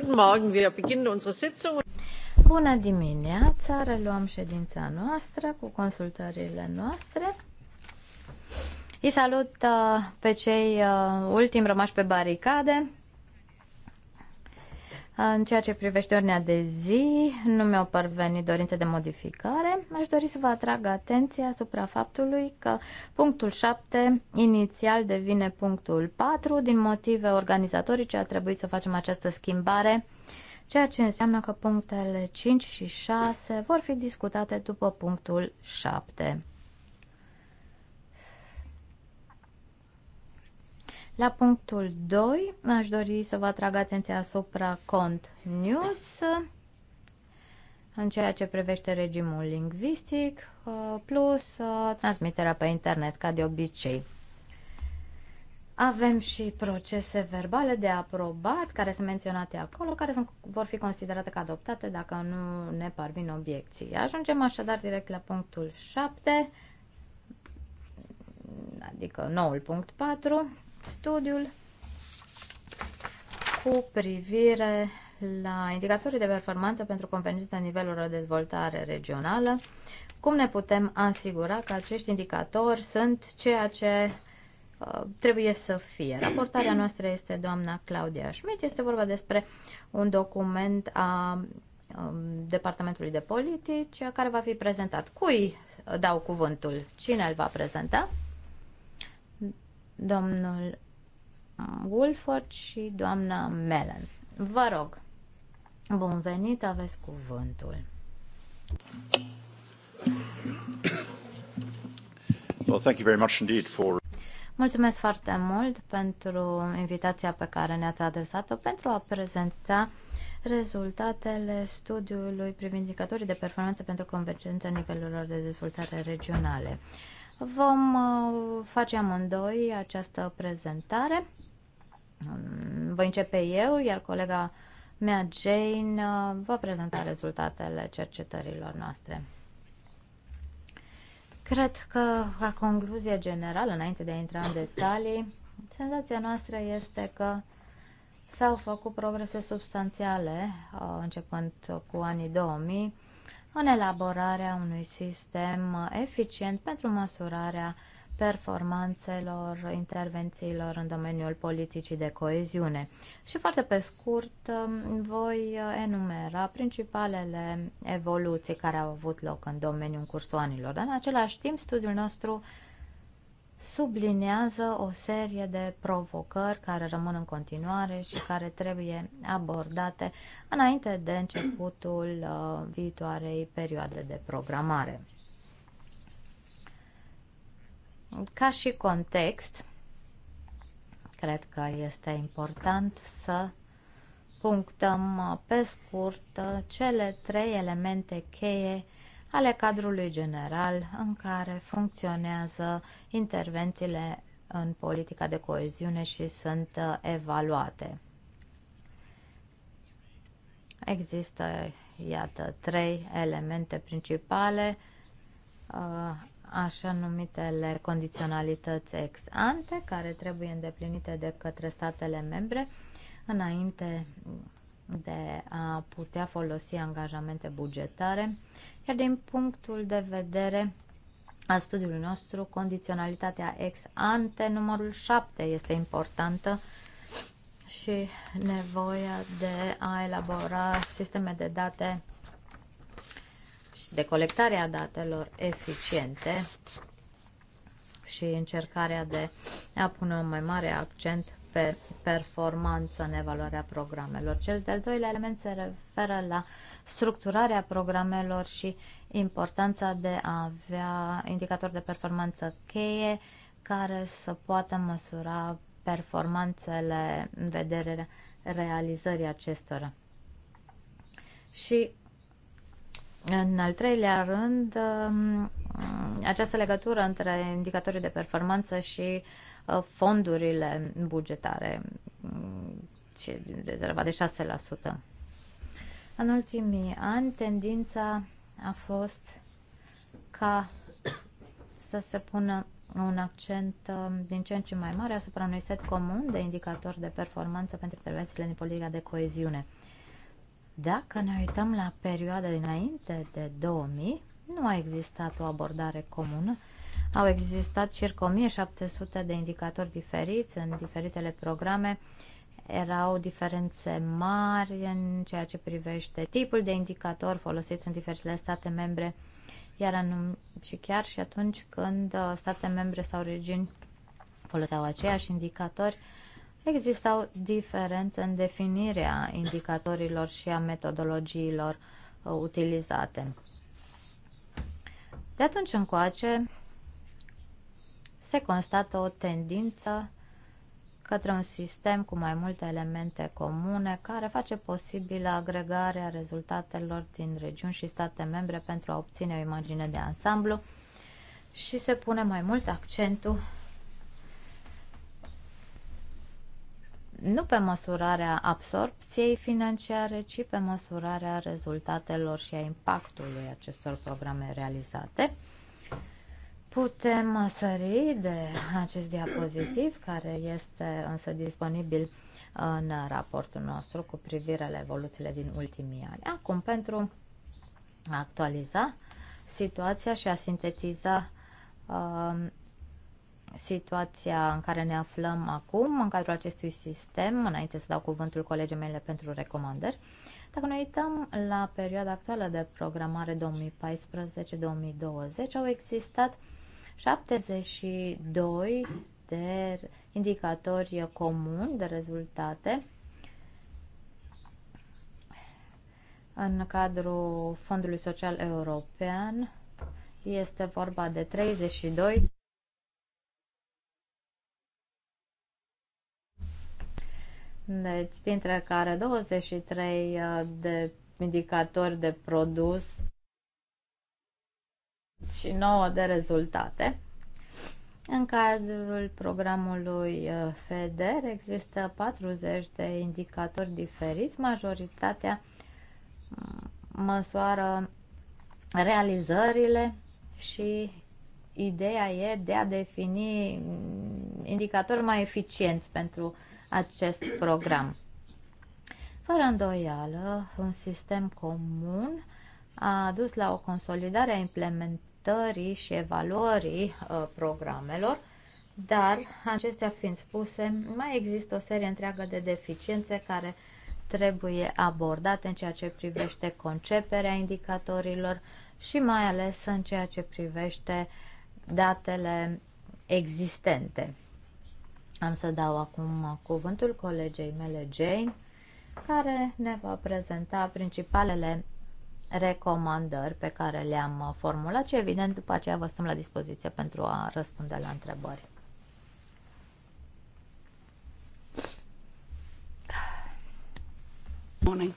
Guten Morgen, wir beginnen unsere Sitzung. Bună dimineața, reluăm ședința noastră cu consultările noastre. Îi salut uh, pe cei uh, ultimi rămași pe baricade. În ceea ce privește ordinea de zi, nu mi-au parvenit dorințe de modificare. Aș dori să vă atrag atenția asupra faptului că punctul 7 inițial devine punctul 4. Din motive organizatorice a trebuit să facem această schimbare, ceea ce înseamnă că punctele 5 și 6 vor fi discutate după punctul 7. La punctul 2 aș dori să vă atrag atenția asupra cont news în ceea ce privește regimul lingvistic uh, plus uh, transmiterea pe internet ca de obicei. Avem și procese verbale de aprobat care sunt menționate acolo, care sunt, vor fi considerate ca adoptate dacă nu ne parvin obiecții. Ajungem așadar direct la punctul 7, adică noul punct 4, Studiul cu privire la indicatorii de performanță pentru convergența nivelurilor de dezvoltare regională, cum ne putem asigura că acești indicatori sunt ceea ce uh, trebuie să fie. Raportarea noastră este doamna Claudia Schmidt, este vorba despre un document a um, Departamentului de Politici care va fi prezentat. Cui dau cuvântul? Cine îl va prezenta? domnul uh, Wolford și doamna Mellon. Vă rog, bun venit, aveți cuvântul. Well, thank you very much indeed for... Mulțumesc foarte mult pentru invitația pe care ne-ați adresat-o pentru a prezenta rezultatele studiului privind indicatorii de performanță pentru convergența nivelurilor de dezvoltare regionale. Uh, Vom uh, face amândoi această prezentare. Mm, voi începe eu, iar colega mea, Jane, uh, va prezenta rezultatele cercetărilor noastre. Cred că, ca concluzie generală, înainte de a intra în detalii, senzația noastră este că s-au făcut progrese substanțiale, uh, începând cu anii 2000, în elaborarea unui sistem eficient pentru măsurarea performanțelor intervențiilor în domeniul politicii de coeziune. Și foarte pe scurt voi enumera principalele evoluții care au avut loc în domeniul cursul anilor. Dar în același timp, studiul nostru subliniază o serie de provocări care rămân în continuare și care trebuie abordate înainte de începutul uh, viitoarei perioade de programare. Ca și context, cred că este important să punctăm uh, pe scurt uh, cele trei elemente cheie ale cadrului general în care funcționează intervențiile în politica de coeziune și sunt uh, evaluate. Există, iată, trei elemente principale, uh, așa numitele condiționalități ex ante, care trebuie îndeplinite de către statele membre înainte de a putea folosi angajamente bugetare iar din punctul de vedere al studiului nostru, condiționalitatea ex ante, numărul 7 este importantă și nevoia de a elabora sisteme de date și de colectarea datelor eficiente și încercarea de a pune un mai mare accent pe performanță în evaluarea programelor. Cel de-al doilea element se referă la structurarea programelor și importanța de a avea indicatori de performanță cheie care să poată măsura performanțele în vedere realizării acestora. Și în al treilea rând, um, această legătură între indicatorii de performanță și uh, fondurile bugetare, și mm, rezerva de 6%. În ultimii ani, tendința a fost ca să se pună un accent um, din ce în ce mai mare asupra unui set comun de indicatori de performanță pentru intervențiile din politica de coeziune. Dacă ne uităm la perioada dinainte de 2000, nu a existat o abordare comună. Au existat circa 1700 de indicatori diferiți în diferitele programe uh, erau diferențe mari în ceea ce privește tipul de indicator folosit în diferitele state membre, iar anum, și chiar și atunci când uh, state membre sau regiuni foloseau aceiași indicatori, existau diferențe în definirea indicatorilor și a metodologiilor uh, utilizate. De atunci încoace se constată o tendință către un sistem cu mai multe elemente comune care face posibilă agregarea rezultatelor din regiuni și state membre pentru a obține o imagine de ansamblu și se pune mai mult accentul nu pe măsurarea absorpției financiare, ci pe măsurarea rezultatelor și a impactului acestor programe realizate. Putem sări de acest diapozitiv, care este însă disponibil în raportul nostru cu privire la evoluțiile din ultimii ani. Acum, pentru a actualiza situația și a sintetiza uh, situația în care ne aflăm acum, în cadrul acestui sistem, înainte să dau cuvântul colegii mele pentru recomandări, dacă ne uităm la perioada actuală de programare 2014-2020, au existat 72 de indicatori comuni de rezultate în cadrul Fondului Social European. Este vorba de 32 Deci, dintre care 23 uh, de indicatori de produs și 29 de rezultate. În cadrul programului uh, FEDER există 40 de indicatori diferiți, majoritatea mm, măsoară realizările și ideea e de a defini mm, indicatori mai eficienți pentru acest program. Fără îndoială, un sistem comun a dus la o consolidare a implementării implementării și evaluării uh, programelor, dar, acestea fiind spuse, mai există o serie întreagă de deficiențe care trebuie abordate în ceea ce privește conceperea indicatorilor și mai ales în ceea ce privește datele existente. Am să dau acum cuvântul colegei mele, Jane, care ne va prezenta principalele recomandări pe care le-am uh, formulat și evident după aceea vă stăm la dispoziție pentru a răspunde la întrebări. Morning.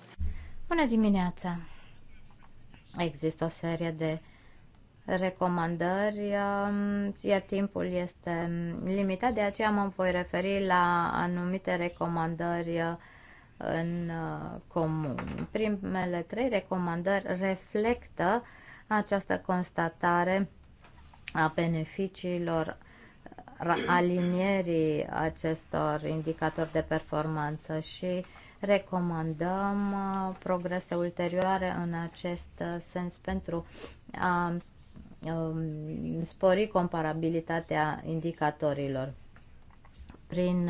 Bună dimineața! Există o serie de recomandări, um, iar timpul este limitat, de aceea mă voi referi la anumite recomandări uh, în uh, comun. Primele trei recomandări reflectă această constatare a beneficiilor alinierii acestor indicatori de performanță și recomandăm uh, progrese ulterioare în acest uh, sens pentru a um, spori comparabilitatea indicatorilor. Prin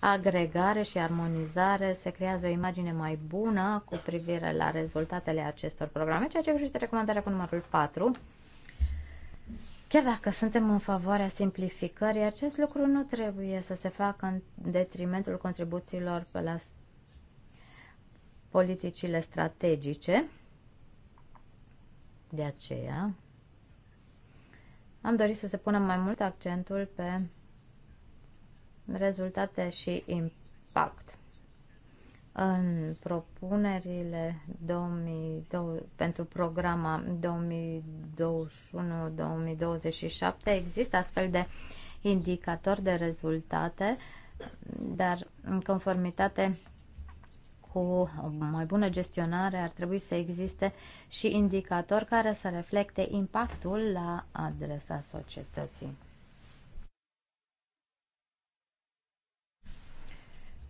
agregare și armonizare se creează o imagine mai bună cu privire la rezultatele acestor programe, ceea ce privește recomandarea cu numărul 4. Chiar dacă suntem în favoarea simplificării, acest lucru nu trebuie să se facă în detrimentul contribuțiilor pe la politicile strategice. De aceea, am dorit să se pună mai mult accentul pe rezultate și impact. În propunerile 2020, pentru programa 2021-2027 există astfel de indicatori de rezultate, dar în conformitate cu o mai bună gestionare ar trebui să existe și indicatori care să reflecte impactul la adresa societății.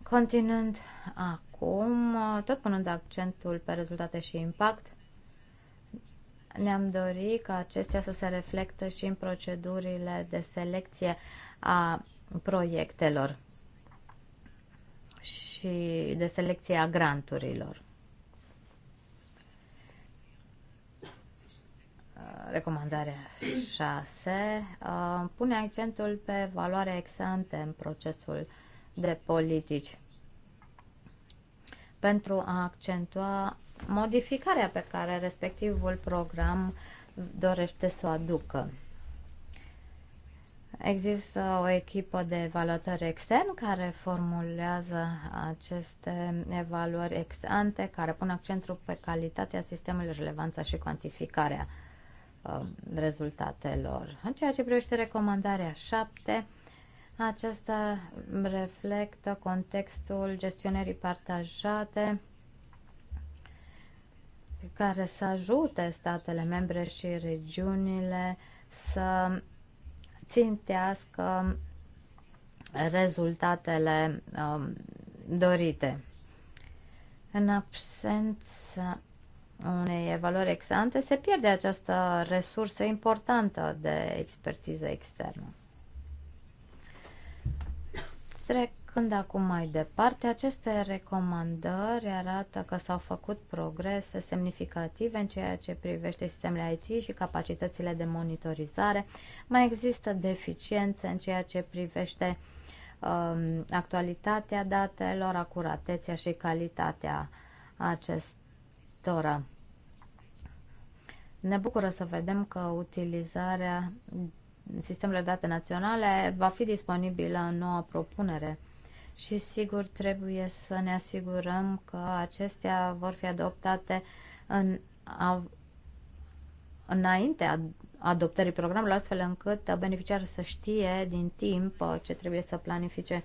Continuând acum, tot punând accentul pe rezultate și impact, ne-am dorit ca acestea să se reflectă și în procedurile de selecție a proiectelor și de selecție a granturilor. Recomandarea 6 uh, pune accentul pe valoarea ex în procesul de politici pentru a accentua modificarea pe care respectivul program dorește să o aducă. Există o echipă de evaluatori extern care formulează aceste evaluări ex ante, care pun accentul pe calitatea sistemului, relevanța și cuantificarea uh, rezultatelor. În ceea ce privește recomandarea 7, acesta reflectă contextul gestionării partajate care să ajute statele membre și regiunile să țintească rezultatele um, dorite. În absența unei evaluări ex se pierde această resursă importantă de expertiză externă. Trecând acum mai departe, aceste recomandări arată că s-au făcut progrese semnificative în ceea ce privește sistemele IT și capacitățile de monitorizare. Mai există deficiențe în ceea ce privește um, actualitatea datelor, acuratețea și calitatea acestora. Ne bucură să vedem că utilizarea sistemele date naționale va fi disponibilă în noua propunere și sigur trebuie să ne asigurăm că acestea vor fi adoptate în, a, înaintea adoptării programului, astfel încât beneficiarul să știe din timp uh, ce trebuie să planifice.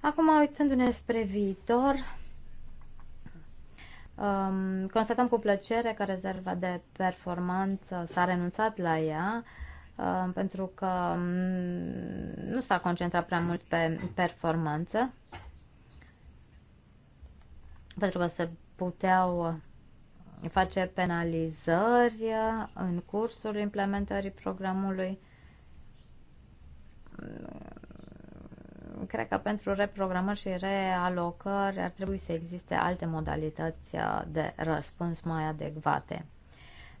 Acum, uitându-ne spre viitor, um, constatăm cu plăcere că rezerva de performanță s-a renunțat la ea, Uh, pentru că um, nu s-a concentrat prea mult pe performanță, pentru că se puteau uh, face penalizări uh, în cursul implementării programului. Mm, cred că pentru reprogramări și realocări ar trebui să existe alte modalități de răspuns mai adecvate.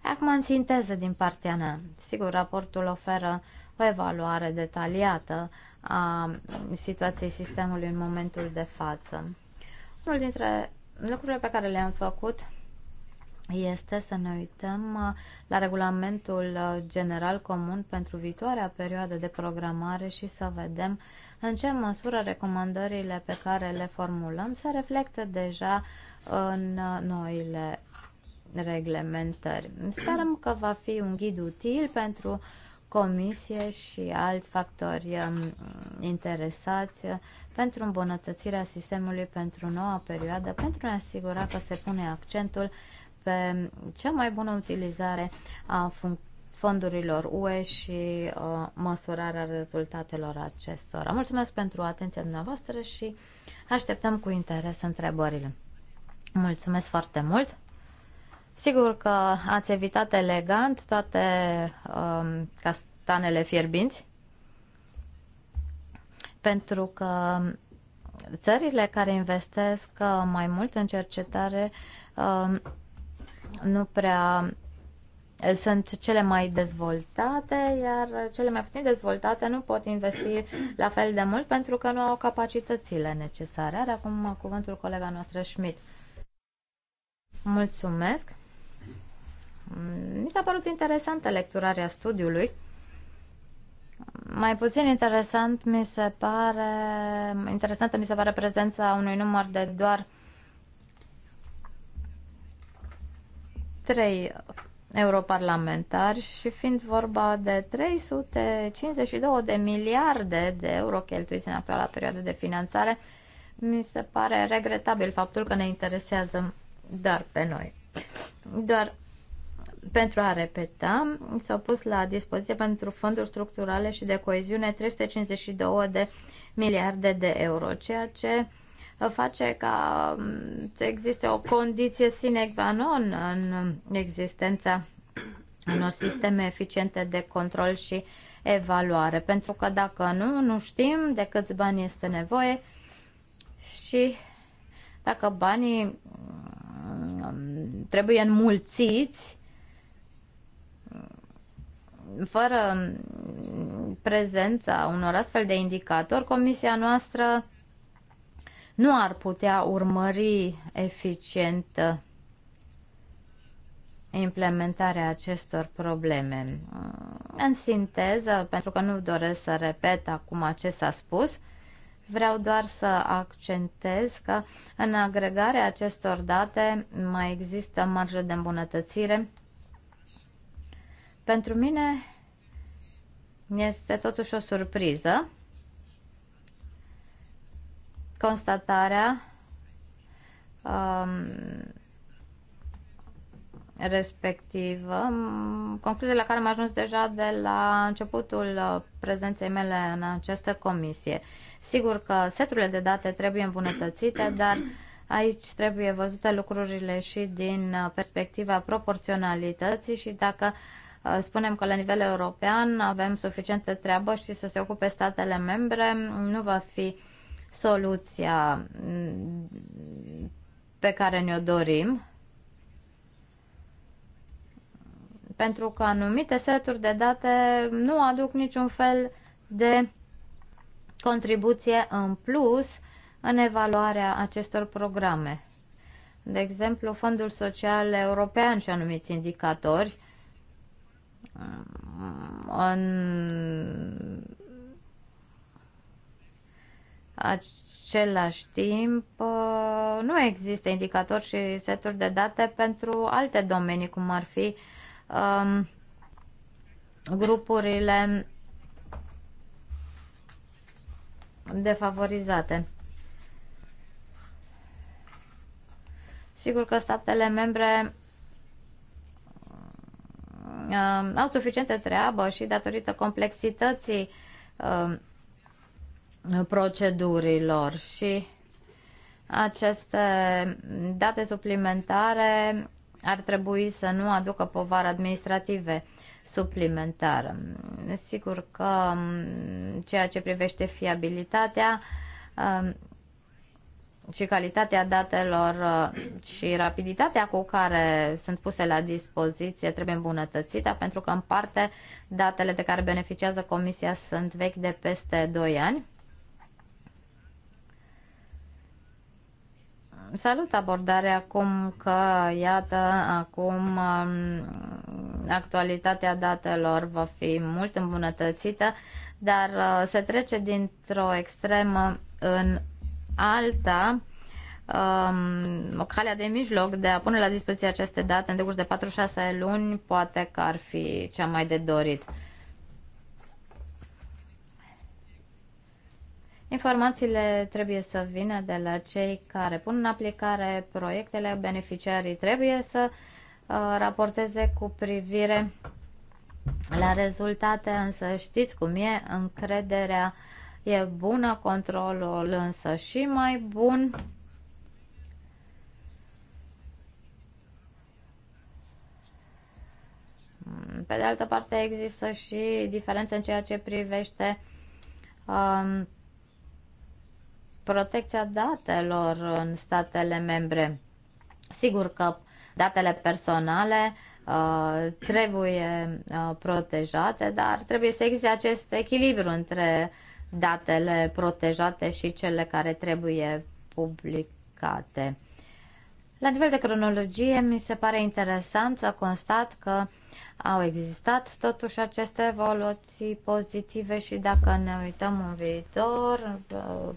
Acum, în sinteză din partea mea, sigur, raportul oferă o evaluare detaliată a situației sistemului în momentul de față. Unul dintre lucrurile pe care le-am făcut este să ne uităm uh, la regulamentul uh, general comun pentru viitoarea perioadă de programare și să vedem în ce măsură recomandările pe care le formulăm se reflectă deja în uh, noile reglementări. Sperăm că va fi un ghid util pentru comisie și alți factori um, interesați pentru îmbunătățirea sistemului pentru noua perioadă, pentru a asigura că se pune accentul pe cea mai bună utilizare a fondurilor UE și uh, măsurarea rezultatelor acestora. Mulțumesc pentru atenția dumneavoastră și așteptăm cu interes întrebările. Mulțumesc foarte mult! Sigur că ați evitat elegant toate um, castanele fierbinți, pentru că țările care investesc uh, mai mult în cercetare um, nu prea sunt cele mai dezvoltate, iar cele mai puțin dezvoltate nu pot investi la fel de mult pentru că nu au capacitățile necesare. Are acum cuvântul colega noastră Schmidt. Mulțumesc! Mi s-a părut interesantă lecturarea studiului. Mai puțin interesant mi se pare, interesantă mi se pare prezența unui număr de doar trei europarlamentari și fiind vorba de 352 de miliarde de euro cheltuiți în actuala perioadă de finanțare, mi se pare regretabil faptul că ne interesează doar pe noi. Doar pentru a repeta, s-au pus la dispoziție pentru fonduri structurale și de coeziune 352 de miliarde de euro, ceea ce face ca mm, să existe o condiție sine qua non în existența unor sisteme eficiente de control și evaluare. Pentru că dacă nu, nu știm de câți bani este nevoie și dacă banii mm, trebuie înmulțiți fără mm, prezența unor astfel de indicatori, comisia noastră nu ar putea urmări eficient uh, implementarea acestor probleme. Uh, în sinteză, pentru că nu doresc să repet acum ce s-a spus, vreau doar să accentez că în agregarea acestor date mai există marjă de îmbunătățire pentru mine este totuși o surpriză constatarea um, respectivă, concluzia la care am ajuns deja de la începutul uh, prezenței mele în această comisie. Sigur că seturile de date trebuie îmbunătățite, dar aici trebuie văzute lucrurile și din uh, perspectiva proporționalității și dacă uh, Uh, spunem că la nivel european avem suficientă treabă și să se ocupe statele membre, nu va fi soluția mm, pe care ne-o dorim, pentru că anumite seturi de date nu aduc niciun fel de contribuție în plus în evaluarea acestor programe. De exemplu, Fondul Social European și anumiți indicatori în același timp uh, nu există indicatori și seturi de date pentru alte domenii, cum ar fi um, grupurile defavorizate. Sigur că statele membre Um, au suficientă treabă și datorită complexității um, procedurilor și aceste date suplimentare ar trebui să nu aducă povară administrative suplimentară. Sigur că um, ceea ce privește fiabilitatea și calitatea datelor uh, și rapiditatea cu care sunt puse la dispoziție trebuie îmbunătățită, pentru că în parte datele de care beneficiază Comisia sunt vechi de peste 2 ani. Salut abordarea acum că, iată, acum um, actualitatea datelor va fi mult îmbunătățită, dar uh, se trece dintr-o extremă în alta um, o calea de mijloc de a pune la dispoziție aceste date în decurs de 4-6 luni poate că ar fi cea mai de dorit. Informațiile trebuie să vină de la cei care pun în aplicare proiectele, beneficiarii trebuie să uh, raporteze cu privire la rezultate, însă știți cum e încrederea e bună, controlul însă și mai bun. Pe de altă parte există și diferențe în ceea ce privește um, protecția datelor în statele membre. Sigur că datele personale uh, trebuie uh, protejate, dar trebuie să existe acest echilibru între uh, datele protejate și cele care trebuie publicate. La nivel de cronologie, mi se pare interesant să constat că au existat totuși aceste evoluții pozitive și dacă ne uităm în viitor,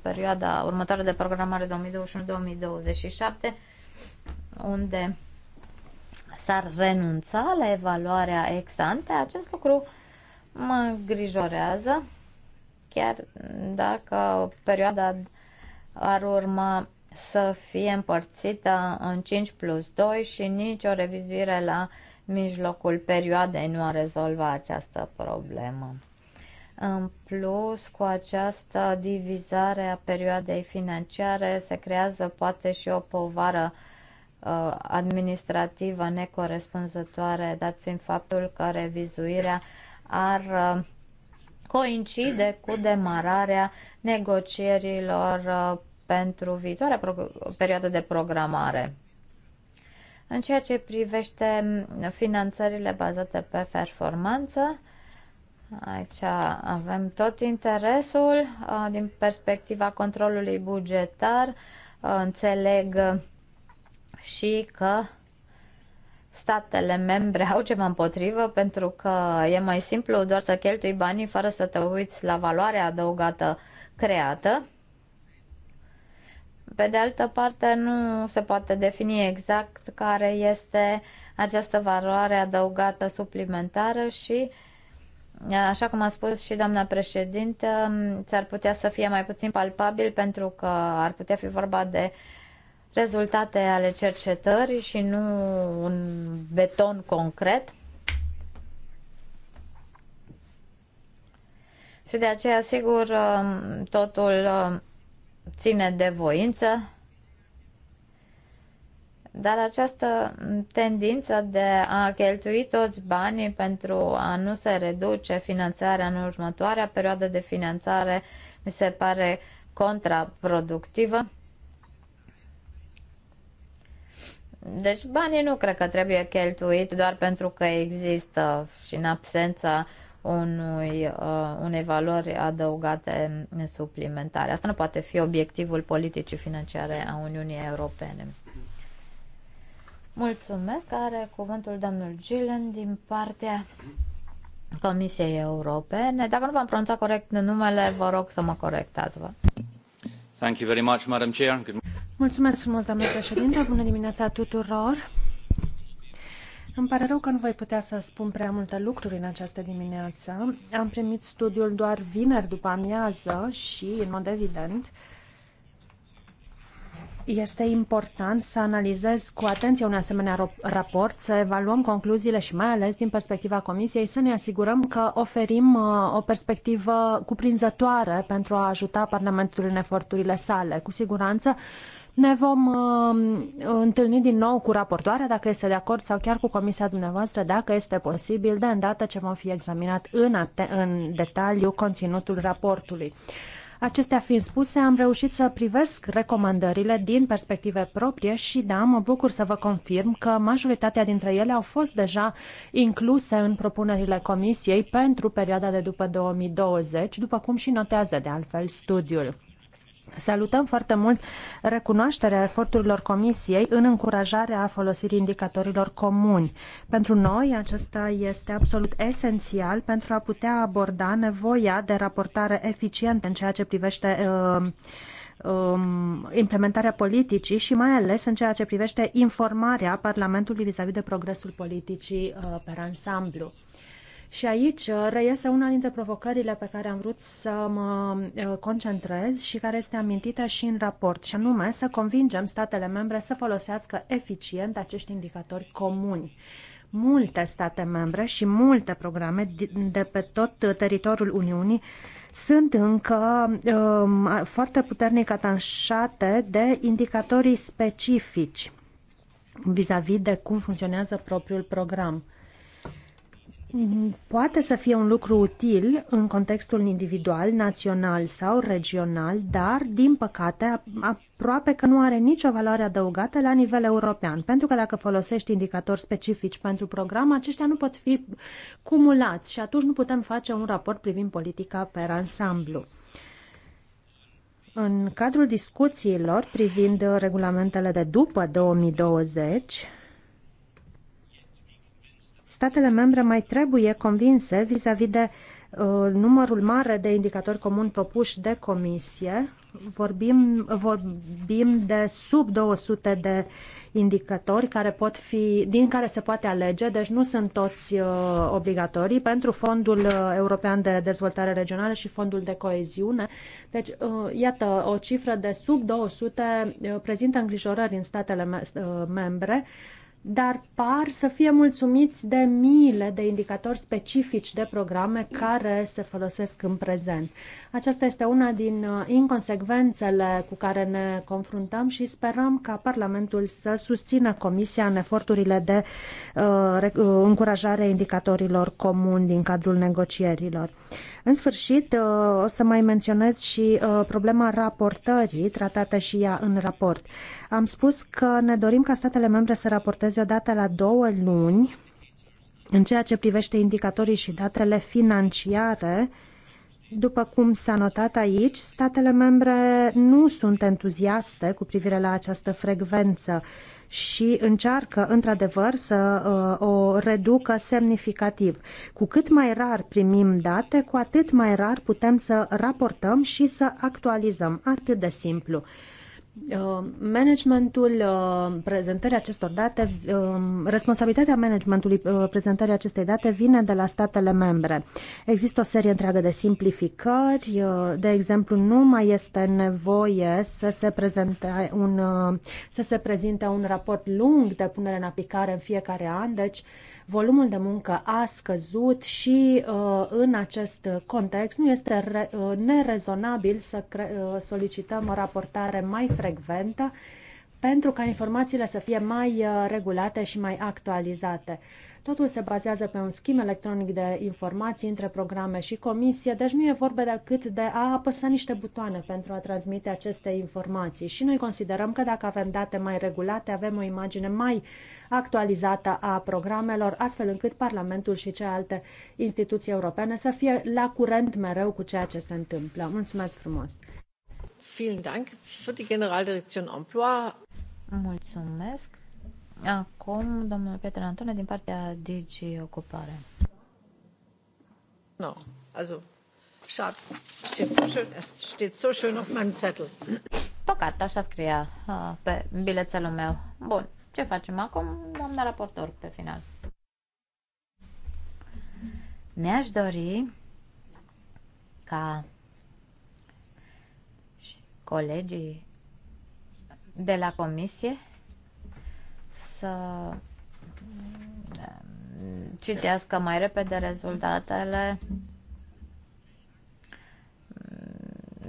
perioada următoare de programare 2021-2027, unde s-ar renunța la evaluarea ex ante, acest lucru mă îngrijorează chiar dacă perioada ar urma să fie împărțită în 5 plus 2 și nici o revizuire la mijlocul perioadei nu a rezolvat această problemă. În plus, cu această divizare a perioadei financiare se creează poate și o povară uh, administrativă necorespunzătoare, dat fiind faptul că revizuirea ar uh, coincide cu demararea negocierilor uh, pentru viitoarea perioadă de programare. În ceea ce privește finanțările bazate pe performanță, aici avem tot interesul uh, din perspectiva controlului bugetar. Uh, înțeleg și că statele membre au ceva împotrivă pentru că e mai simplu doar să cheltui banii fără să te uiți la valoarea adăugată creată. Pe de altă parte, nu se poate defini exact care este această valoare adăugată suplimentară și, așa cum a spus și doamna președintă, ți-ar putea să fie mai puțin palpabil pentru că ar putea fi vorba de uh, rezultate ale cercetării și nu un beton concret. Și de aceea, sigur, um, totul um, ține de voință, dar această tendință de a cheltui toți banii pentru a nu se reduce finanțarea în următoarea perioadă de finanțare mi se pare contraproductivă. Deci banii nu cred că trebuie cheltuit doar pentru că există și în absența unui, uh, unei valori adăugate suplimentare. Asta nu poate fi obiectivul politicii financiare a Uniunii Europene. Mulțumesc. Are cuvântul domnul Gillen din partea Comisiei Europene. Dacă nu v-am pronunțat corect numele, vă rog să mă corectați. Vă. Thank you very much, Madam Chair. Good Mulțumesc frumos, doamnă președinte. Bună dimineața tuturor. Îmi pare rău că nu voi putea să spun prea multe lucruri în această dimineață. Am primit studiul doar vineri după amiază și, în mod evident, este important să analizez cu atenție un asemenea raport, să evaluăm concluziile și mai ales din perspectiva Comisiei, să ne asigurăm că oferim uh, o perspectivă cuprinzătoare pentru a ajuta Parlamentul în eforturile sale. Cu siguranță, ne vom uh, întâlni din nou cu raportoarea, dacă este de acord, sau chiar cu comisia dumneavoastră, dacă este posibil, de îndată ce vom fi examinat în, în detaliu conținutul raportului. Acestea fiind spuse, am reușit să privesc recomandările din perspective proprie și, da, mă bucur să vă confirm că majoritatea dintre ele au fost deja incluse în propunerile Comisiei pentru perioada de după 2020, după cum și notează de altfel studiul. Salutăm foarte mult recunoașterea eforturilor Comisiei în încurajarea folosirii indicatorilor comuni. Pentru noi, acesta este absolut esențial pentru a putea aborda nevoia de raportare eficientă în ceea ce privește uh, implementarea politicii și mai ales în ceea ce privește informarea Parlamentului vis-a-vis de progresul politicii uh, per ansamblu. Și aici uh, reiese una dintre provocările pe care am vrut să mă uh, concentrez și care este amintită și în raport, și anume să convingem statele membre să folosească eficient acești indicatori comuni multe state membre și multe programe de pe tot uh, teritoriul Uniunii sunt încă um, foarte puternic atașate de indicatorii specifici vis-a-vis -vis de cum funcționează propriul program. Mhm. poate să fie un lucru util în contextul individual, național sau regional, dar, din păcate, aproape că nu are nicio valoare adăugată la nivel european, pentru că dacă folosești indicatori specifici pentru program, aceștia nu pot fi cumulați și atunci nu putem face un raport privind politica pe ansamblu. În cadrul discuțiilor privind regulamentele de după 2020, Statele membre mai trebuie convinse vis-a-vis -vis de uh, numărul mare de indicatori comuni propuși de comisie. Vorbim, vorbim de sub 200 de indicatori care pot fi, din care se poate alege, deci nu sunt toți uh, obligatorii pentru Fondul uh, European de Dezvoltare Regională și Fondul de Coeziune. Deci, uh, iată, o cifră de sub 200 uh, prezintă îngrijorări în statele me- uh, membre. Uh, dar par să fie mulțumiți de miile de indicatori specifici de programe care se folosesc în prezent. Aceasta este una din uh, inconsecvențele cu care ne confruntăm și sperăm ca Parlamentul să susțină Comisia în eforturile de uh, uh încurajare a indicatorilor comuni din cadrul negocierilor. Uh, în sfârșit, uh, o să mai menționez și uh, problema raportării tratată și ea în raport. Am spus că ne dorim ca statele membre să raporteze o dată la două luni în ceea ce privește indicatorii și datele financiare după cum s-a notat aici, statele membre nu sunt entuziaste cu privire la această frecvență și încearcă într-adevăr să uh, o reducă semnificativ. Cu cât mai rar primim date, cu atât mai rar putem să raportăm și să actualizăm. Atât de simplu. Uh, managementul uh, prezentării acestor date, uh, responsabilitatea managementului prezentării acestei date vine de la statele membre. Există o serie întreagă de simplificări, de exemplu, nu mai este nevoie să se, prezinte un, să se prezinte un raport lung de punere în aplicare în fiecare an, deci volumul de muncă a scăzut și uh, în acest context nu este uh, nerezonabil să uh, solicităm o raportare mai frecventă pentru ca informațiile să fie mai regulate și mai actualizate. Totul se bazează pe un schimb electronic de informații între programe și comisie, deci nu e vorba decât de a apăsa niște butoane pentru a transmite aceste informații. Și noi considerăm că dacă avem date mai regulate, avem o imagine mai actualizată a programelor, astfel încât Parlamentul și celelalte instituții europene să fie la curent mereu cu ceea ce se întâmplă. Mulțumesc frumos! Vielen Dank für die Generaldirektion Emploi. Mulțumesc. Acum, domnul Petre Antone, din partea digi Ocupare. No, also, schad, Steht so schön, es steht so schön auf meinem Zettel. Păcat, așa scria uh, pe bilețelul meu. Bun, ce facem acum, doamna raportor, pe final? Mi-aș dori ca și colegii de la comisie să mm, citească mai repede rezultatele, mm,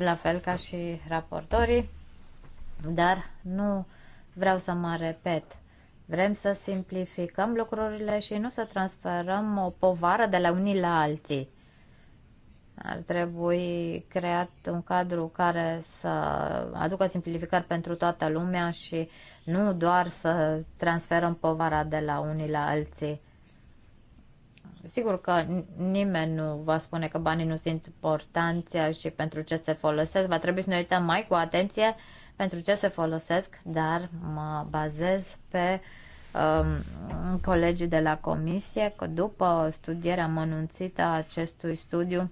la fel ca și raportorii, dar nu vreau să mă repet. Vrem să simplificăm lucrurile și nu să transferăm o povară de la unii la alții. Ar trebui creat un cadru care să aducă simplificări pentru toată lumea și nu doar să transferăm povara de la unii la alții. Sigur că nimeni nu va spune că banii nu sunt importanți și pentru ce se folosesc. Va trebui să ne uităm mai cu atenție pentru ce se folosesc, dar mă bazez pe um, colegii de la comisie că după studierea mănunțită a acestui studiu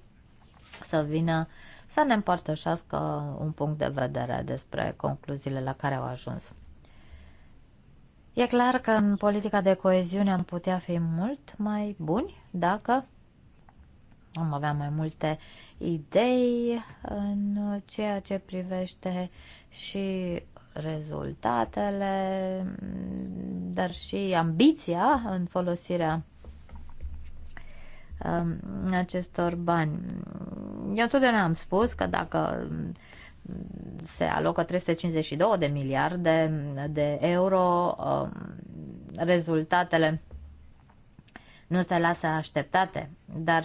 să vină să ne împărtășească un punct de vedere despre concluziile la care au ajuns. E clar că în politica de coeziune am putea fi mult mai buni dacă am avea mai multe idei în ceea ce privește și rezultatele, dar și ambiția în folosirea Um, acestor bani. Eu totdeauna am spus că dacă se alocă 352 de miliarde de euro, um, rezultatele nu se lasă așteptate, dar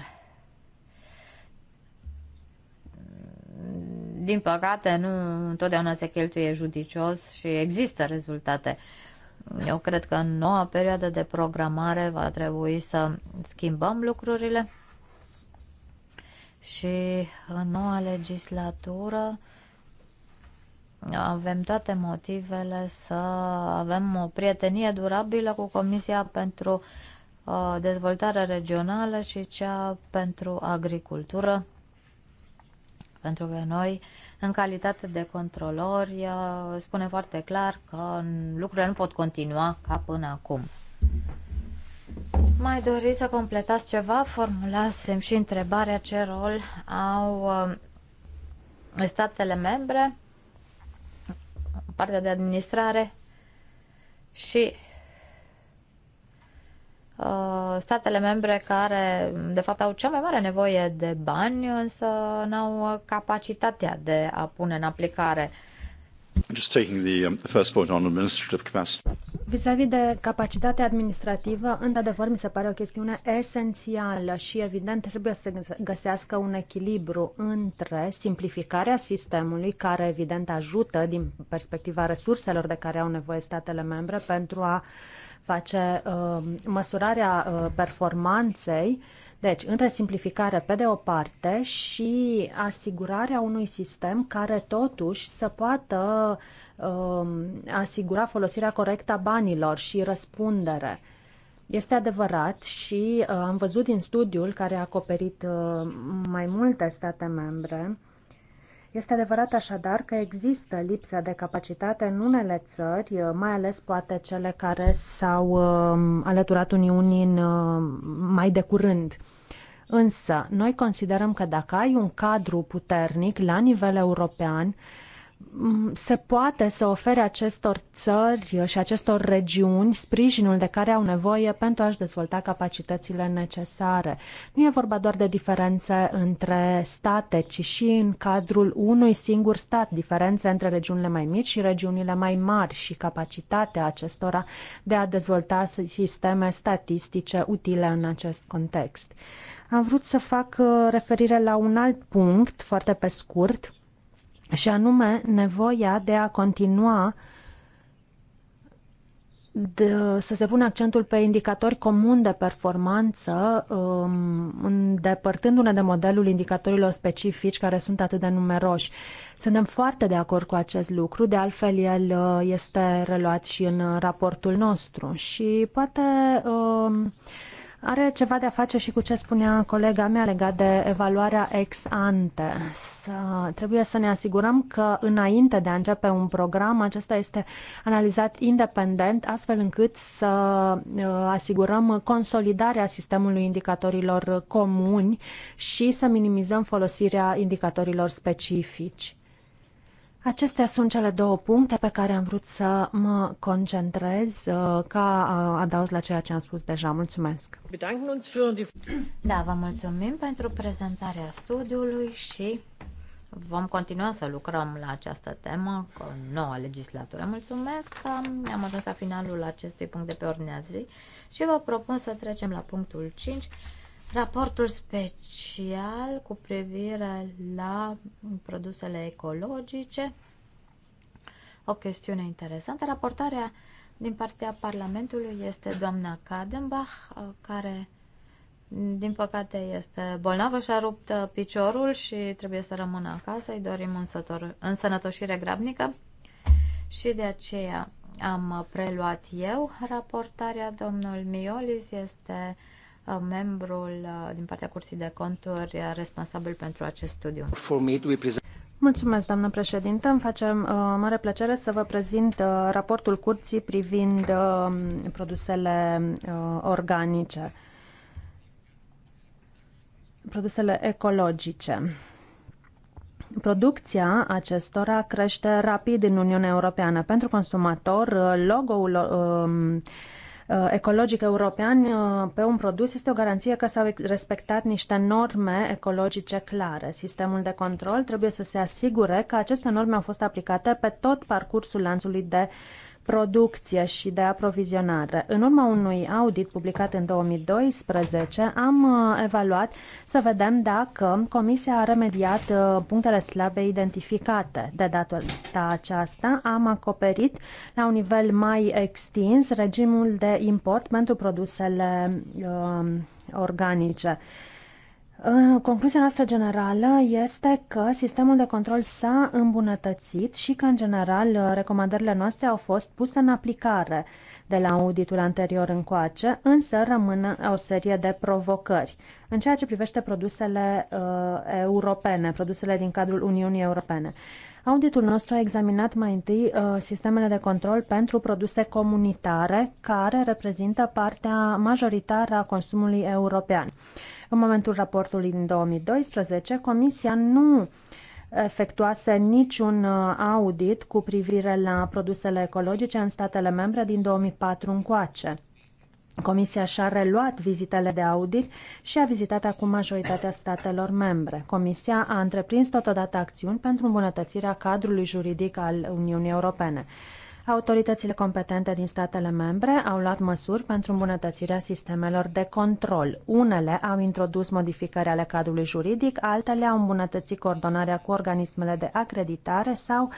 din păcate nu întotdeauna se cheltuie judicios și există rezultate uh, eu cred că în noua perioadă de programare va trebui să schimbăm lucrurile și în noua legislatură avem toate motivele să avem o prietenie durabilă cu Comisia pentru uh, dezvoltare regională și cea pentru agricultură pentru că noi, în calitate de controlori, uh, spune foarte clar că lucrurile nu pot continua ca până acum. Mai doriți să completați ceva? Formulasem și întrebarea ce rol au uh, statele membre, partea de administrare și Uh, statele membre care, de fapt, au cea mai mare nevoie de bani, însă n-au capacitatea de a pune în aplicare. Just taking the, um, the first point on administrative capacity. Vis-a-vis -vis de capacitatea administrativă, într-adevăr, mi se pare o chestiune esențială și, evident, trebuie să găsească un echilibru între simplificarea sistemului, care, evident, ajută din perspectiva resurselor de care au nevoie statele membre pentru a uh, face uh, măsurarea uh, performanței, deci între simplificare pe de o parte și asigurarea unui sistem care totuși să poată uh, asigura folosirea corectă a banilor și răspundere. Este adevărat și uh, am văzut din studiul care a acoperit uh, mai multe state membre este adevărat așadar că există lipsă de capacitate în unele țări, mai ales poate cele care s-au um, alăturat Uniunii în, um, mai de curând. Însă, noi considerăm că dacă ai un cadru puternic la nivel european, Mm, se poate să ofere acestor țări și acestor regiuni sprijinul de care au nevoie pentru a-și dezvolta capacitățile necesare. Nu e vorba doar de diferențe între state, ci și în cadrul unui singur stat, diferențe între regiunile mai mici și regiunile mai mari și capacitatea acestora de a dezvolta sisteme statistice utile în acest context. Am vrut să fac uh, referire la un alt punct, foarte pe scurt, și anume nevoia de a continua de, să se pună accentul pe indicatori comuni de performanță, um, îndepărtându-ne de modelul indicatorilor specifici care sunt atât de numeroși. Suntem foarte de acord cu acest lucru, de altfel el uh, este reluat și în raportul nostru și poate um, are ceva de a face și cu ce spunea colega mea legat de evaluarea ex ante. Să, trebuie să ne asigurăm că înainte de a începe un program, acesta este analizat independent, astfel încât să uh, asigurăm consolidarea sistemului indicatorilor comuni și să minimizăm folosirea indicatorilor specifici. Acestea sunt cele două puncte pe care am vrut să mă concentrez uh, ca adaus la ceea ce am spus deja. Mulțumesc! Da, vă mulțumim pentru prezentarea studiului și vom continua să lucrăm la această temă cu noua legislatură. Mulțumesc că am ajuns la finalul acestui punct de pe ordinea zi și vă propun să trecem la punctul 5 Raportul special cu privire la produsele ecologice, o chestiune interesantă. Raportarea din partea Parlamentului este doamna Kadenbach, care din păcate este bolnavă și a rupt piciorul și trebuie să rămână acasă. Îi dorim însător, însănătoșire grabnică și de aceea am preluat eu raportarea. Domnul Miolis este uh, Uh, membrul uh, din partea Curții de Conturi uh, responsabil pentru acest studiu. Mulțumesc, doamnă președintă. Îmi face uh, mare plăcere să vă prezint uh, raportul curții privind uh, produsele uh, organice, produsele ecologice. Producția acestora crește rapid în Uniunea Europeană. Pentru consumator, logo-ul uh, Uh, ecologic european uh, pe un produs este o garanție că s-au respectat niște norme ecologice clare. Sistemul de control trebuie să se asigure că aceste norme au fost aplicate pe tot parcursul lanțului de uh, producție și de aprovizionare. În urma unui audit publicat în 2012, am uh, evaluat să vedem dacă Comisia a remediat uh, punctele slabe identificate. De data aceasta, am acoperit la un nivel mai extins regimul de import pentru produsele uh, organice. Uh, Concluzia noastră generală este că sistemul de control s-a îmbunătățit și că, în general, recomandările noastre au fost puse în aplicare de la auditul anterior încoace, însă rămân o serie de provocări. În ceea ce privește produsele uh, europene, produsele din cadrul Uniunii Europene, Auditul nostru a examinat mai întâi uh, sistemele de control pentru produse comunitare, care reprezintă partea majoritară a consumului european. În momentul raportului din 2012, Comisia nu efectuase niciun uh, audit cu privire la produsele ecologice în statele membre din 2004 încoace. Comisia și-a reluat vizitele de audit și a vizitat acum majoritatea statelor membre. Comisia a întreprins totodată acțiuni pentru îmbunătățirea cadrului juridic al Uniunii Europene. Autoritățile competente din statele membre au luat măsuri pentru îmbunătățirea sistemelor de control. Unele au introdus modificări ale cadrului juridic, altele au îmbunătățit coordonarea cu organismele de acreditare sau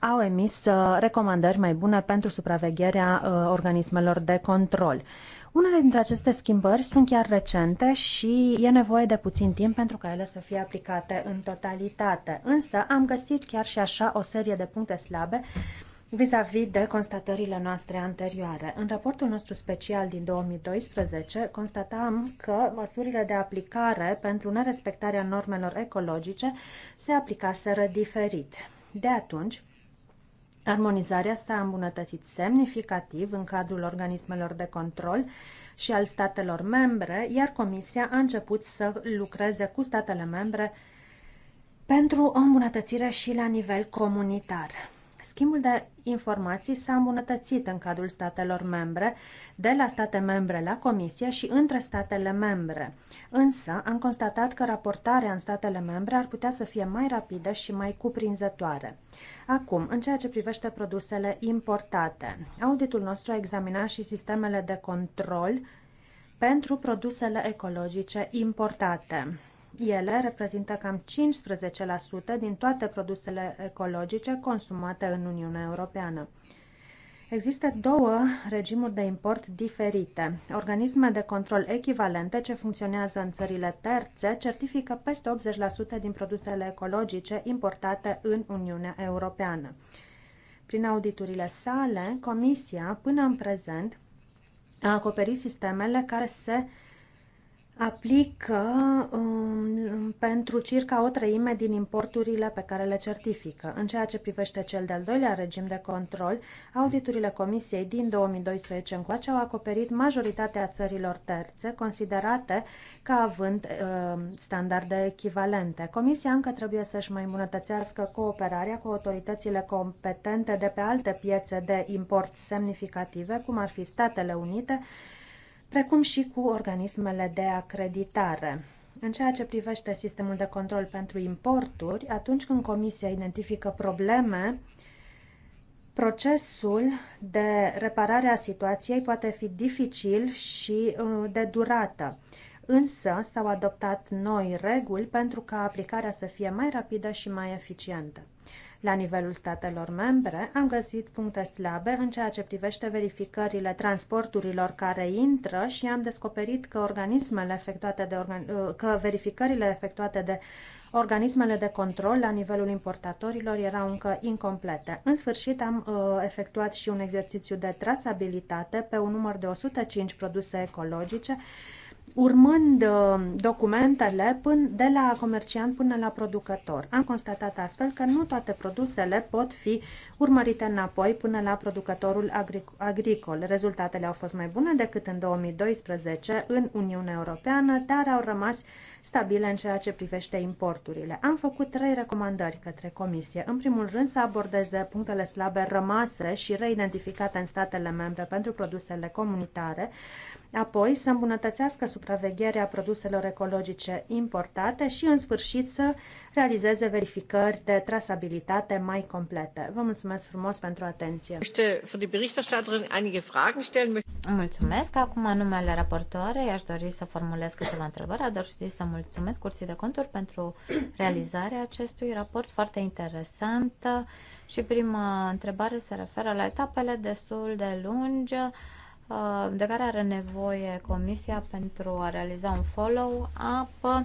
au emis uh, recomandări mai bune pentru supravegherea uh, organismelor de control. Unele dintre aceste schimbări sunt chiar recente și e nevoie de puțin timp pentru ca ele să fie aplicate în totalitate. Însă am găsit chiar și așa o serie de puncte slabe vis-a-vis -vis de constatările noastre anterioare. În raportul nostru special din 2012 constatam că măsurile de aplicare pentru nerespectarea normelor ecologice se aplicaseră diferit. De atunci, Armonizarea s-a îmbunătățit semnificativ în cadrul organismelor de control și al statelor membre, iar Comisia a început să lucreze cu statele membre pentru o îmbunătățire și la nivel comunitar. Schimbul de informații s-a îmbunătățit în cadrul statelor membre, de la state membre la Comisie și între statele membre. Însă, am constatat că raportarea în statele membre ar putea să fie mai rapidă și mai cuprinzătoare. Acum, în ceea ce privește produsele importate, auditul nostru a examinat și sistemele de control pentru produsele ecologice importate ele reprezintă cam 15% din toate produsele ecologice consumate în Uniunea Europeană. Există două regimuri de import diferite. Organisme de control echivalente ce funcționează în țările terțe certifică peste 80% din produsele ecologice importate în Uniunea Europeană. Prin auditurile sale, Comisia, până în prezent, a acoperit sistemele care se uh, aplică um, pentru circa o treime din importurile pe care le certifică. În ceea ce privește cel de-al doilea regim de control, auditurile Comisiei din 2012 încoace au acoperit majoritatea țărilor terțe, considerate ca având um, standarde echivalente. Comisia încă trebuie să-și mai îmbunătățească cooperarea cu autoritățile competente de pe alte piețe de import semnificative, cum ar fi Statele Unite, precum și cu organismele de acreditare. În ceea ce privește sistemul de control pentru importuri, atunci când Comisia identifică probleme, procesul de reparare a situației poate fi dificil și uh, de durată. Însă s-au adoptat noi reguli pentru ca aplicarea să fie mai rapidă și mai eficientă. La nivelul statelor membre am găsit puncte slabe în ceea ce privește verificările transporturilor care intră și am descoperit că, organismele efectuate de organ- uh, că verificările efectuate de organismele de control la nivelul importatorilor erau încă incomplete. În sfârșit, am uh, efectuat și un exercițiu de trasabilitate pe un număr de 105 produse ecologice urmând uh, documentele până de la comerciant până la producător. Am constatat astfel că nu toate produsele pot fi urmărite înapoi până la producătorul agricol. Rezultatele au fost mai bune decât în 2012 în Uniunea Europeană, dar au rămas stabile în ceea ce privește importurile. Am făcut trei recomandări către Comisie. În primul rând să abordeze punctele slabe rămase și reidentificate în statele membre pentru produsele comunitare, apoi să îmbunătățească supravegherea produselor ecologice importate și, în sfârșit, să realizeze verificări de trasabilitate mai complete. Vă mulțumesc frumos pentru atenție. Mulțumesc. Acum, în numele raportoarei, aș dori să formulez câteva întrebări. Aș dori să mulțumesc Curții de Conturi pentru realizarea acestui raport foarte interesant. Și prima întrebare se referă la etapele destul de lungi Uh, de care are nevoie Comisia pentru a realiza un follow-up uh,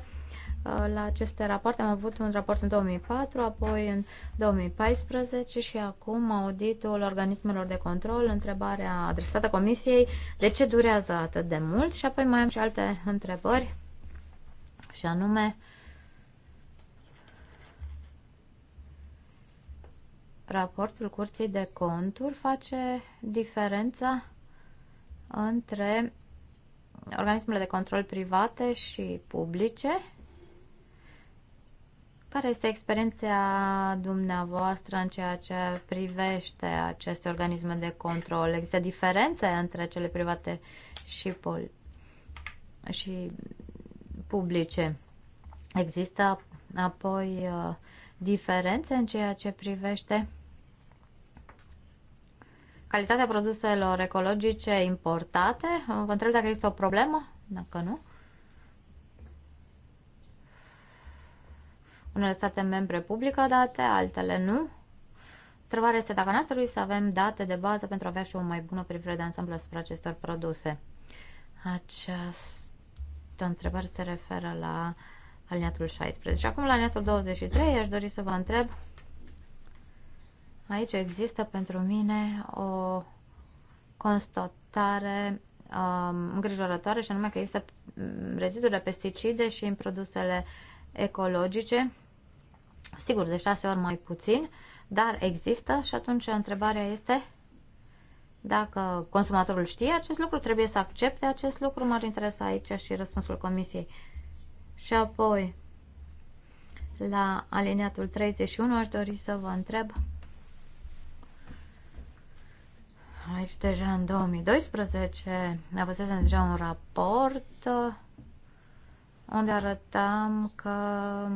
la aceste rapoarte. Am avut un raport în 2004, apoi în 2014 și acum auditul organismelor de control, întrebarea adresată Comisiei, de ce durează atât de mult și apoi mai am și alte întrebări și anume raportul Curții de Conturi face diferența între organismele de control private și publice. Care este experiența dumneavoastră în ceea ce privește aceste organisme de control? Există diferențe între cele private și, pol- și publice? Există apoi uh, diferențe în ceea ce privește calitatea produselor ecologice importate. Vă întreb dacă există o problemă, dacă nu. Unele state membre publică date, altele nu. Întrebarea este dacă n-ar trebui să avem date de bază pentru a avea și o mai bună privire de ansamblu asupra acestor produse. Această întrebare se referă la aliniatul 16. acum la aliniatul 23 aș dori să vă întreb Aici există pentru mine o constatare um, îngrijorătoare și anume că există mm, reziduri de pesticide și în produsele ecologice, sigur de șase ori mai puțin, dar există și atunci întrebarea este dacă consumatorul știe acest lucru, trebuie să accepte acest lucru, m-ar interesa aici și răspunsul comisiei. Și apoi, la aliniatul 31 aș dori să vă întreb Aici deja în 2012 avusesem deja un raport uh, unde arătam că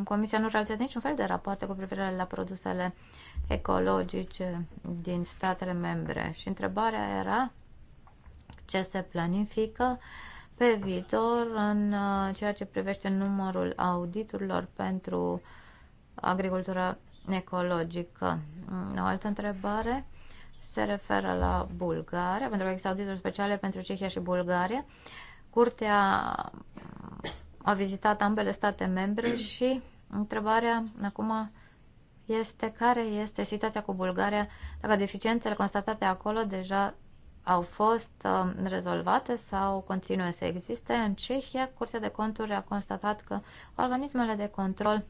Comisia nu realizează niciun fel de rapoarte cu privire la produsele ecologice din statele membre. Și întrebarea era ce se planifică pe viitor în uh, ceea ce privește numărul auditurilor pentru agricultura ecologică. O altă întrebare se referă la Bulgaria, pentru că există titluri speciale pentru Cehia și Bulgaria. Curtea a vizitat ambele state membre și întrebarea acum este care este situația cu Bulgaria, dacă deficiențele constatate acolo deja au fost um, rezolvate sau continuă să existe. În Cehia, Curtea de Conturi a constatat că organismele de control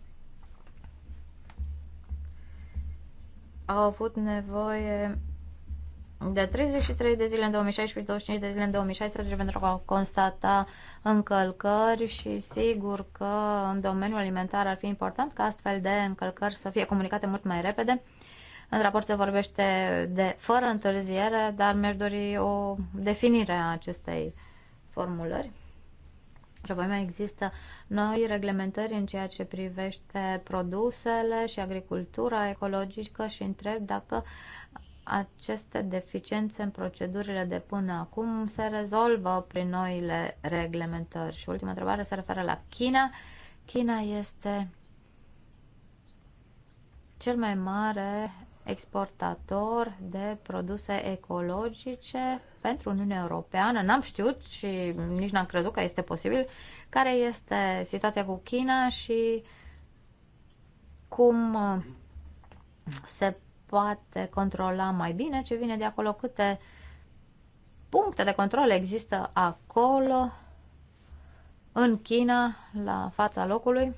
au avut nevoie de 33 de zile în 2016 și 25 de zile în 2016 pentru a constata încălcări și sigur că în domeniul alimentar ar fi important ca astfel de încălcări să fie comunicate mult mai repede. În raport se vorbește de fără întârziere, dar mi-aș dori o definire a acestei formulări. Și apoi mai există noi reglementări în ceea ce privește produsele și agricultura ecologică și întreb dacă aceste deficiențe în procedurile de până acum se rezolvă prin noile reglementări? Și ultima întrebare se referă la China. China este cel mai mare exportator de produse ecologice pentru Uniunea Europeană. N-am știut și nici n-am crezut că este posibil care este situația cu China și cum se poate controla mai bine ce vine de acolo, câte puncte de control există acolo, în China, la fața locului.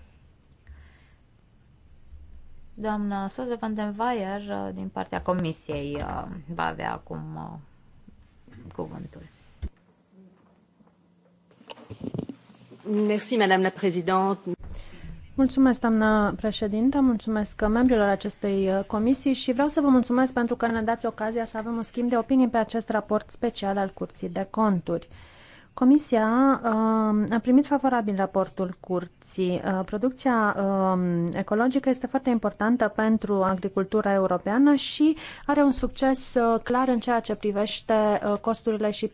Doamna Suze van den Weyer, uh, din partea comisiei, uh, va avea acum uh, cuvântul. Merci, Madame la Présidente. Mulțumesc, doamnă președintă, mulțumesc membrilor acestei uh, comisii și vreau să vă mulțumesc pentru că ne dați ocazia să avem un schimb de opinii pe acest raport special al Curții de Conturi. Comisia uh, a primit favorabil raportul curții. Uh, producția um, ecologică este foarte importantă pentru agricultura europeană și are un succes uh, clar în ceea ce privește costurile și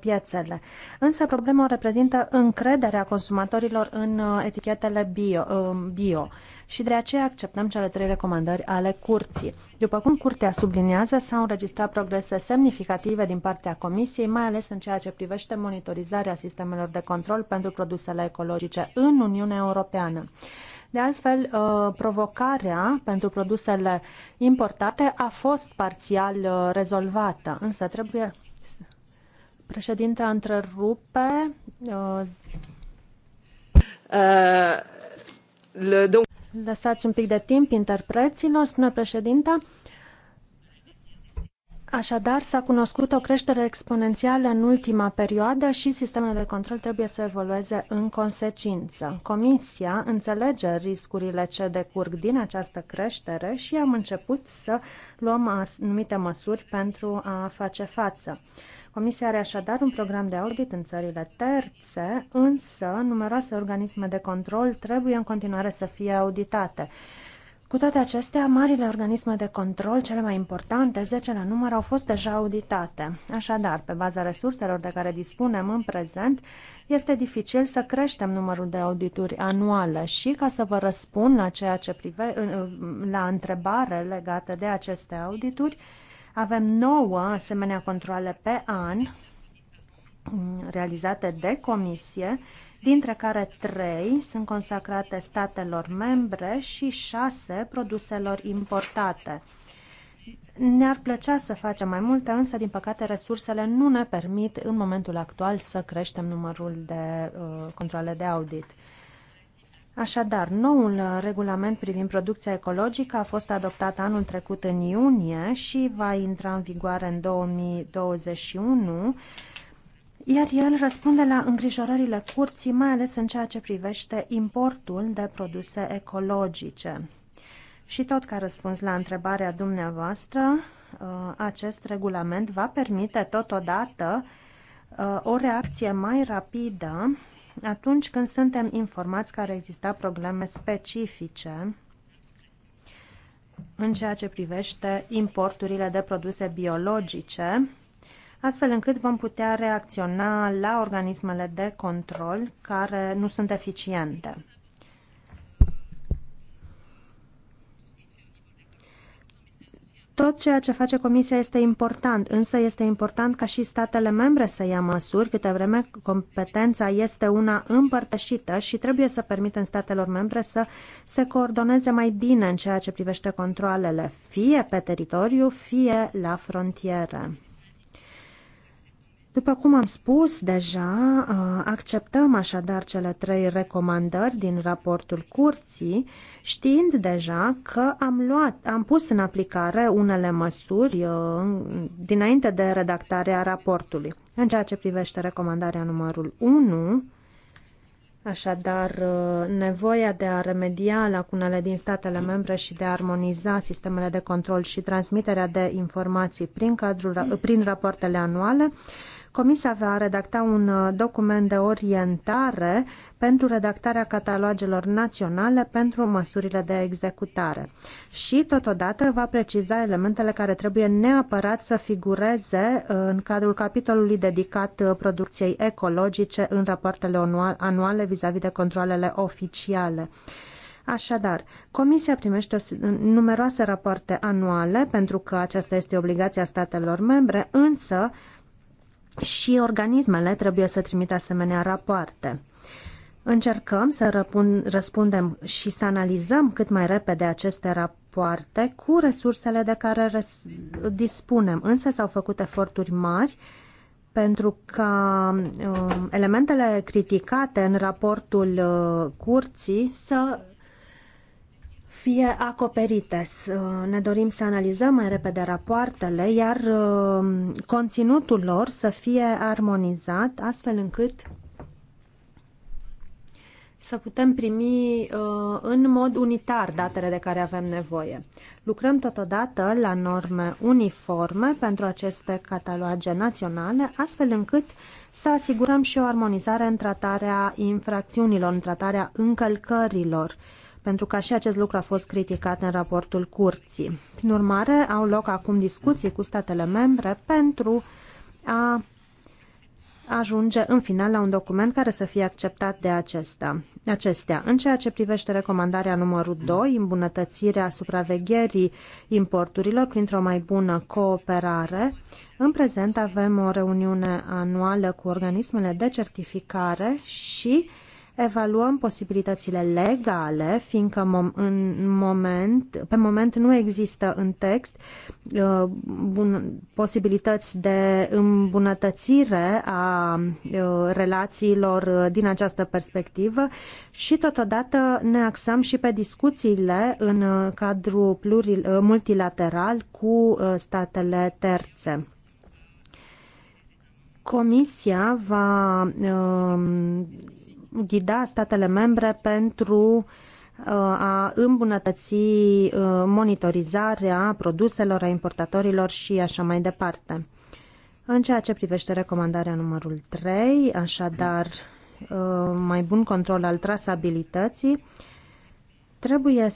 piețele. Însă problema o reprezintă încrederea consumatorilor în etichetele bio. bio și de aceea acceptăm cele trei recomandări ale curții. După cum curtea subliniază, s-au înregistrat progrese semnificative din partea Comisiei, mai ales în ceea ce privește monitorizarea sistemelor de control pentru produsele ecologice în Uniunea Europeană. De altfel, uh, provocarea pentru produsele importate a fost parțial uh, rezolvată, însă trebuie Președinta întrerupe. Uh, uh le, donc lăsați un pic de timp interpreților, spune președinta. Așadar, s-a cunoscut o creștere exponențială în ultima perioadă și sistemele de control trebuie să evolueze în consecință. Comisia înțelege riscurile ce decurg din această creștere și am început să luăm anumite măsuri pentru a face față. Comisia are așadar un program de audit în țările terțe, însă numeroase organisme de control trebuie în continuare să fie auditate. Cu toate acestea, marile organisme de control, cele mai importante, 10 la număr, au fost deja auditate. Așadar, pe baza resurselor de care dispunem în prezent, este dificil să creștem numărul de audituri anuale și, ca să vă răspund la, ceea ce prive, la întrebare legată de aceste audituri, avem nouă asemenea controle pe an mm, realizate de comisie, dintre care trei sunt consacrate statelor membre și șase produselor importate. Ne-ar plăcea să facem mai multe, însă, din păcate, resursele nu ne permit în momentul actual să creștem numărul de uh, controle de audit. Așadar, noul regulament privind producția ecologică a fost adoptat anul trecut în iunie și va intra în vigoare în 2021, iar el răspunde la îngrijorările curții, mai ales în ceea ce privește importul de produse ecologice. Și tot ca răspuns la întrebarea dumneavoastră, uh, acest regulament va permite totodată uh, o reacție mai rapidă atunci când suntem informați că ar exista probleme specifice în ceea ce privește importurile de produse biologice, astfel încât vom putea reacționa la organismele de control care nu sunt eficiente. Tot ceea ce face Comisia este important, însă este important ca și statele membre să ia măsuri, câte vreme competența este una împărtășită și trebuie să permitem statelor membre să se coordoneze mai bine în ceea ce privește controlele, fie pe teritoriu, fie la frontiere. După cum am spus deja, uh, acceptăm așadar cele trei recomandări din raportul curții, știind deja că am, luat, am pus în aplicare unele măsuri uh, dinainte de redactarea raportului. În ceea ce privește recomandarea numărul 1, Așadar, uh, nevoia de a remedia lacunele din statele membre și de a armoniza sistemele de control și transmiterea de informații prin, cadrul, prin rapoartele anuale Comisia va redacta un uh, document de orientare pentru redactarea catalogelor naționale pentru măsurile de executare și, totodată, va preciza elementele care trebuie neapărat să figureze uh, în cadrul capitolului dedicat uh, producției ecologice în rapoartele anuale vis-a-vis -vis de controlele oficiale. Așadar, Comisia primește numeroase rapoarte anuale, pentru că aceasta este obligația statelor membre, însă și organismele trebuie să trimită asemenea rapoarte. Încercăm să răpun, răspundem și să analizăm cât mai repede aceste rapoarte cu resursele de care dispunem, însă s-au făcut eforturi mari pentru ca uh, elementele criticate în raportul uh, curții să fie acoperite. Uh, ne dorim să analizăm mai repede rapoartele, iar uh, conținutul lor să fie armonizat astfel încât să putem primi uh, în mod unitar datele de care avem nevoie. Lucrăm totodată la norme uniforme pentru aceste cataloage naționale, astfel încât să asigurăm și o armonizare în tratarea infracțiunilor, în tratarea încălcărilor uh, pentru că și acest lucru a fost criticat în raportul curții. Prin urmare, au loc acum discuții cu statele membre pentru a ajunge în final la un document care să fie acceptat de acesta. acestea. În ceea ce privește recomandarea numărul 2, îmbunătățirea supravegherii importurilor printr-o mai bună cooperare, în prezent avem o reuniune anuală cu organismele de certificare și evaluăm posibilitățile legale, fiindcă mom- în moment, pe moment nu există în text uh, bun, posibilități de îmbunătățire a uh, relațiilor uh, din această perspectivă și totodată ne axăm și pe discuțiile în uh, cadrul pluril, uh, multilateral cu statele terțe. Comisia va uh, ghida statele membre pentru uh, a îmbunătăți uh, monitorizarea produselor, a importatorilor și așa mai departe. În ceea ce privește recomandarea numărul 3, așadar uh, mai bun control al trasabilității, trebuie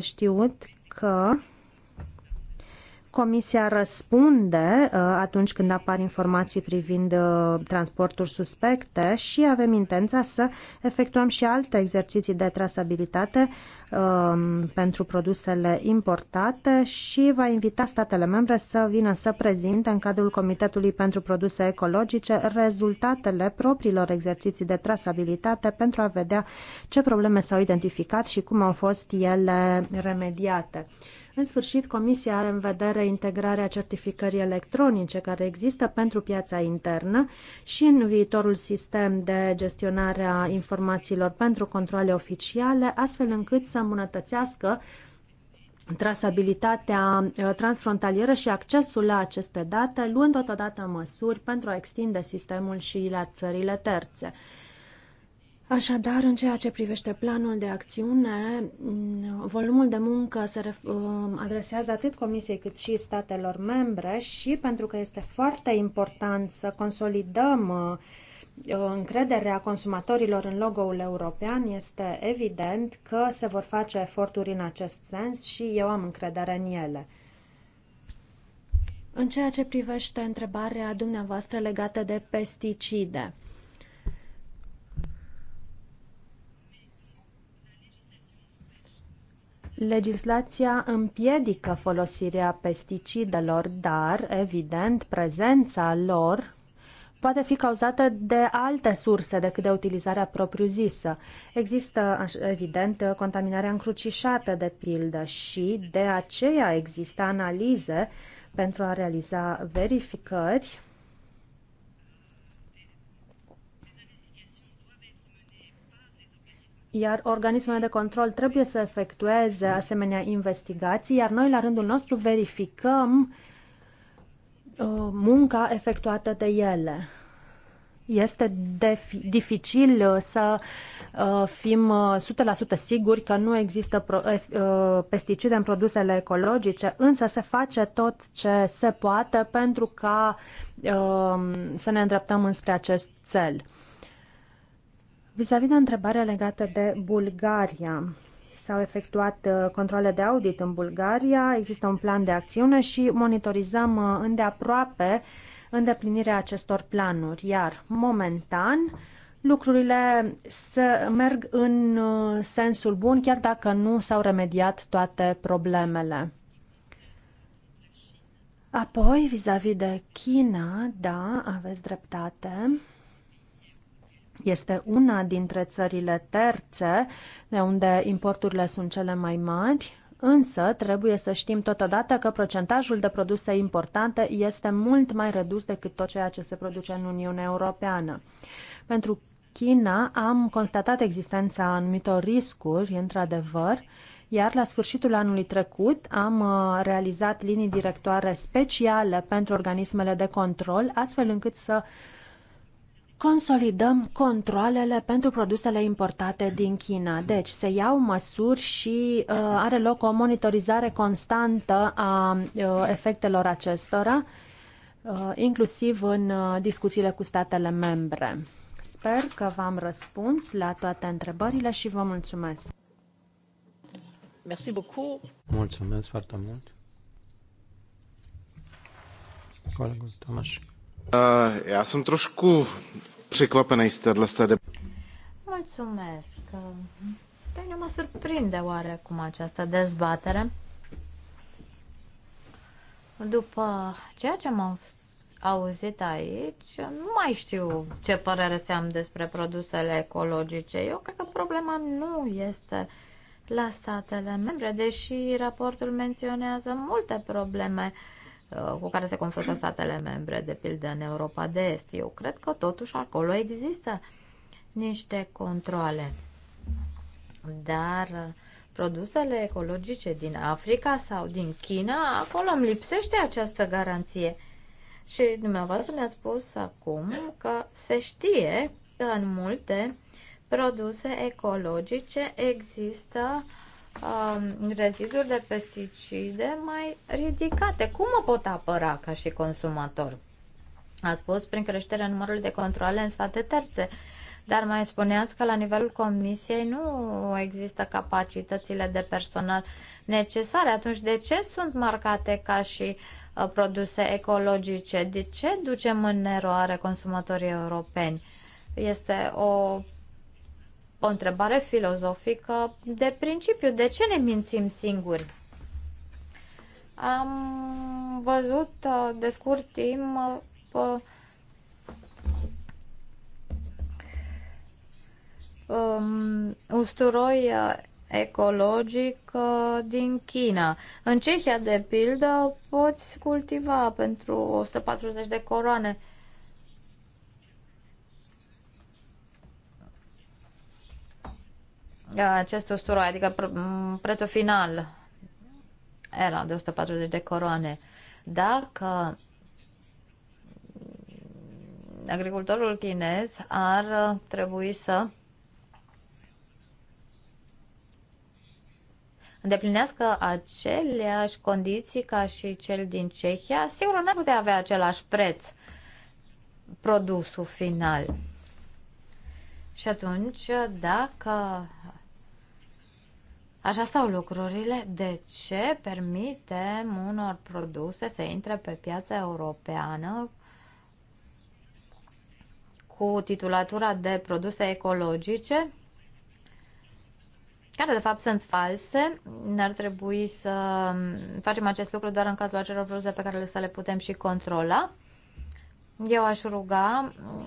știut că Comisia răspunde uh, atunci când apar informații privind uh, transporturi suspecte și avem intenția să efectuăm și alte exerciții de trasabilitate um, pentru produsele importate și va invita statele membre să vină să prezinte în cadrul Comitetului pentru Produse Ecologice rezultatele propriilor exerciții de trasabilitate pentru a vedea ce probleme s-au identificat și cum au fost ele remediate. În sfârșit, Comisia are în vedere integrarea certificării electronice care există pentru piața internă și în viitorul sistem de gestionare a informațiilor pentru controle oficiale, astfel încât să îmbunătățească trasabilitatea uh, transfrontalieră și accesul la aceste date, luând totodată măsuri pentru a extinde sistemul și la țările terțe. Așadar, în ceea ce privește planul de acțiune, volumul de muncă se uh, adresează atât Comisiei cât și statelor membre și pentru că este foarte important să consolidăm uh, încrederea consumatorilor în logo-ul european, este evident că se vor face eforturi în acest sens și eu am încredere în ele. În ceea ce privește întrebarea dumneavoastră legată de pesticide, Legislația împiedică folosirea pesticidelor, dar, evident, prezența lor poate fi cauzată de alte surse decât de utilizarea propriu-zisă. Există, evident, contaminarea încrucișată, de pildă, și de aceea există analize pentru a realiza verificări iar organismele de control trebuie să efectueze asemenea investigații, iar noi, la rândul nostru, verificăm uh, munca efectuată de ele. Este dificil uh, să uh, fim 100% siguri că nu există pesticide în produsele ecologice, însă se face tot ce se poate pentru ca să ne îndreptăm înspre acest cel. Vis-a-vis de întrebarea legată de Bulgaria, s-au efectuat uh, controle de audit în Bulgaria, există un plan de acțiune și monitorizăm uh, îndeaproape îndeplinirea acestor planuri, iar momentan lucrurile se merg în uh, sensul bun, chiar dacă nu s-au remediat toate problemele. Apoi, vis-a-vis -vis de China, da, aveți dreptate. Este una dintre țările terțe, de unde importurile sunt cele mai mari, însă trebuie să știm totodată că procentajul de produse importante este mult mai redus decât tot ceea ce se produce în Uniunea Europeană. Pentru China am constatat existența anumitor riscuri, într-adevăr, iar la sfârșitul anului trecut am uh, realizat linii directoare speciale pentru organismele de control, astfel încât să consolidăm controlele pentru produsele importate din China. Deci se iau măsuri și uh, are loc o monitorizare constantă a uh, efectelor acestora, uh, inclusiv în uh, discuțiile cu statele membre. Sper că v-am răspuns la toate întrebările și vă mulțumesc. Merci beaucoup. Mulțumesc foarte mult. Colegul Tomaș. Eh, já jsem trošku překvapený z téhle Mulțumesc. Pe păi mine mă surprinde oarecum această dezbatere. După ceea ce am auzit aici, nu mai știu ce părere să am despre produsele ecologice. Eu cred că problema nu este la statele membre, deși raportul menționează multe probleme uh, Uh, cu care se confruntă statele membre, de pildă în Europa de Est. Eu cred că totuși acolo există niște controle. Dar uh, produsele ecologice din Africa sau din China, acolo îmi lipsește această garanție. Și dumneavoastră ne a spus acum că se știe că în multe produse ecologice există uh, Um, reziduri de pesticide mai ridicate. Cum mă pot apăra ca și consumator? A spus prin creșterea numărului de controle în state terțe. Dar mai spuneați că la nivelul comisiei nu există capacitățile de personal necesare. Atunci de ce sunt marcate ca și uh, produse ecologice? De ce ducem în eroare consumatorii europeni? Este o o întrebare filozofică de principiu. De ce ne mințim singuri? Am văzut uh, de scurt timp uh, um, usturoi uh, ecologic din China. În Cehia, de pildă, poți cultiva pentru 140 de coroane acest usturoi, adică prețul final era de 140 de coroane. Dacă agricultorul chinez ar trebui să îndeplinească aceleași condiții ca și cel din Cehia, sigur nu ar putea avea același preț produsul final. Și atunci, dacă Așa stau lucrurile. De ce permitem unor produse să intre pe piața europeană cu titulatura de produse ecologice, care de fapt sunt false. N-ar trebui să facem acest lucru doar în cazul acelor produse pe care să le putem și controla. Eu aș ruga mm,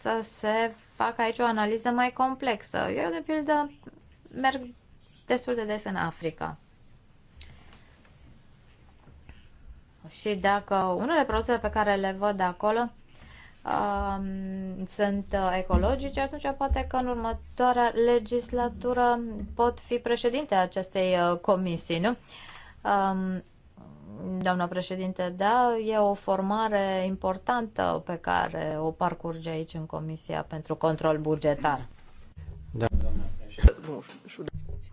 să se facă aici o analiză mai complexă. Eu, de pildă, merg destul de des în Africa. Și dacă unele produse pe care le văd acolo um, sunt uh, ecologice, atunci poate că în următoarea legislatură pot fi președinte acestei uh, comisii, nu? Um, doamna președinte, da, e o formare importantă pe care o parcurge aici în Comisia pentru Control Bugetar.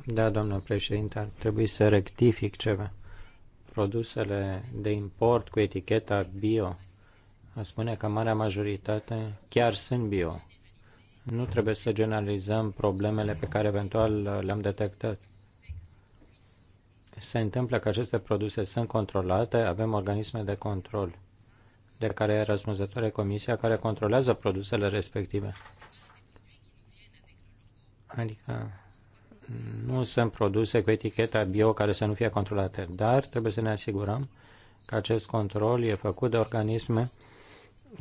Da, doamnă președinte, ar trebui să rectific ceva. Produsele de import cu eticheta bio, a spune că marea majoritate chiar sunt bio. Nu trebuie să generalizăm problemele pe care eventual le-am detectat. Se întâmplă că aceste produse sunt controlate, avem organisme de control de care e răspunzătoare comisia care controlează produsele respective. Adică nu sunt produse cu eticheta bio care să nu fie controlate, dar trebuie să ne asigurăm că acest control e făcut de organisme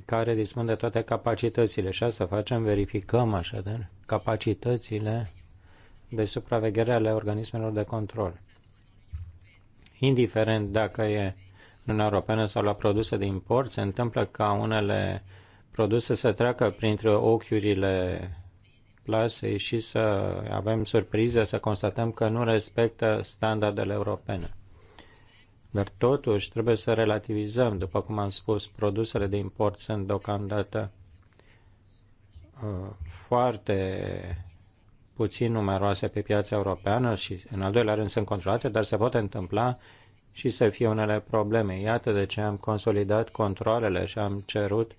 care dispun de toate capacitățile și asta facem, verificăm așadar capacitățile de supraveghere ale organismelor de control. Indiferent dacă e în Uniunea Europeană sau la produse de import, se întâmplă ca unele produse să treacă printre ochiurile clase și să avem surpriză să constatăm că nu respectă standardele europene. Dar totuși trebuie să relativizăm, după cum am spus, produsele de import sunt deocamdată uh, foarte puțin numeroase pe piața europeană și în al doilea rând sunt controlate, dar se pot întâmpla și să fie unele probleme. Iată de ce am consolidat controlele și am cerut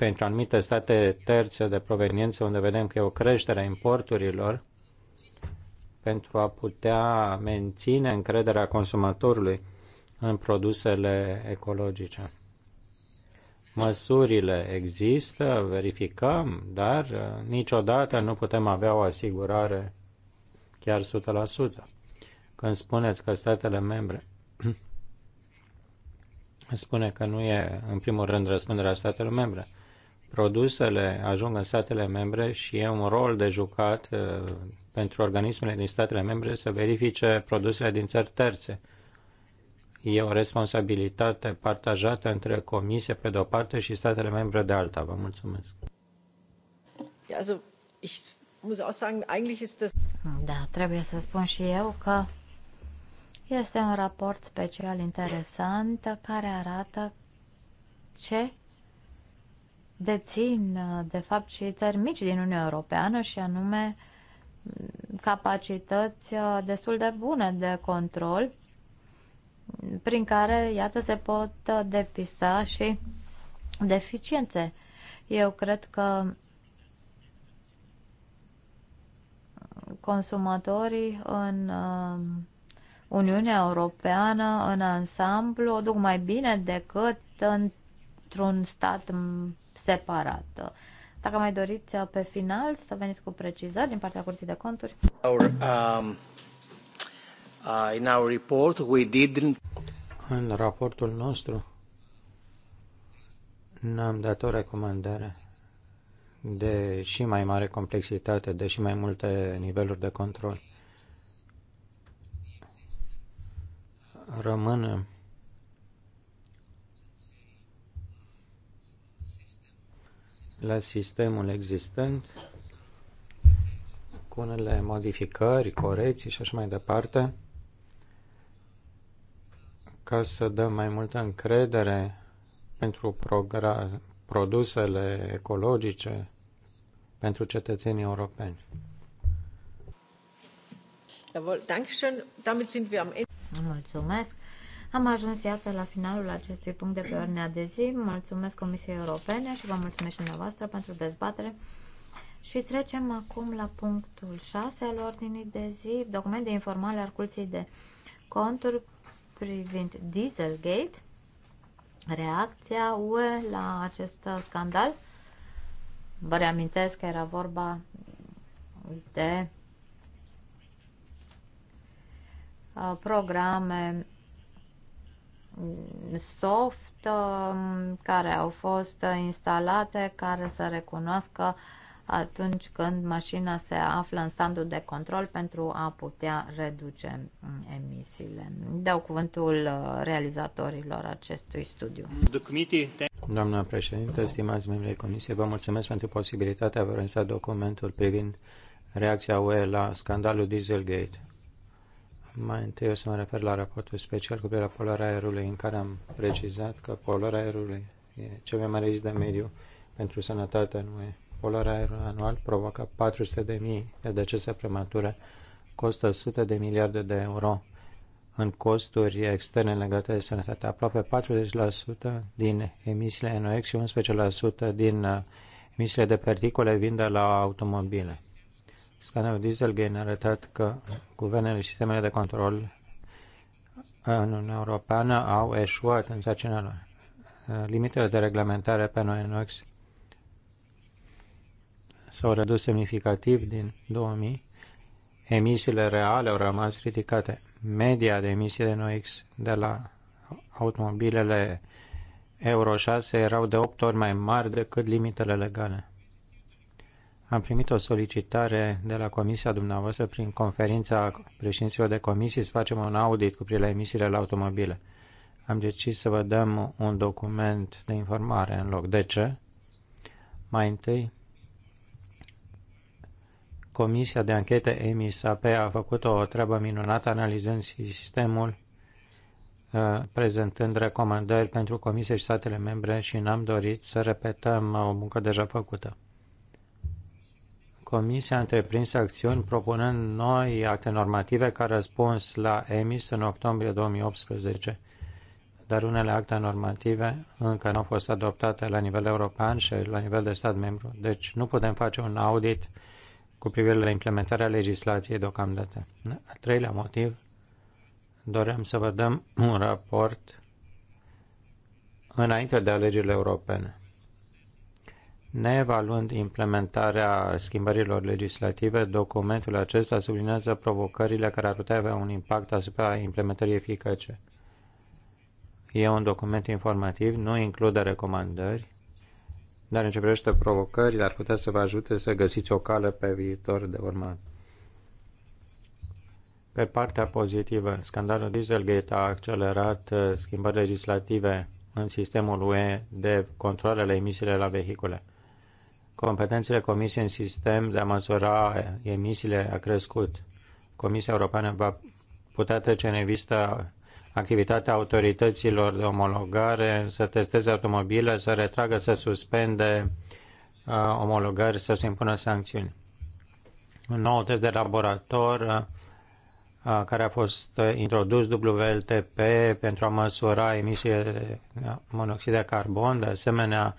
pentru anumite state terțe de proveniență, unde vedem că e o creștere a importurilor, pentru a putea menține încrederea consumatorului în produsele ecologice. Măsurile există, verificăm, dar uh, niciodată nu putem avea o asigurare chiar 100%. Când spuneți că statele membre spune că nu e în primul rând răspunderea statelor membre, produsele ajung în statele membre și e un rol de jucat uh, pentru organismele din statele membre să verifice produsele din țări terțe. E o responsabilitate partajată între comisie pe de-o parte și statele membre de alta. Vă mulțumesc. Da, trebuie să spun și eu că este un raport special interesant care arată ce dețin, uh, de fapt, și țări mici din Uniunea Europeană și anume mm, capacități uh, destul de bune de control prin care, iată, se pot uh, depista și deficiențe. Eu cred că consumatorii în Uniunea Europeană, în ansamblu, o duc mai bine decât într-un stat separat. Dacă mai doriți uh, pe final să veniți cu precizări din partea Curții de Conturi. Our, um, uh, in our report we didn't... În raportul nostru n-am dat o recomandare de și mai mare complexitate, de și mai multe niveluri de control. Rămânem la sistemul existent cu unele modificări, corecții și așa mai departe ca să dăm mai multă încredere pentru produsele ecologice pentru cetățenii europeni. Mulțumesc. Am ajuns, iată, la finalul acestui punct de pe ordinea de zi. Mulțumesc Comisiei Europene și vă mulțumesc și dumneavoastră pentru dezbatere. Și trecem acum la punctul 6 al ordinii de zi, documente informale al Curții de Conturi privind Dieselgate, reacția UE la acest scandal. Vă reamintesc că era vorba de uh, programe soft um, care au fost instalate care să recunoască atunci când mașina se află în standul de control pentru a putea reduce um, emisiile. Dau cuvântul uh, realizatorilor acestui studiu. Doamna președinte, stimați membrii Comisiei, vă mulțumesc pentru posibilitatea de a vă documentul privind reacția UE la scandalul Dieselgate. Mai întâi o să mă refer la raportul special cu privire la poluarea aerului, în care am precizat că poluarea aerului e cel mai mare risc de mediu pentru sănătatea nu Poluarea aerului anual provoacă 400.000 de, mii de decese premature, costă 100 de miliarde de euro în costuri externe legate de sănătate. Aproape 40% din emisiile NOx și 11% din uh, emisiile de particule vin de la automobile. Scandalul Dieselgate a arătat că guvernele și sistemele de control în Uniunea Europeană au eșuat în sarcina lor. Limitele de reglementare pe noi în OX s-au redus semnificativ din 2000. Emisiile reale au rămas ridicate. Media de emisii de NOx de la automobilele Euro 6 erau de 8 ori mai mari decât limitele legale. Am primit o solicitare de la comisia dumneavoastră prin conferința președinților de comisii să facem un audit cu privire la emisiile la automobile. Am decis să vă dăm un document de informare în loc. De ce? Mai întâi, Comisia de anchete EMISAP a făcut o treabă minunată analizând sistemul, uh, prezentând recomandări pentru Comisie și statele membre și n-am dorit să repetăm uh, o muncă deja făcută. Comisia a întreprins acțiuni propunând noi acte normative ca răspuns la EMIS în octombrie 2018, dar unele acte normative încă nu au fost adoptate la nivel european și la nivel de stat membru, deci nu putem face un audit cu privire la implementarea legislației deocamdată. Al treilea motiv, dorem să vă dăm un raport înainte de alegerile europene. Neevaluând implementarea schimbărilor legislative, documentul acesta sublinează provocările care ar putea avea un impact asupra implementării eficace. E un document informativ, nu include recomandări, dar în ce privește provocările, ar putea să vă ajute să găsiți o cale pe viitor de urmat. Pe partea pozitivă, scandalul Dieselgate a accelerat uh, schimbări legislative în sistemul UE de controlele emisiile la vehicule competențele Comisiei în sistem de a măsura emisiile a crescut. Comisia Europeană va putea trece în revistă activitatea autorităților de omologare, să testeze automobile, să retragă, să suspende uh, omologări, să se impună sancțiuni. Un nou test de laborator uh, care a fost uh, introdus WLTP pentru a măsura emisiile monoxid de carbon, de asemenea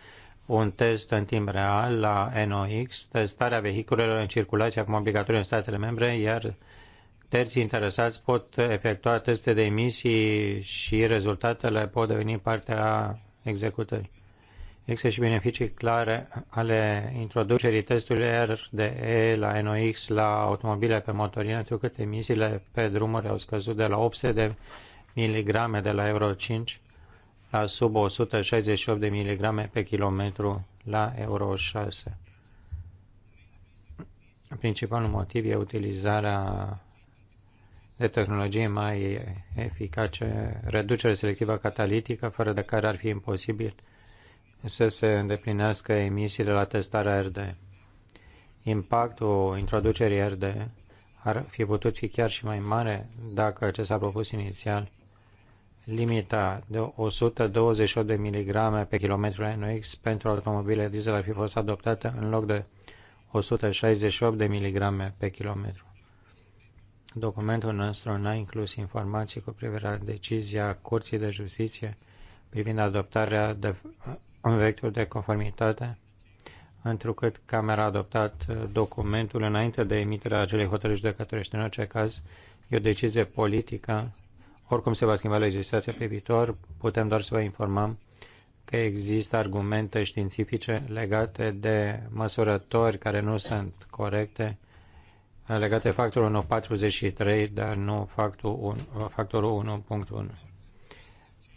un test în timp real la NOx, testarea vehiculelor în circulație acum obligatorie în statele membre, iar terții interesați pot efectua teste de emisii și rezultatele pot deveni parte a executării. Există și beneficii clare ale introducerii testului RDE la NOx la automobile pe motorină, pentru că emisiile pe drumuri au scăzut de la 800 de miligrame de la Euro 5 la sub 168 de miligrame pe kilometru la Euro 6. Principalul motiv e utilizarea de tehnologie mai eficace, reducere selectivă catalitică, fără de care ar fi imposibil să se îndeplinească emisiile la testarea RD. Impactul introducerii RD ar fi putut fi chiar și mai mare dacă ce s-a propus inițial limita de 128 de mg pe kilometru NOx pentru automobile diesel ar fi fost adoptată în loc de 168 de mg pe kilometru. Documentul nostru n-a inclus informații cu privire la decizia Curții de Justiție privind adoptarea de în vector de conformitate, întrucât Camera a adoptat uh, documentul înainte de emiterea acelei hotărâri judecătorești. În orice caz, e o decizie politică oricum se va schimba legislația pe viitor, putem doar să vă informăm că există argumente științifice legate de măsurători care nu sunt corecte, legate de factorul 1.43, dar nu factorul 1.1.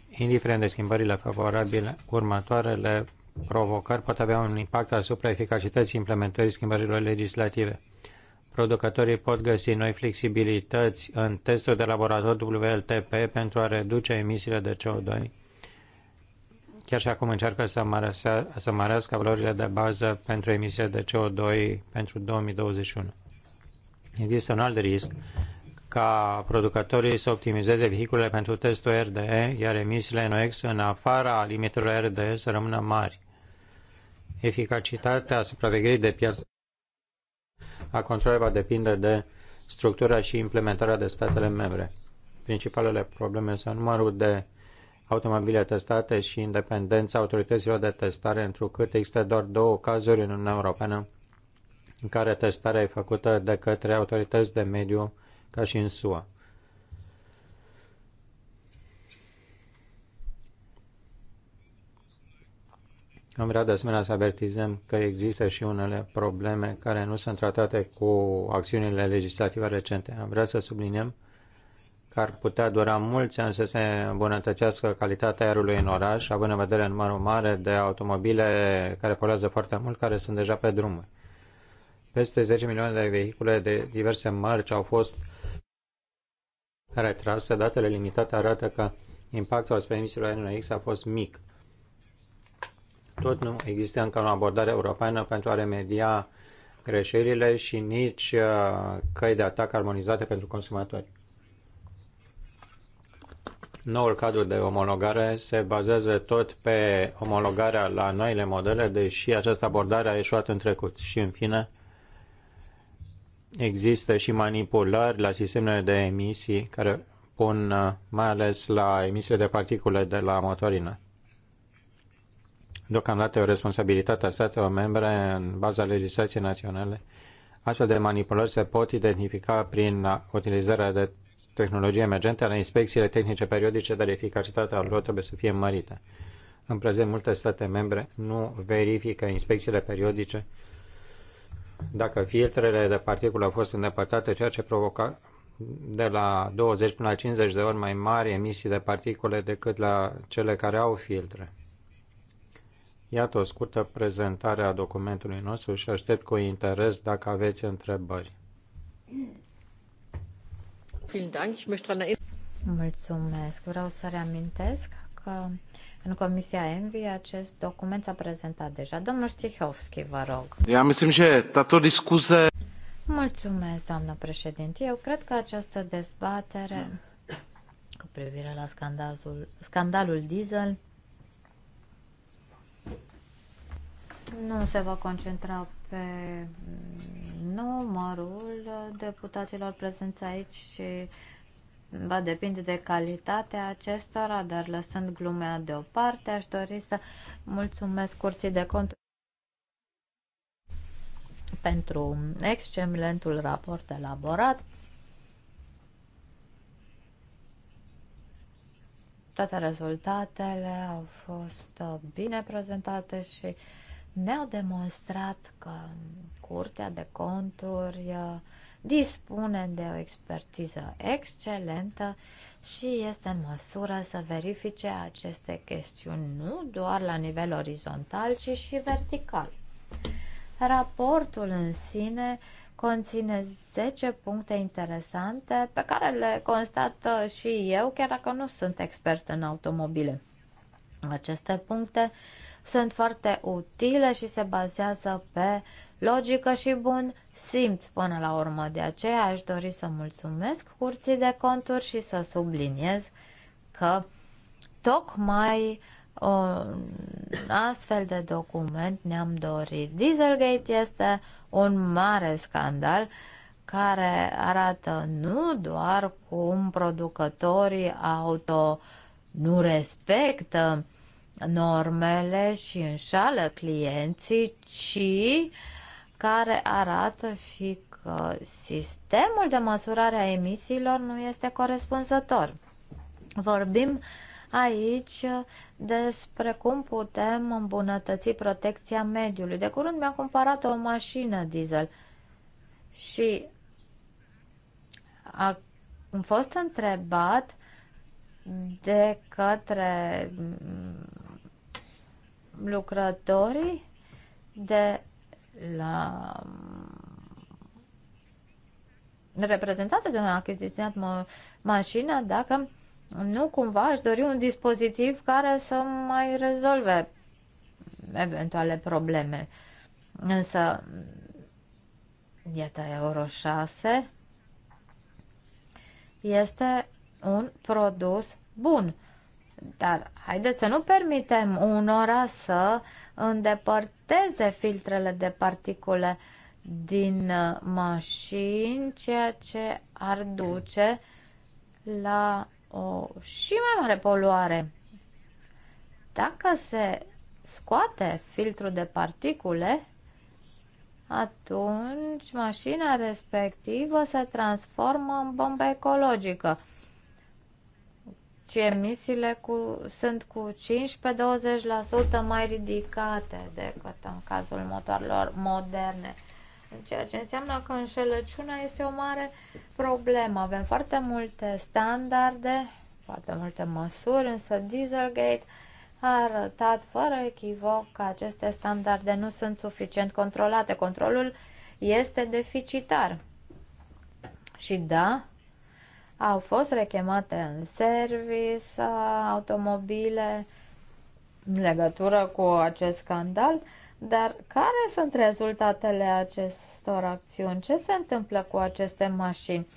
Indiferent de schimbările favorabile, următoarele provocări pot avea un impact asupra eficacității implementării schimbărilor legislative. Producătorii pot găsi noi flexibilități în testul de laborator WLTP pentru a reduce emisiile de CO2. Chiar și acum încearcă să, mărească, să mărească valorile de bază pentru emisiile de CO2 pentru 2021. Există un alt risc ca producătorii să optimizeze vehiculele pentru testul RDE, iar emisiile NOx în afara limitelor RDE să rămână mari. Eficacitatea supravegherii de piață a controlului va depinde de structura și implementarea de statele membre. Principalele probleme sunt numărul de automobile testate și independența autorităților de testare, întrucât există doar două cazuri în Uniunea Europeană în care testarea e făcută de către autorități de mediu, ca și în SUA. Am vrea de asemenea să avertizăm că există și unele probleme care nu sunt tratate cu acțiunile legislative recente. Am vrea să subliniem că ar putea dura mulți ani să se îmbunătățească calitatea aerului în oraș, având în vedere numărul mare de automobile care poluează foarte mult, care sunt deja pe drumuri. Peste 10 milioane de vehicule de diverse marci au fost retrase. Datele limitate arată că impactul asupra emisiilor NOx a fost mic tot nu există încă o abordare europeană pentru a remedia greșelile și nici uh, căi de atac armonizate pentru consumatori. Noul cadru de omologare se bazează tot pe omologarea la noile modele, deși această abordare a ieșuat în trecut. Și, în fine, există și manipulări la sistemele de emisii care pun uh, mai ales la emisiile de particule de la motorină. Deocamdată e o responsabilitate a statelor membre în baza legislației naționale. Astfel de manipulări se pot identifica prin utilizarea de tehnologie emergente, ale inspecțiile tehnice periodice, dar eficacitatea lor trebuie să fie mărită. În prezent, multe state membre nu verifică inspecțiile periodice dacă filtrele de particule au fost îndepărtate, ceea ce provoca de la 20 până la 50 de ori mai mari emisii de particule decât la cele care au filtre. Iată o scurtă prezentare a documentului nostru și aștept cu interes dacă aveți întrebări. Mulțumesc. Vreau să reamintesc că în Comisia Envi acest document s-a prezentat deja. Domnul Stihovski, vă rog. Ja myslím, že tato diskuze... Mulțumesc, doamnă președinte. Eu cred că această dezbatere cu privire la scandalul, scandalul diesel nu se va concentra pe numărul deputaților prezenți aici și va depinde de calitatea acestora, dar lăsând glumea deoparte, aș dori să mulțumesc curții de cont pentru excelentul raport elaborat. Toate rezultatele au fost bine prezentate și ne-au demonstrat că Curtea de Conturi uh, dispune de o expertiză excelentă și este în măsură să verifice aceste chestiuni nu doar la nivel orizontal, ci și vertical. Raportul în sine conține 10 puncte interesante pe care le constat uh, și eu, chiar dacă nu sunt expert în automobile. Aceste puncte sunt foarte utile și se bazează pe logică și bun simț până la urmă. De aceea aș dori să mulțumesc curții de conturi și să subliniez că tocmai uh, un astfel de document ne-am dorit. Dieselgate este un mare scandal care arată nu doar cum producătorii auto nu respectă normele și înșală clienții, ci care arată și că sistemul de măsurare a emisiilor nu este corespunzător. Vorbim aici despre cum putem îmbunătăți protecția mediului. De curând mi-am cumpărat o mașină diesel și am fost întrebat de către lucrătorii de la mm, reprezentate de a achiziționat mașina dacă nu cumva aș dori un dispozitiv care să mai rezolve eventuale probleme. Însă, iată, Euro 6 este un produs bun dar haideți să nu permitem unora să îndepărteze filtrele de particule din uh, mașini, ceea ce ar duce la o și mai mare poluare. Dacă se scoate filtrul de particule, atunci mașina respectivă se transformă în bombă ecologică ci emisiile cu, sunt cu 15-20% mai ridicate decât în cazul motoarelor moderne. Ceea ce înseamnă că înșelăciunea este o mare problemă. Avem foarte multe standarde, foarte multe măsuri, însă Dieselgate a arătat fără echivoc că aceste standarde nu sunt suficient controlate. Controlul este deficitar. Și da, au fost rechemate în service uh, automobile în legătură cu acest scandal, dar care sunt rezultatele acestor acțiuni? Ce se întâmplă cu aceste mașini?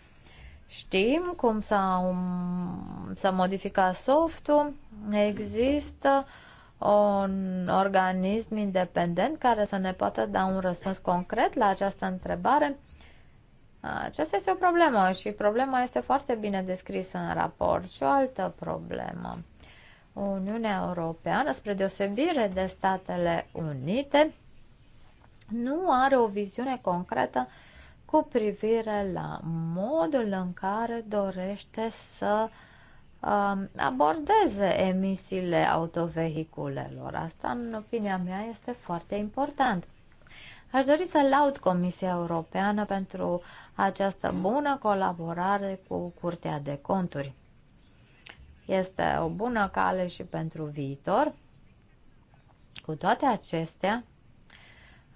Știm cum s-a, um, s-a modificat softul, există un organism independent care să ne poată da un răspuns concret la această întrebare. Aceasta este o problemă și problema este foarte bine descrisă în raport. Și o altă problemă. Uniunea Europeană, spre deosebire de Statele Unite, nu are o viziune concretă cu privire la modul în care dorește să um, abordeze emisiile autovehiculelor. Asta, în opinia mea, este foarte important. Aș dori să laud Comisia Europeană pentru această bună colaborare cu Curtea de Conturi. Este o bună cale și pentru viitor. Cu toate acestea,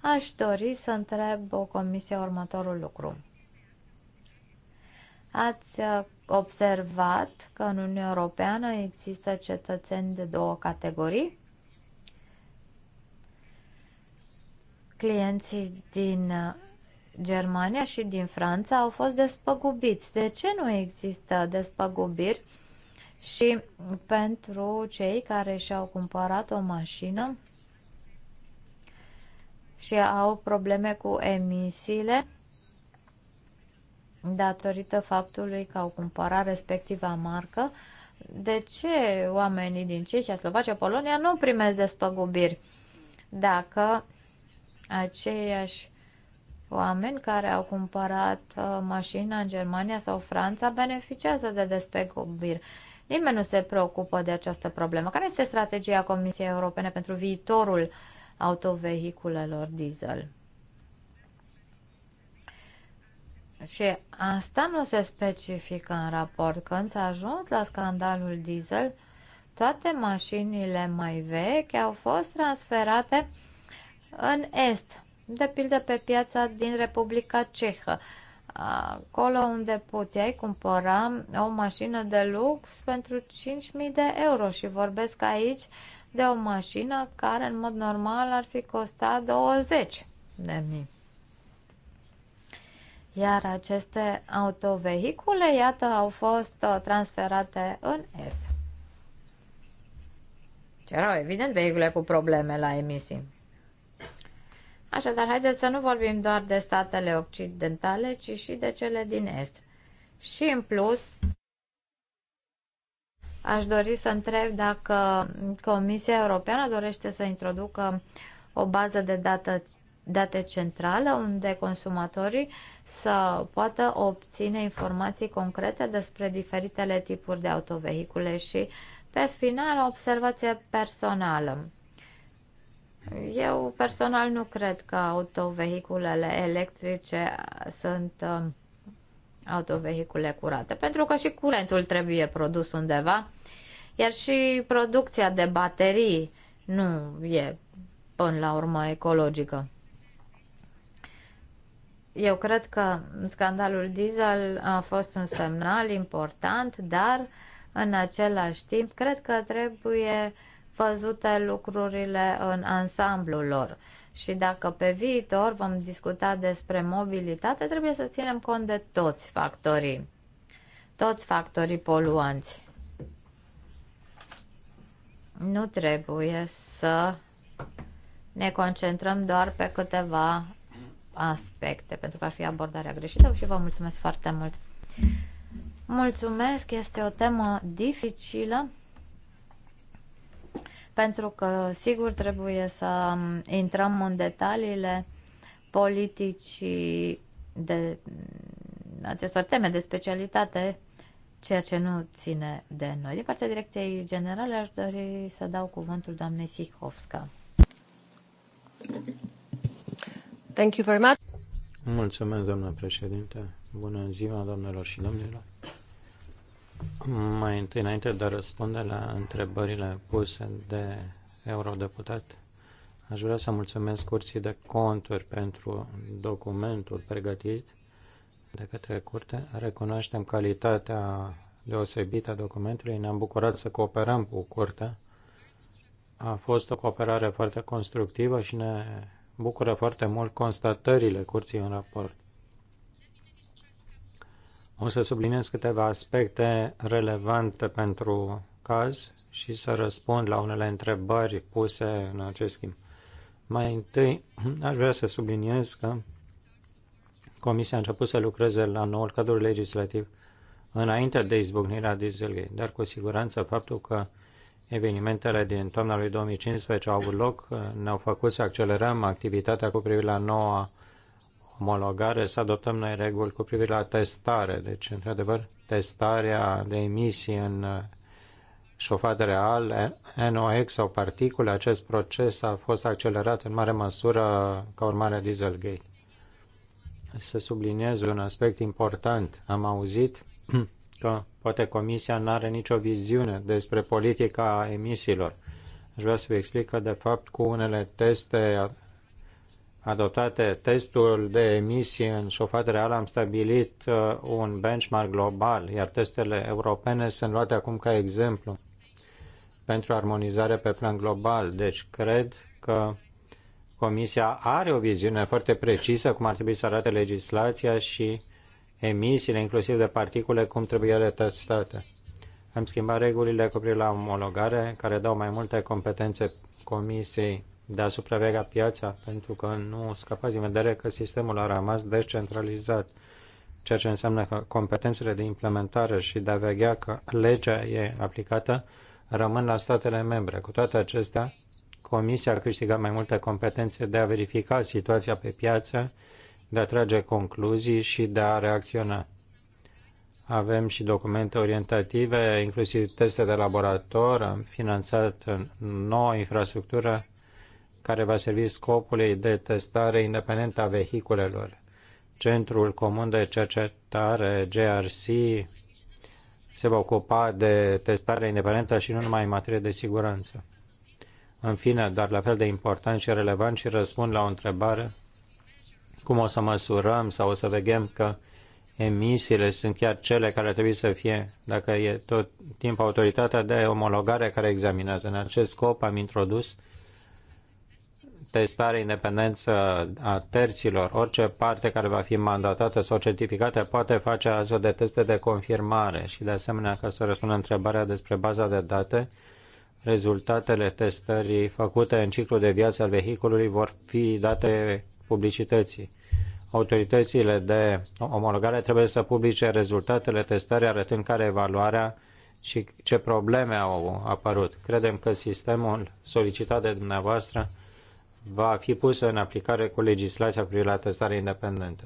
aș dori să întreb o comisie următorul lucru. Ați observat că în Uniunea Europeană există cetățeni de două categorii? clienții din uh, Germania și din Franța au fost despăgubiți. De ce nu există despăgubiri și pentru cei care și-au cumpărat o mașină și au probleme cu emisiile datorită faptului că au cumpărat respectiva marcă, de ce oamenii din Cehia, Slovacia, Polonia nu primesc despăgubiri dacă aceiași oameni care au cumpărat uh, mașina în Germania sau Franța beneficiază de despăgubiri. Nimeni nu se preocupă de această problemă. Care este strategia Comisiei Europene pentru viitorul autovehiculelor diesel? Și asta nu se specifică în raport. Când s-a ajuns la scandalul diesel, toate mașinile mai vechi au fost transferate uh, în Est, de pildă pe piața din Republica Cehă, acolo unde puteai cumpăra o mașină de lux pentru 5.000 de euro și vorbesc aici de o mașină care în mod normal ar fi costat 20 de mii. Iar aceste autovehicule, iată, au fost uh, transferate în Est. Și erau, evident, vehicule cu probleme la emisii. Așadar, haideți să nu vorbim doar de statele occidentale, ci și de cele din Est. Și în plus, aș dori să întreb dacă Comisia Europeană dorește să introducă o bază de dată, date centrală unde consumatorii să poată obține informații concrete despre diferitele tipuri de autovehicule și, pe final, o observație personală. Eu personal nu cred că autovehiculele electrice sunt um, autovehicule curate, pentru că și curentul trebuie produs undeva, iar și producția de baterii nu e până la urmă ecologică. Eu cred că scandalul diesel a fost un semnal important, dar în același timp cred că trebuie uh, văzute lucrurile în ansamblul lor. Și dacă pe viitor vom discuta despre mobilitate, trebuie să ținem cont de toți factorii, toți factorii poluanți. Nu trebuie să ne concentrăm doar pe câteva aspecte, pentru că ar fi abordarea greșită și vă mulțumesc foarte mult. Mulțumesc, este o temă dificilă pentru că, sigur, trebuie să intrăm în detaliile politicii de acestor teme de specialitate, ceea ce nu ține de noi. Din partea Direcției Generale aș dori să dau cuvântul doamnei Sihovska. Thank you very much. Mulțumesc, doamnă președinte. Bună ziua, doamnelor și domnilor. Mai întâi, înainte de a răspunde la întrebările puse de eurodeputat, aș vrea să mulțumesc Curții de Conturi pentru documentul pregătit de către Curte. Recunoaștem calitatea deosebită a documentului. Ne-am bucurat să cooperăm cu Curtea. A fost o cooperare foarte constructivă și ne bucură foarte mult constatările Curții în raport. O să subliniez câteva aspecte relevante pentru caz și să răspund la unele întrebări puse în acest schimb. Mai întâi, aș vrea să subliniez că Comisia a început să lucreze la noul cadru legislativ înainte de izbucnirea Dieselgate, dar cu siguranță faptul că evenimentele din toamna lui 2015 au avut loc ne-au făcut să accelerăm activitatea cu privire la noua omologare să adoptăm noi reguli cu privire la testare. Deci, într-adevăr, testarea de emisii în uh, șofat real, NOx sau particule, acest proces a fost accelerat în mare măsură ca urmare a Dieselgate. Să subliniez un aspect important. Am auzit că poate Comisia nu are nicio viziune despre politica emisiilor. Aș vrea să vă explic că, de fapt, cu unele teste adoptate testul de emisie în șofat real, am stabilit uh, un benchmark global, iar testele europene sunt luate acum ca exemplu pentru armonizare pe plan global. Deci cred că Comisia are o viziune foarte precisă cum ar trebui să arate legislația și emisiile, inclusiv de particule, cum trebuie ele testate. Am schimbat regulile cu privire la omologare, care dau mai multe competențe Comisiei de a supraveghea piața, pentru că nu scăpați din vedere că sistemul a rămas descentralizat, ceea ce înseamnă că competențele de implementare și de a veghea că legea e aplicată rămân la statele membre. Cu toate acestea, Comisia a câștigat mai multe competențe de a verifica situația pe piață, de a trage concluzii și de a reacționa. Avem și documente orientative, inclusiv teste de laborator. Am finanțat nouă infrastructură care va servi scopului de testare independentă a vehiculelor. Centrul Comun de Cercetare, GRC, se va ocupa de testarea independentă și nu numai în materie de siguranță. În fine, dar la fel de important și relevant și răspund la o întrebare, cum o să măsurăm sau o să vegem că emisiile sunt chiar cele care trebuie să fie, dacă e tot timpul autoritatea de omologare care examinează. În acest scop am introdus testare independență a terților. Orice parte care va fi mandatată sau certificată poate face astfel de teste de confirmare și de asemenea, ca să răspundă întrebarea despre baza de date, rezultatele testării făcute în ciclul de viață al vehiculului vor fi date publicității autoritățile de omologare trebuie să publice rezultatele testării arătând care evaluarea și ce probleme au apărut. Credem că sistemul solicitat de dumneavoastră va fi pus în aplicare cu legislația privind la testare independentă.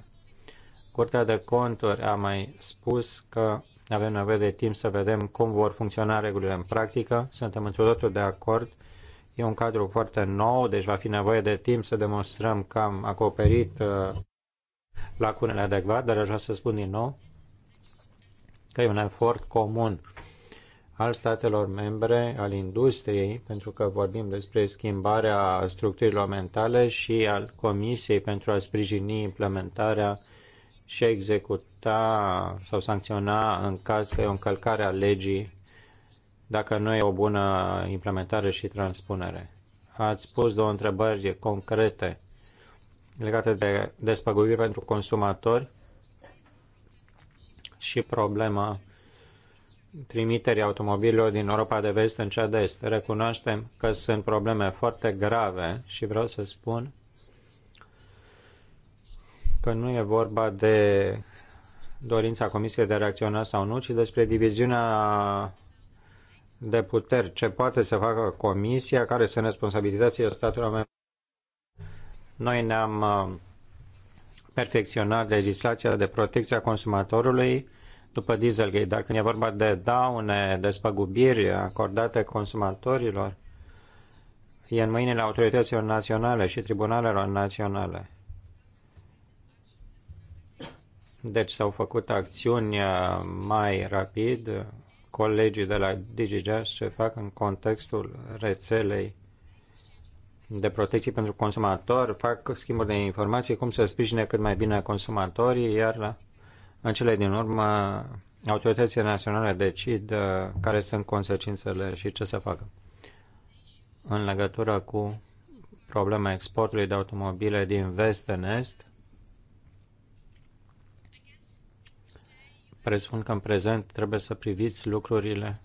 Curtea de conturi a mai spus că avem nevoie de timp să vedem cum vor funcționa regulile în practică. Suntem într totul de acord. E un cadru foarte nou, deci va fi nevoie de timp să demonstrăm că am acoperit uh, lacunele adecvat, dar aș vrea să spun din nou că e un efort comun al statelor membre, al industriei, pentru că vorbim despre schimbarea structurilor mentale și al Comisiei pentru a sprijini implementarea și a executa sau sancționa în caz că e o încălcare a legii dacă nu e o bună implementare și transpunere. Ați pus două întrebări concrete legate de despăgubiri pentru consumatori și problema trimiterii automobilelor din Europa de vest în cea de est. Recunoaștem că sunt probleme foarte grave și vreau să spun că nu e vorba de dorința Comisiei de a reacționa sau nu, ci despre diviziunea de puteri, ce poate să facă Comisia, care sunt responsabilitățile statului noi ne-am uh, perfecționat legislația de protecție a consumatorului după Dieselgate, dar când e vorba de daune, de spăgubiri acordate consumatorilor, e în mâinile autorităților naționale și tribunalelor naționale. Deci s-au făcut acțiuni uh, mai rapid. Colegii de la DigiJazz ce fac în contextul rețelei de protecție pentru consumator, fac schimburi de informații, cum să sprijine cât mai bine consumatorii, iar la, în cele din urmă autoritățile naționale decid uh, care sunt consecințele și ce să facă. În legătură cu problema exportului de automobile din vest în est, presupun că în prezent trebuie să priviți lucrurile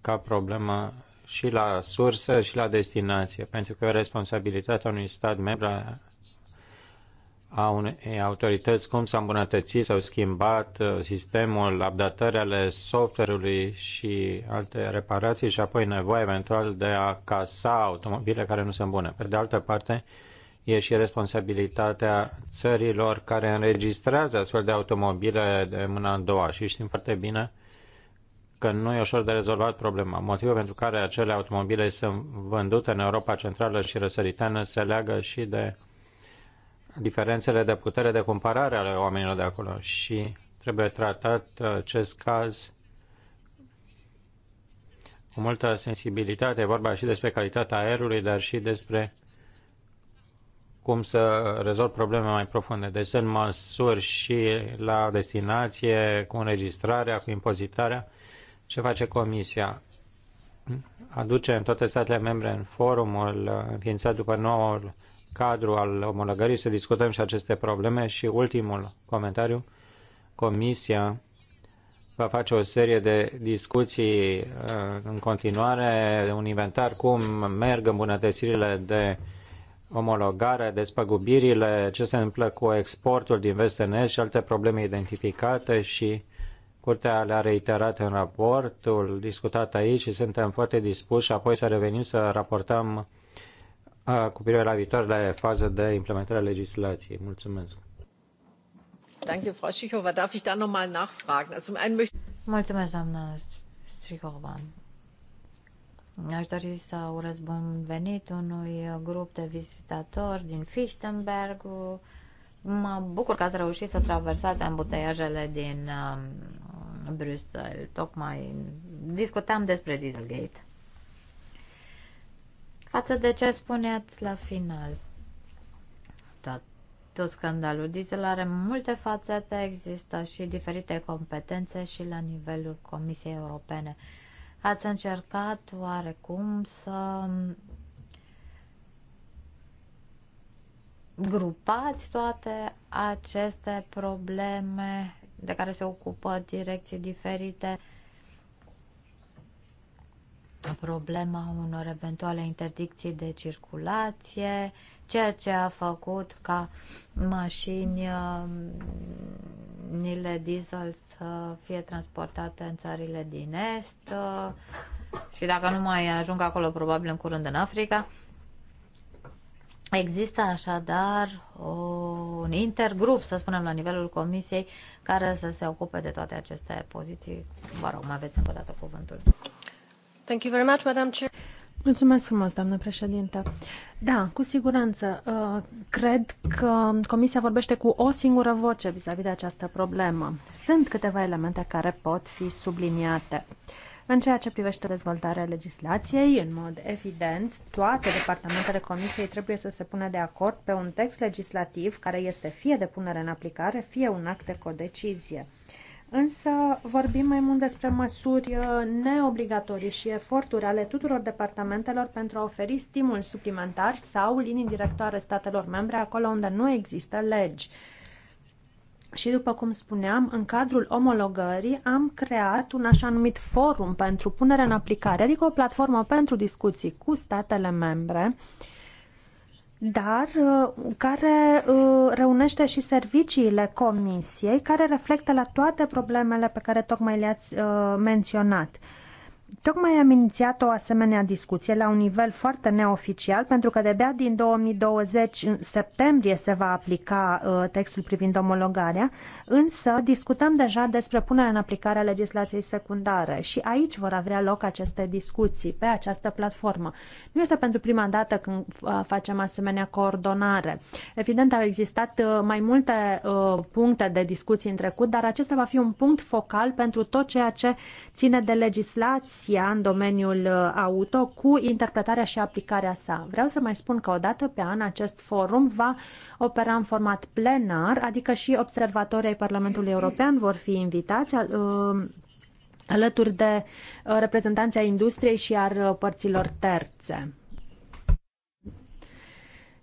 ca problema și la sursă și la destinație, pentru că responsabilitatea unui stat membru a unei autorități cum s-a îmbunătățit sau schimbat uh, sistemul, updatări ale software-ului și alte reparații și apoi nevoie eventual de a casa automobile care nu sunt bune. Pe de altă parte, e și responsabilitatea țărilor care înregistrează astfel de automobile de mâna a doua și știm foarte bine că nu e ușor de rezolvat problema. Motivul pentru care acele automobile sunt vândute în Europa Centrală și Răsăriteană se leagă și de diferențele de putere de comparare ale oamenilor de acolo și trebuie tratat uh, acest caz cu multă sensibilitate. E vorba și despre calitatea aerului, dar și despre cum să rezolv probleme mai profunde. Deci sunt măsuri și la destinație, cu înregistrarea, cu impozitarea ce face Comisia? Aduce în toate statele membre în forumul înființat după noul cadru al omologării să discutăm și aceste probleme și ultimul comentariu. Comisia va face o serie de discuții uh, în continuare, un inventar cum merg îmbunătățirile de omologare, despăgubirile, ce se întâmplă cu exportul din vest în est și alte probleme identificate și Curtea le-a reiterat în raportul discutat aici și suntem foarte dispuși apoi să revenim să raportăm uh, cu privire la viitoarele fază de implementare a legislației. Mulțumesc. Danke, Frau Schichova. Darf ich da mal nachfragen? Also, ein möchte... Mulțumesc, doamna Strichova. Aș dori să urez bun venit unui grup de vizitatori din Fichtenberg, Mă bucur că ați reușit să traversați ambuteiajele din uh, Bruxelles. Tocmai discutam despre Dieselgate. Față de ce spuneați la final, tot, tot scandalul diesel are multe fațete, există și diferite competențe și la nivelul Comisiei Europene. Ați încercat oarecum să grupați toate aceste probleme de care se ocupă direcții diferite, problema unor eventuale interdicții de circulație, ceea ce a făcut ca mașinile um, diesel să fie transportate în țările din Est uh, și dacă nu mai ajung acolo, probabil în curând în Africa. Există așadar un intergrup, să spunem, la nivelul comisiei, care să se ocupe de toate aceste poziții. Vă rog, mai aveți încă o dată cuvântul. Thank you very much, Madam Chair. Mulțumesc frumos, doamnă președintă. Da, cu siguranță. Uh, cred că Comisia vorbește cu o singură voce vis-a-vis -vis de această problemă. Sunt câteva elemente care pot fi subliniate. În ceea ce privește dezvoltarea legislației, în mod evident, toate departamentele Comisiei trebuie să se pună de acord pe un text legislativ care este fie de punere în aplicare, fie un act de codecizie. Însă vorbim mai mult despre măsuri uh, neobligatorii și eforturi ale tuturor departamentelor pentru a oferi stimul suplimentar sau linii directoare statelor membre acolo unde nu există legi. Și după cum spuneam, în cadrul omologării am creat un așa numit forum pentru punere în aplicare, adică o platformă pentru discuții cu statele membre, dar uh, care uh, reunește și serviciile comisiei care reflectă la toate problemele pe care tocmai le-ați uh, menționat Tocmai am inițiat o asemenea discuție la un nivel foarte neoficial, pentru că de-abia din 2020, în septembrie, se va aplica uh, textul privind omologarea, însă discutăm deja despre punerea în aplicare a legislației secundare și aici vor avea loc aceste discuții, pe această platformă. Nu este pentru prima dată când uh, facem asemenea coordonare. Evident, au existat uh, mai multe puncte de discuții în trecut, dar acesta va fi un punct focal pentru tot ceea ce ține de legislație profesia în domeniul uh, auto cu interpretarea și aplicarea sa. Vreau să mai spun că odată pe an acest forum va opera în format plenar, adică și observatorii ai Parlamentului European vor fi invitați uh, alături de uh, reprezentanții industriei și ar părților terțe.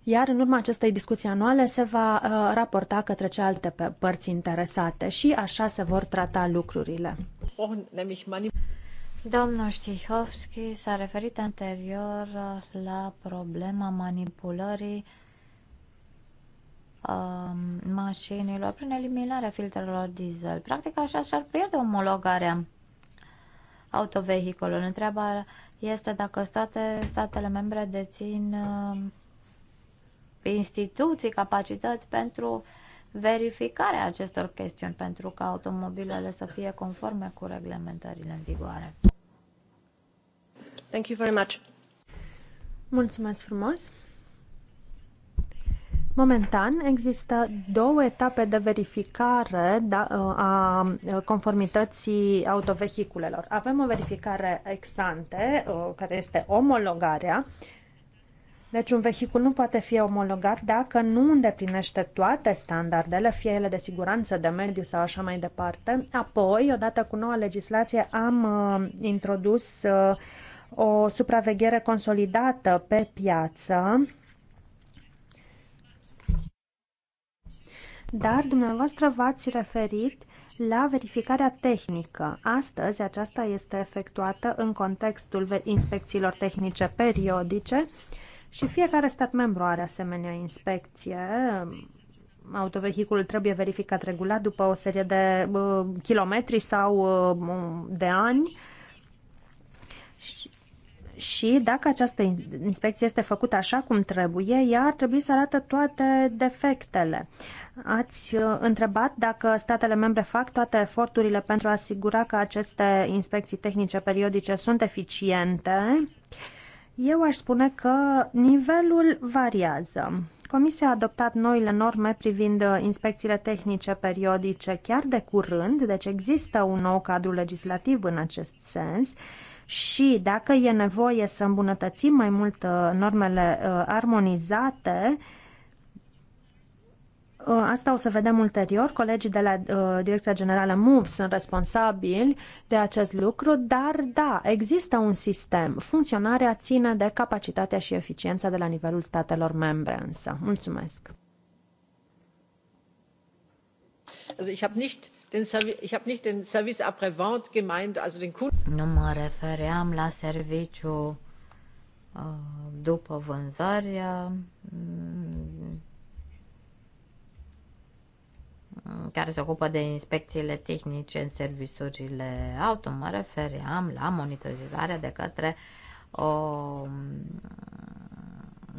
Iar în urma acestei discuții anuale se va raporta către cealaltă părți interesate și așa se vor trata lucrurile. Domnul Știhovski s-a referit anterior uh, la problema manipulării um, mașinilor prin eliminarea filtrelor diesel. Practic așa și-ar pierde omologarea autovehiculului. Întreaba este dacă toate statele membre dețin uh, instituții, capacități pentru verificarea acestor chestiuni, pentru ca automobilele să fie conforme cu reglementările în vigoare. Thank you very much. Mulțumesc frumos. Momentan există două etape de verificare da, a conformității autovehiculelor. Avem o verificare ex ante, care este omologarea. Deci un vehicul nu poate fi omologat dacă nu îndeplinește toate standardele, fie ele de siguranță, de mediu sau așa mai departe. Apoi, odată cu noua legislație, am introdus uh, o supraveghere consolidată pe piață. Dar dumneavoastră v-ați referit la verificarea tehnică. Astăzi aceasta este efectuată în contextul inspecțiilor tehnice periodice și fiecare stat membru are asemenea inspecție. Autovehiculul trebuie verificat regulat după o serie de uh, kilometri sau uh, de ani. Și și dacă această inspecție este făcută așa cum trebuie, ea ar trebui să arată toate defectele. Ați uh, întrebat dacă statele membre fac toate eforturile pentru a asigura că aceste inspecții tehnice periodice sunt eficiente. Eu aș spune că nivelul variază. Comisia a adoptat noile norme privind uh, inspecțiile tehnice periodice chiar de curând, deci există un nou cadru legislativ în acest sens. Uh, și dacă e nevoie să îmbunătățim mai mult uh, normele uh, armonizate, uh, Asta o să vedem ulterior. Colegii de la uh, Direcția Generală MUV sunt responsabili de acest lucru, dar da, există un sistem. Funcționarea ține de capacitatea și eficiența de la nivelul statelor membre însă. Mulțumesc. Also ich habe nicht ich habe nicht den Service après gemeint, also den Kunden. Nu mă refeream la serviciu uh, după vânzări. Uh, mm, care se ocupă de inspecțiile tehnice în serviciurile auto. Mă refeream la monitorizarea de către o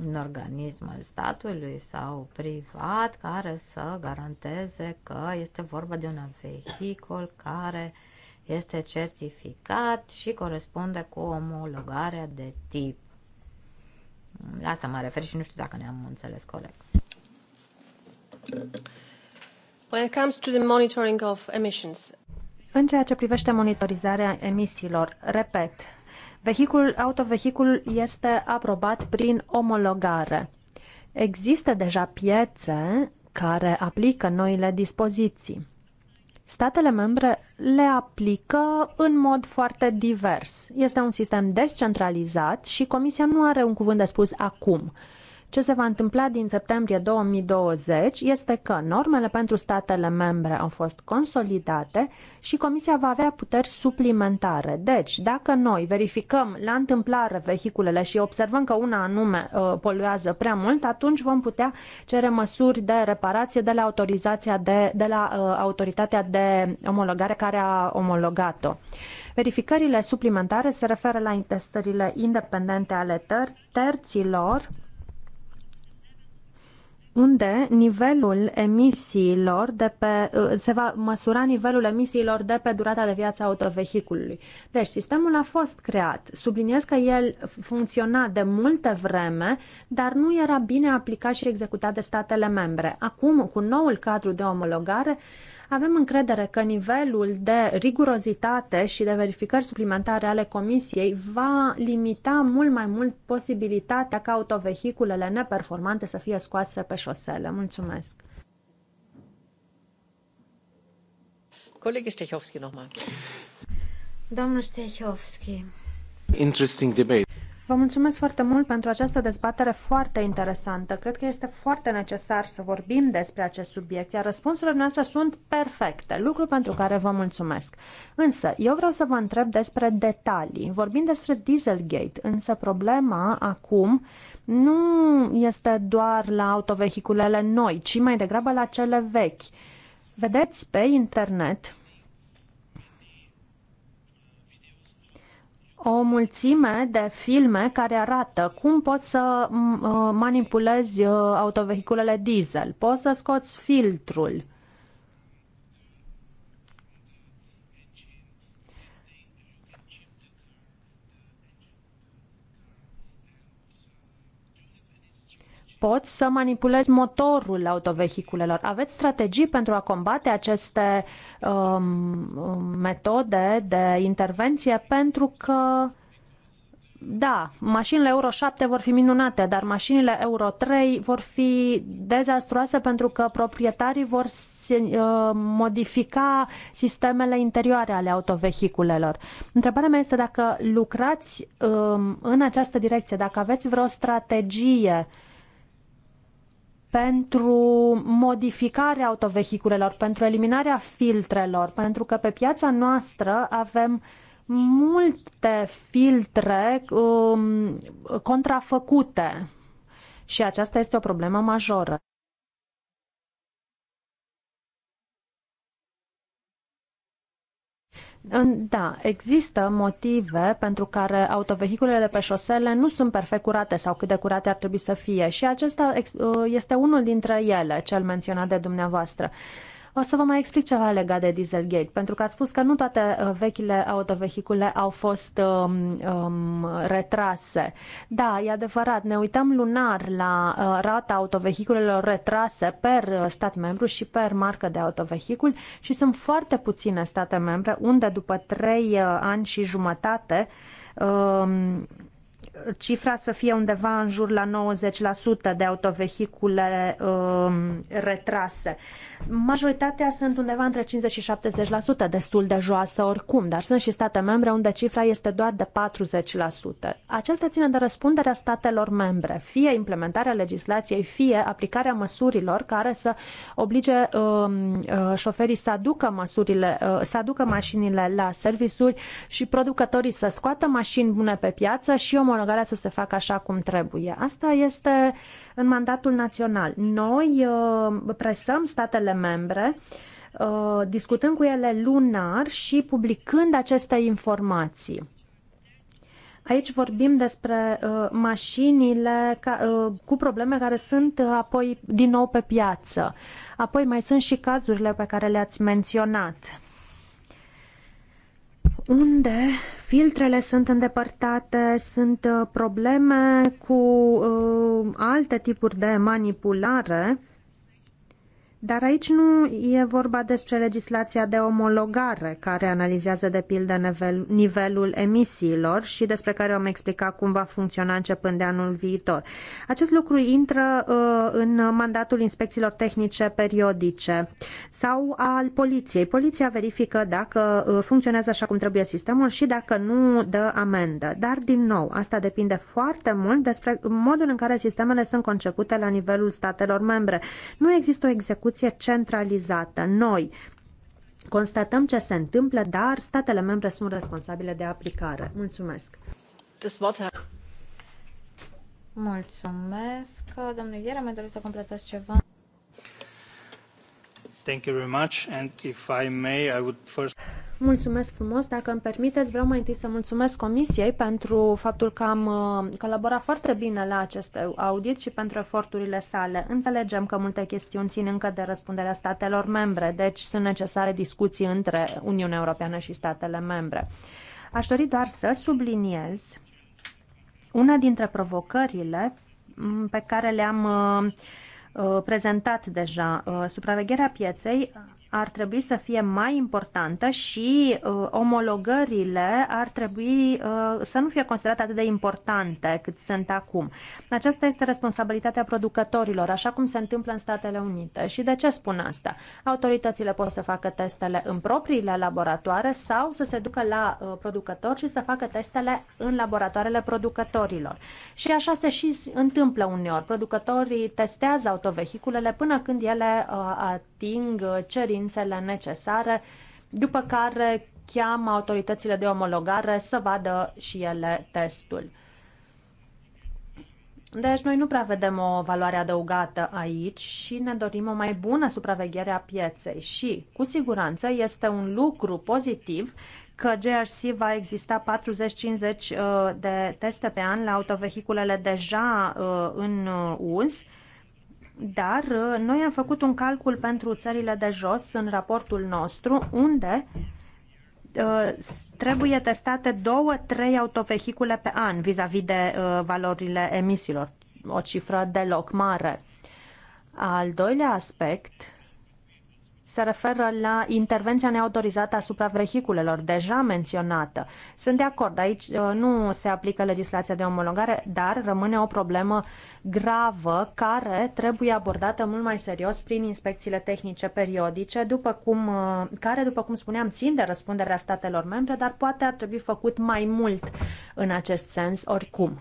un organism al statului sau privat care să garanteze că este vorba de un vehicul care este certificat și corespunde cu omologarea de tip. La asta mă refer și nu știu dacă ne-am înțeles corect. When it comes to the monitoring of emissions. În ceea ce privește monitorizarea emisiilor, repet, Vehiculul, autovehicul este aprobat prin omologare. Există deja piețe care aplică noile dispoziții. Statele membre le aplică în mod foarte divers. Este un sistem descentralizat și Comisia nu are un cuvânt de spus acum. Ce se va întâmpla din septembrie 2020 este că normele pentru statele membre au fost consolidate și Comisia va avea puteri suplimentare. Deci, dacă noi verificăm la întâmplare vehiculele și observăm că una anume uh, poluează prea mult, atunci vom putea cere măsuri de reparație de la, autorizația de, de la uh, autoritatea de omologare care a omologat-o. Verificările suplimentare se referă la testările independente ale ter- terților unde nivelul emisiilor de pe, uh, se va măsura nivelul emisiilor de pe durata de viață a autovehiculului. Deci, sistemul a fost creat. Subliniez că el funcționa de multe vreme, dar nu era bine aplicat și executat de statele membre. Acum, cu noul cadru de omologare, avem încredere că nivelul de rigurozitate și de verificări suplimentare ale Comisiei va limita mult mai mult posibilitatea ca autovehiculele neperformante să fie scoase pe șosele. Mulțumesc! Colegii Ștehovski, nochmal. Domnul Ștehovski. Interesting debate. Vă mulțumesc foarte mult pentru această dezbatere foarte interesantă. Cred că este foarte necesar să vorbim despre acest subiect, iar răspunsurile noastre sunt perfecte, lucru pentru care vă mulțumesc. Însă, eu vreau să vă întreb despre detalii. Vorbim despre Dieselgate, însă problema acum nu este doar la autovehiculele noi, ci mai degrabă la cele vechi. Vedeți pe internet o mulțime de filme care arată cum poți să uh, manipulezi uh, autovehiculele diesel, poți să scoți filtrul, pot să manipulez motorul autovehiculelor. Aveți strategii pentru a combate aceste um, metode de intervenție pentru că da, mașinile Euro 7 vor fi minunate, dar mașinile Euro 3 vor fi dezastruoase pentru că proprietarii vor uh, modifica sistemele interioare ale autovehiculelor. Întrebarea mea este dacă lucrați um, în această direcție, dacă aveți vreo strategie uh, pentru modificarea autovehiculelor, pentru eliminarea filtrelor, pentru că pe piața noastră avem multe filtre um, contrafăcute și aceasta este o problemă majoră. Da, există motive pentru care autovehiculele de pe șosele nu sunt perfect curate sau cât de curate ar trebui să fie și acesta uh, este unul dintre ele, cel menționat de dumneavoastră. O să vă mai explic ceva legat de Dieselgate, pentru că ați spus că nu toate uh, vechile autovehicule au fost um, um, retrase. Da, e adevărat, ne uităm lunar la uh, rata autovehiculelor retrase per uh, stat membru și per marcă de autovehicul și sunt foarte puține state membre unde după uh, ani și jumătate um, cifra să fie undeva în jur la 90% de autovehicule um, retrase. Majoritatea sunt undeva între 50 și 70%, destul de joasă oricum, dar sunt și state membre unde cifra este doar de 40%. Aceasta ține de răspunderea statelor membre, fie implementarea legislației, fie aplicarea măsurilor care să oblige um, uh, șoferii să aducă măsurile, uh, să aducă mașinile la servisuri și producătorii să scoată mașini bune pe piață și omologate omologarea să se facă așa cum trebuie. Asta este în mandatul național. Noi uh, presăm statele membre uh, discutând cu ele lunar și publicând aceste informații. Aici vorbim despre uh, mașinile ca, uh, cu probleme care sunt uh, apoi din nou pe piață. Apoi mai sunt și cazurile pe care le-ați menționat unde filtrele sunt îndepărtate, sunt uh, probleme cu uh, alte tipuri de manipulare dar aici nu e vorba despre legislația de omologare care analizează de pildă nivel, nivelul emisiilor și despre care am explicat cum va funcționa începând de anul viitor. Acest lucru intră uh, în mandatul inspecțiilor tehnice periodice sau al poliției. Poliția verifică dacă uh, funcționează așa cum trebuie sistemul și dacă nu dă amendă. Dar, din nou, asta depinde foarte mult despre modul în care sistemele sunt concepute la nivelul statelor membre. Nu există o execuție execuție centralizată. Noi constatăm ce se întâmplă, dar statele membre sunt responsabile de aplicare. Mulțumesc! Mulțumesc, domnule Viera, mai dorit să completați ceva? Thank you very much and if I may, I would first... Mulțumesc frumos. Dacă îmi permiteți, vreau mai întâi să mulțumesc Comisiei pentru faptul că am uh, colaborat foarte bine la acest audit și pentru eforturile sale. Înțelegem că multe chestiuni țin încă de răspunderea statelor membre, deci sunt necesare discuții între Uniunea Europeană și statele membre. Aș dori doar să subliniez una dintre provocările mm, pe care le-am uh, uh, prezentat deja. Supravegherea pieței ar trebui să fie mai importantă și uh, omologările ar trebui uh, să nu fie considerate atât de importante cât sunt acum. Aceasta este responsabilitatea producătorilor, așa cum se întâmplă în Statele Unite. Și de ce spun asta? Autoritățile pot să facă testele în propriile laboratoare sau să se ducă la uh, producători și să facă testele în laboratoarele producătorilor. Și așa se și întâmplă uneori. Producătorii testează autovehiculele până când ele uh, ating uh, cerințele cunoștințele necesare, după care cheamă autoritățile de omologare să vadă și ele testul. Deci noi nu prea vedem o valoare adăugată aici și ne dorim o mai bună supraveghere a pieței și, cu siguranță, este un lucru pozitiv că GRC va exista 40-50 uh, de teste pe an la autovehiculele deja uh, în uz uh, dar uh, noi am făcut un calcul pentru țările de jos în raportul nostru, unde uh, trebuie testate două, trei autovehicule pe an vis-a-vis -vis de uh, valorile emisiilor, o cifră deloc mare. Al doilea aspect se referă la intervenția neautorizată asupra vehiculelor, deja menționată. Sunt de acord, aici uh, nu se aplică legislația de omologare, dar rămâne o problemă gravă care trebuie abordată mult mai serios prin inspecțiile tehnice periodice, după cum, uh, care, după cum spuneam, țin de răspunderea statelor membre, dar poate ar trebui făcut mai mult în acest sens oricum.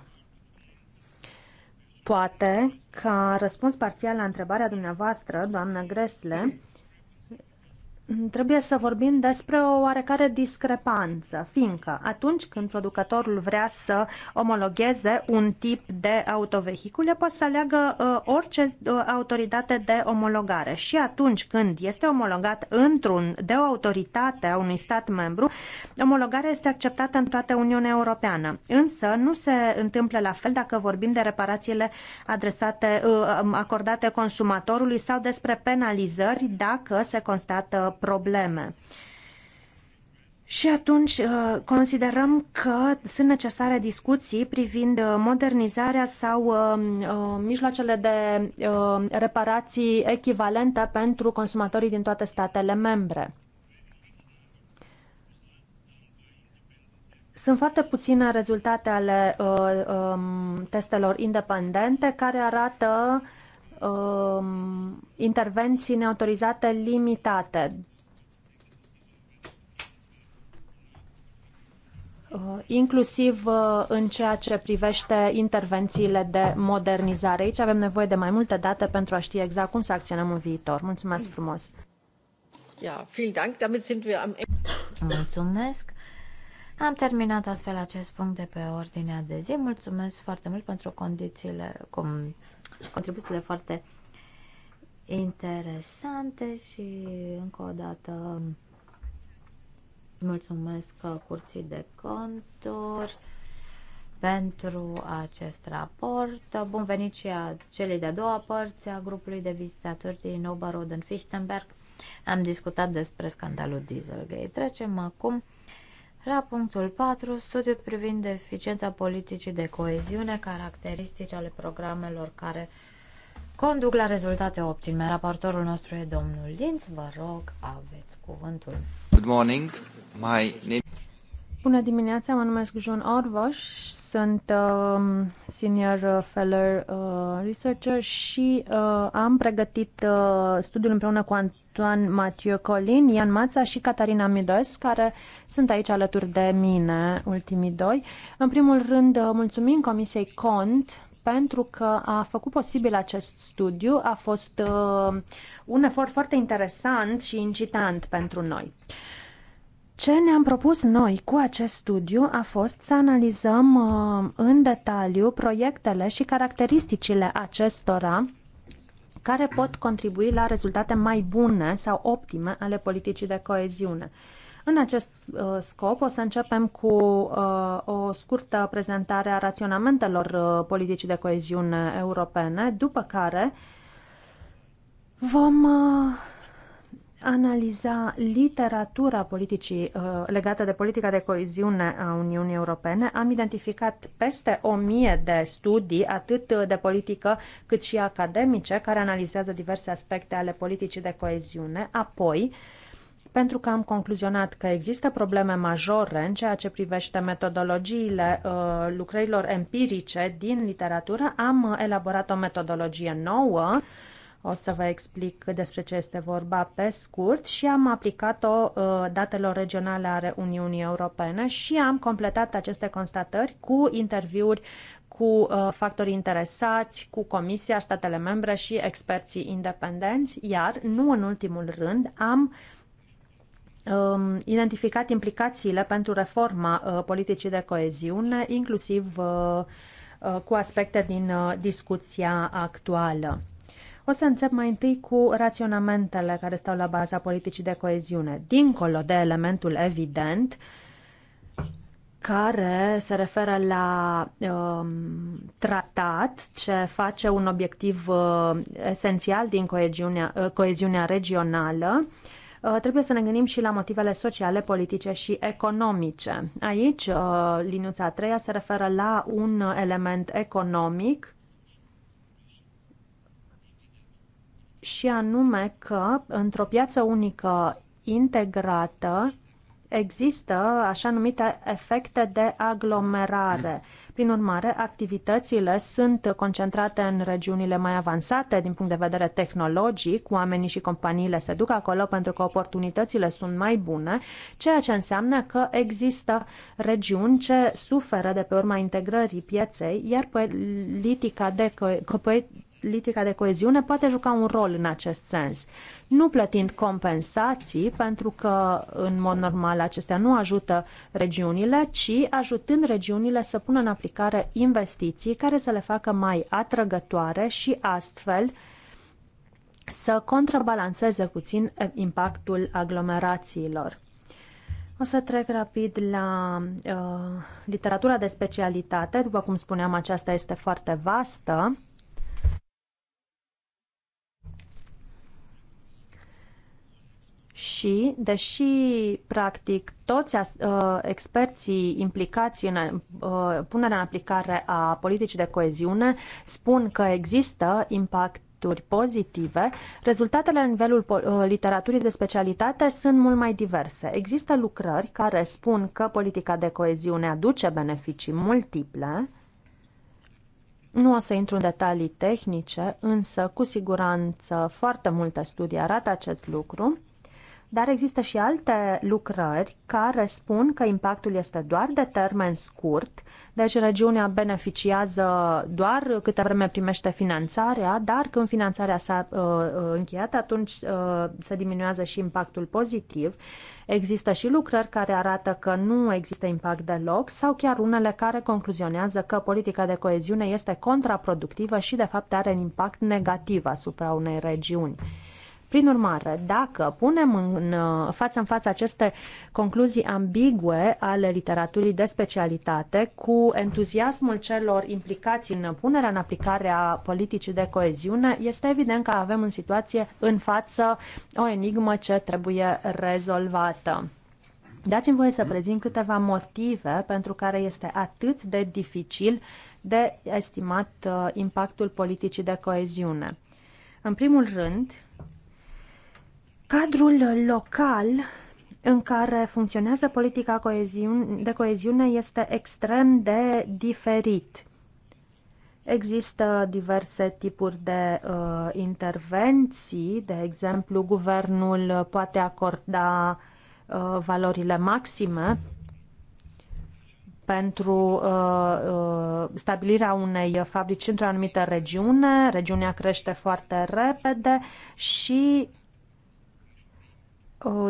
Poate, ca răspuns parțial la întrebarea dumneavoastră, doamnă Gresle, trebuie să vorbim despre o oarecare discrepanță, fiindcă atunci când producătorul vrea să omologheze un tip de autovehicule, poate să aleagă uh, orice uh, autoritate de omologare și atunci când este omologat într-un de o autoritate a unui stat membru, omologarea este acceptată în toată Uniunea Europeană. Însă nu se întâmplă la fel dacă vorbim de reparațiile adresate, uh, acordate consumatorului sau despre penalizări dacă se constată probleme. Și atunci uh, considerăm că sunt necesare discuții privind uh, modernizarea sau uh, mijloacele de reparații echivalente pentru consumatorii din toate statele membre. Sunt foarte puține rezultate ale um, testelor independente care arată uh, uh, intervenții neautorizate limitate. Uh, inclusiv uh, în ceea ce privește intervențiile de modernizare. Aici avem nevoie de mai multe date pentru a ști exact cum să acționăm în viitor. Mulțumesc frumos! Mulțumesc. Am terminat astfel acest punct de pe ordinea de zi. Mulțumesc foarte mult pentru condițiile, cum contribuțiile foarte interesante și încă o dată mulțumesc Curții de Conturi pentru acest raport. Bun venit și a celei de-a doua părți a grupului de vizitatori din Oberod în Fichtenberg. Am discutat despre scandalul Dieselgate. Trecem acum la punctul 4, studiu privind eficiența politicii de coeziune, caracteristici ale programelor care conduc la rezultate optime. Raportorul nostru e domnul Linz. Vă rog, aveți cuvântul. Good morning. My name... Bună dimineața, mă numesc John Orvoș, sunt uh, Senior Fellow uh, Researcher și uh, am pregătit uh, studiul împreună cu Antoine Mathieu Colin, Ian Mața și Catarina Midos, care sunt aici alături de mine, ultimii doi. În primul rând, uh, mulțumim Comisiei Cont pentru că a făcut posibil acest studiu. A fost uh, un efort foarte interesant și incitant pentru noi. Uh, ce ne-am propus noi cu acest studiu a fost să analizăm uh, în detaliu proiectele și caracteristicile acestora care pot contribui la rezultate mai bune sau optime ale politicii de coeziune. În acest uh, scop o să începem cu uh, o scurtă prezentare a raționamentelor uh, politicii de coeziune europene, după care vom uh, analiza literatura politicii uh, legată de politica de coeziune a Uniunii Europene, am identificat peste o mie de studii, atât de politică cât și academice, care analizează diverse aspecte ale politicii de coeziune. Apoi, pentru că am concluzionat că există probleme majore în ceea ce privește metodologiile uh, lucrărilor empirice din literatură, am elaborat o metodologie nouă uh, o să vă explic despre ce este vorba pe scurt și am aplicat-o uh, datelor regionale ale Uniunii Europene și am completat aceste constatări cu interviuri cu uh, factorii interesați, cu Comisia, statele membre și experții independenți, iar, nu în ultimul rând, am um, identificat implicațiile pentru reforma uh, politicii de coeziune, inclusiv cu aspecte din discuția actuală. O să încep mai întâi cu raționamentele care stau la baza politicii de coeziune. Dincolo de elementul evident, care se referă la um, tratat ce face un obiectiv uh, esențial din coeziunea, uh, coeziunea regională, uh, trebuie să ne gândim și la motivele sociale, politice și economice. Aici, uh, liniuța a treia se referă la un element economic și anume că într-o piață unică integrată există așa numite efecte de aglomerare. Prin urmare, activitățile sunt concentrate în regiunile mai avansate din punct de vedere tehnologic, oamenii și companiile se duc acolo pentru că oportunitățile sunt mai bune, ceea ce înseamnă că există regiuni ce suferă de pe urma integrării pieței, iar politica de politica de coeziune poate juca un rol în acest sens, nu plătind compensații, pentru că, în mod normal, acestea nu ajută regiunile, ci ajutând regiunile să pună în aplicare investiții care să le facă mai atrăgătoare și astfel să contrabalanceze puțin eh, impactul aglomerațiilor. O să trec rapid la uh, literatura de specialitate. După cum spuneam, aceasta este foarte vastă. și, deși, practic, toți uh, experții implicați în uh, punerea în aplicare a politicii de coeziune spun că există impact pozitive, rezultatele la nivelul uh, literaturii de specialitate sunt mult mai diverse. Există lucrări care spun că politica de coeziune aduce beneficii multiple. Nu o să intru în detalii tehnice, însă cu siguranță foarte multe studii arată acest lucru dar există și alte lucrări care spun că impactul este doar de termen scurt, deci regiunea beneficiază doar câte vreme primește finanțarea, dar când finanțarea s-a uh, uh, încheiat, atunci uh, se diminuează și impactul pozitiv. Există și lucrări care arată că nu există impact deloc sau chiar unele care concluzionează că politica de coeziune este contraproductivă și de fapt are un impact negativ asupra unei regiuni. Prin urmare, dacă punem în față în față aceste concluzii ambigue ale literaturii de specialitate cu entuziasmul celor implicați în punerea în aplicare a politicii de coeziune, este evident că avem în situație în față o enigmă ce trebuie rezolvată. Dați-mi voie să mhm. prezint câteva motive pentru care este atât de dificil de estimat uh, impactul politicii de coeziune. În primul rând, Cadrul local în care funcționează politica de coeziune este extrem de diferit. Există diverse tipuri de uh, intervenții, de exemplu, guvernul poate acorda uh, valorile maxime pentru uh, uh, stabilirea unei fabrici într-o anumită regiune. Regiunea crește foarte repede și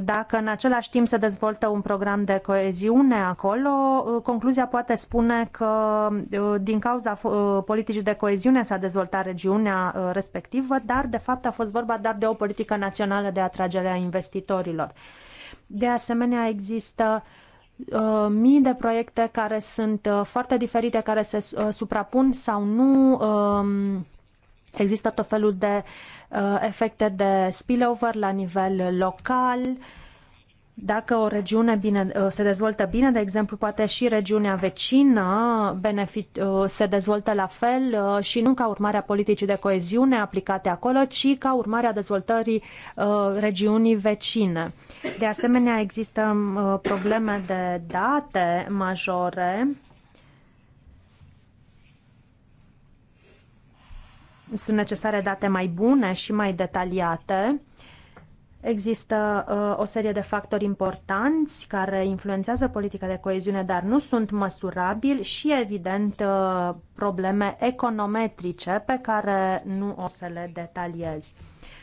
dacă în același timp se dezvoltă un program de coeziune acolo, concluzia poate spune că din cauza politicii de coeziune s-a dezvoltat regiunea respectivă, dar de fapt a fost vorba doar de o politică națională de atragere a investitorilor. De asemenea, există mii de proiecte care sunt foarte diferite, care se suprapun sau nu Există tot felul de uh, efecte de spillover la nivel local. Dacă o regiune bine, uh, se dezvoltă bine, de exemplu, poate și regiunea vecină benefit, uh, se dezvoltă la fel uh, și nu ca urmare a politicii de coeziune aplicate acolo, ci ca urmare a dezvoltării uh, regiunii vecine. De asemenea, există uh, probleme de date majore sunt necesare date mai bune și mai detaliate. Există uh, o serie de factori importanți care influențează politica de coeziune, dar nu sunt măsurabili și, evident, uh, probleme econometrice pe care nu o să le detaliez.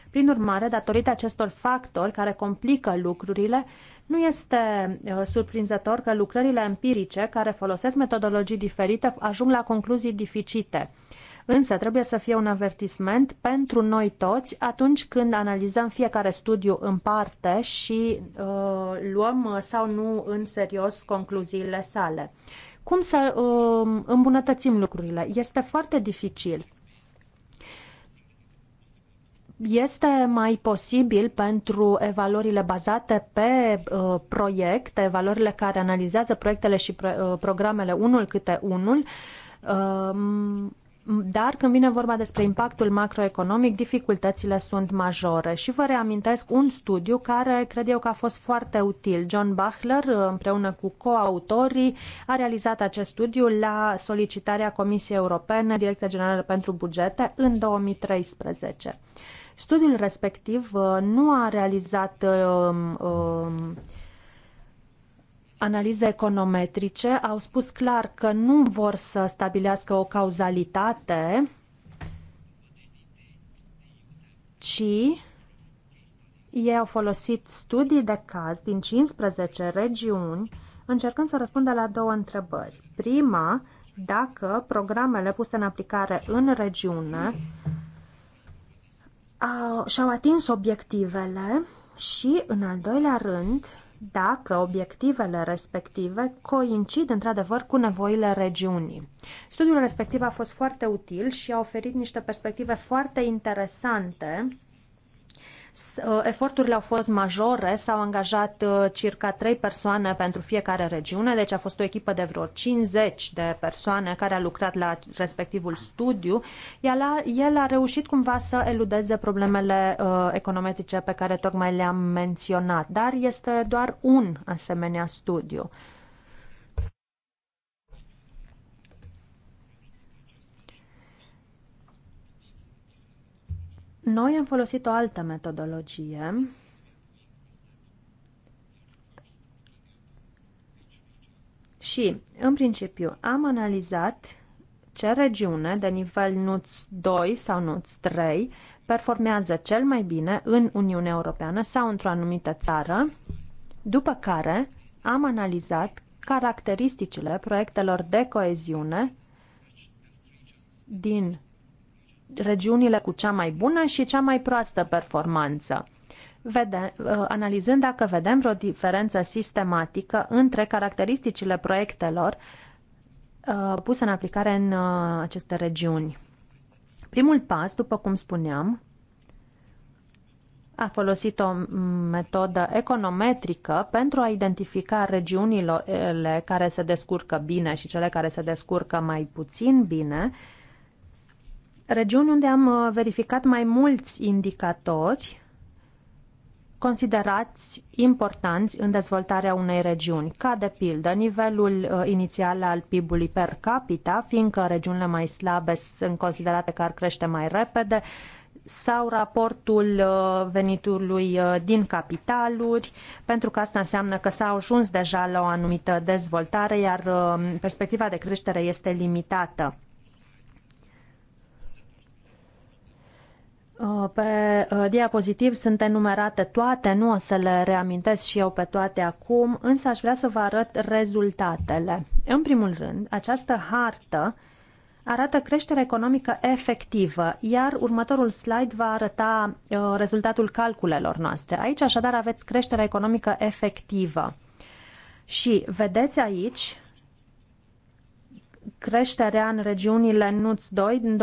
Prin urmare, datorită acestor factori care complică lucrurile, nu este uh, surprinzător că lucrările empirice care folosesc metodologii diferite ajung la concluzii dificite. Uh, Însă trebuie să fie un avertisment pentru noi toți atunci când analizăm fiecare studiu în parte și uh, luăm uh, sau nu în serios concluziile sale. Cum să uh, îmbunătățim lucrurile? Este foarte dificil este mai posibil pentru evaluările bazate pe uh, proiecte, evaluările care analizează proiectele și pro, uh, programele unul câte unul, um, dar când vine vorba despre impactul macroeconomic, dificultățile sunt majore. Și vă reamintesc un studiu care cred eu că a fost foarte util. John Bachler, împreună cu coautorii, a realizat acest studiu la solicitarea Comisiei Europene, Direcția Generală pentru Bugete, în 2013. Studiul respectiv uh, nu a realizat uh, um, uh, analize econometrice au spus clar că nu vor să stabilească o cauzalitate, ci ei au folosit studii de caz din 15 regiuni, încercând să răspundă la două întrebări. Prima, dacă programele puse în aplicare în regiune și-au atins obiectivele și, în al doilea rând, dacă obiectivele respective coincid într-adevăr cu nevoile regiunii. Studiul respectiv a fost foarte util și a oferit niște perspective foarte interesante Uh, eforturile au fost majore, s-au angajat uh, circa 3 persoane pentru fiecare regiune, deci a fost o echipă de vreo 50 de persoane care a lucrat la respectivul studiu. Iar el a reușit cumva să eludeze problemele uh, econometrice pe care tocmai le-am menționat, dar este doar un asemenea studiu. Noi am folosit o altă metodologie și, în principiu, am analizat ce regiune de nivel NUTS 2 sau NUTS 3 performează cel mai bine în Uniunea Europeană sau într-o anumită țară, după care am analizat caracteristicile proiectelor de coeziune din regiunile cu cea mai bună și cea mai proastă performanță. Vede, uh, analizând dacă vedem vreo diferență sistematică între caracteristicile proiectelor uh, puse în aplicare în uh, aceste regiuni. Primul pas, după cum spuneam, a folosit o metodă econometrică pentru a identifica regiunile care se descurcă bine și cele care se descurcă mai puțin bine, uh, regiuni unde am uh, verificat mai mulți indicatori considerați importanți în dezvoltarea unei regiuni, ca de pildă nivelul uh, inițial al PIB-ului per capita, fiindcă regiunile mai slabe sunt considerate că ar crește mai repede, sau raportul uh, venitului din capitaluri, pentru că asta înseamnă că s-a ajuns deja la o anumită dezvoltare, iar perspectiva de creștere este limitată. Uh, pe uh, diapozitiv sunt enumerate toate, nu o să le reamintesc și eu pe toate acum, însă aș vrea să vă arăt rezultatele. În primul rând, această hartă arată creșterea economică efectivă, iar următorul slide va arăta uh, rezultatul calculelor noastre. Aici așadar aveți creșterea economică efectivă. Și vedeți aici creșterea în regiunile NUTS 2 din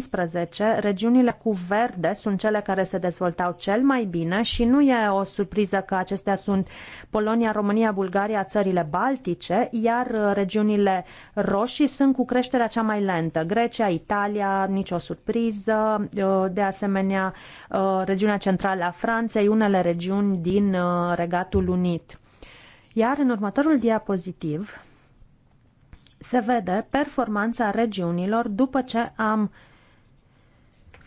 2003-2015, regiunile cu verde sunt cele care se dezvoltau cel mai bine și nu e o surpriză că acestea sunt Polonia, România, Bulgaria, țările baltice, iar uh, regiunile roșii sunt cu creșterea cea mai lentă. Grecia, Italia, nicio surpriză, uh, de asemenea uh, regiunea centrală a Franței, unele regiuni din Regatul Unit. Iar în următorul diapozitiv se vede performanța regiunilor după ce am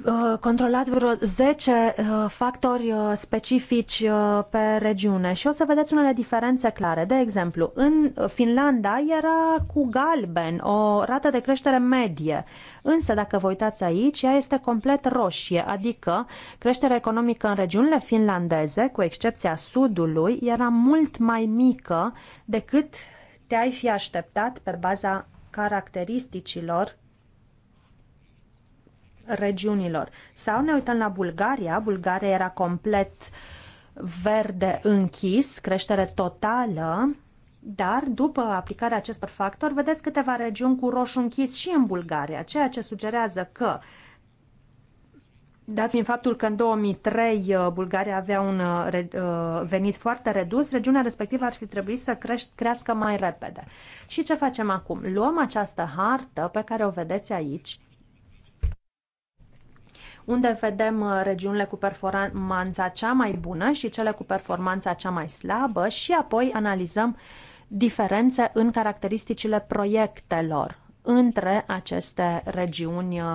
uh, controlat vreo 10 uh, factori uh, specifici pe regiune și o să vedeți unele diferențe clare. De exemplu, în Finlanda era cu galben o rată de creștere medie, însă dacă vă uitați aici, ea este complet roșie, adică creșterea economică în regiunile finlandeze, cu excepția sudului, era mult mai mică decât te-ai fi așteptat pe baza caracteristicilor regiunilor. Sau ne uităm la Bulgaria. Bulgaria era complet verde închis, creștere totală, dar după aplicarea acestor factori, vedeți câteva regiuni cu roșu închis și în Bulgaria, ceea ce sugerează că uh, Dat fiind faptul că în 2003 uh, Bulgaria avea un uh, uh, venit foarte redus, regiunea respectivă ar fi trebuit să crească mai repede. Și ce facem acum? Luăm această hartă pe care o vedeți aici, unde vedem regiunile cu performanța cea mai bună și cele cu performanța cea mai slabă și apoi analizăm diferențe în caracteristicile proiectelor între aceste regiuni uh,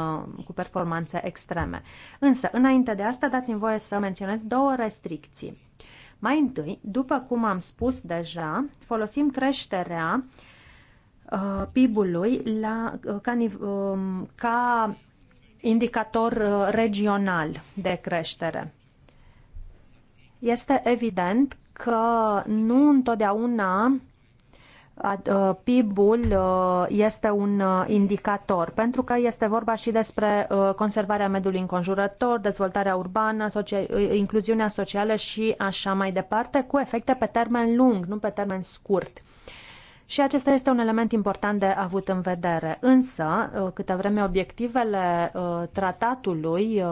cu performanțe extreme. Însă, înainte de asta, dați-mi voie să menționez două restricții. Mai întâi, după cum am spus deja, folosim creșterea uh, PIB-ului la, uh, ca, um, ca indicator regional de creștere. Este evident că nu întotdeauna Uh, PIB-ul uh, este un uh, indicator, pentru că este vorba și despre conservarea mediului înconjurător, dezvoltarea urbană, incluziunea socială și așa mai departe, cu efecte pe termen lung, nu pe termen scurt. Și acesta este un element important de avut în vedere. Însă, câtă vreme obiectivele tratatului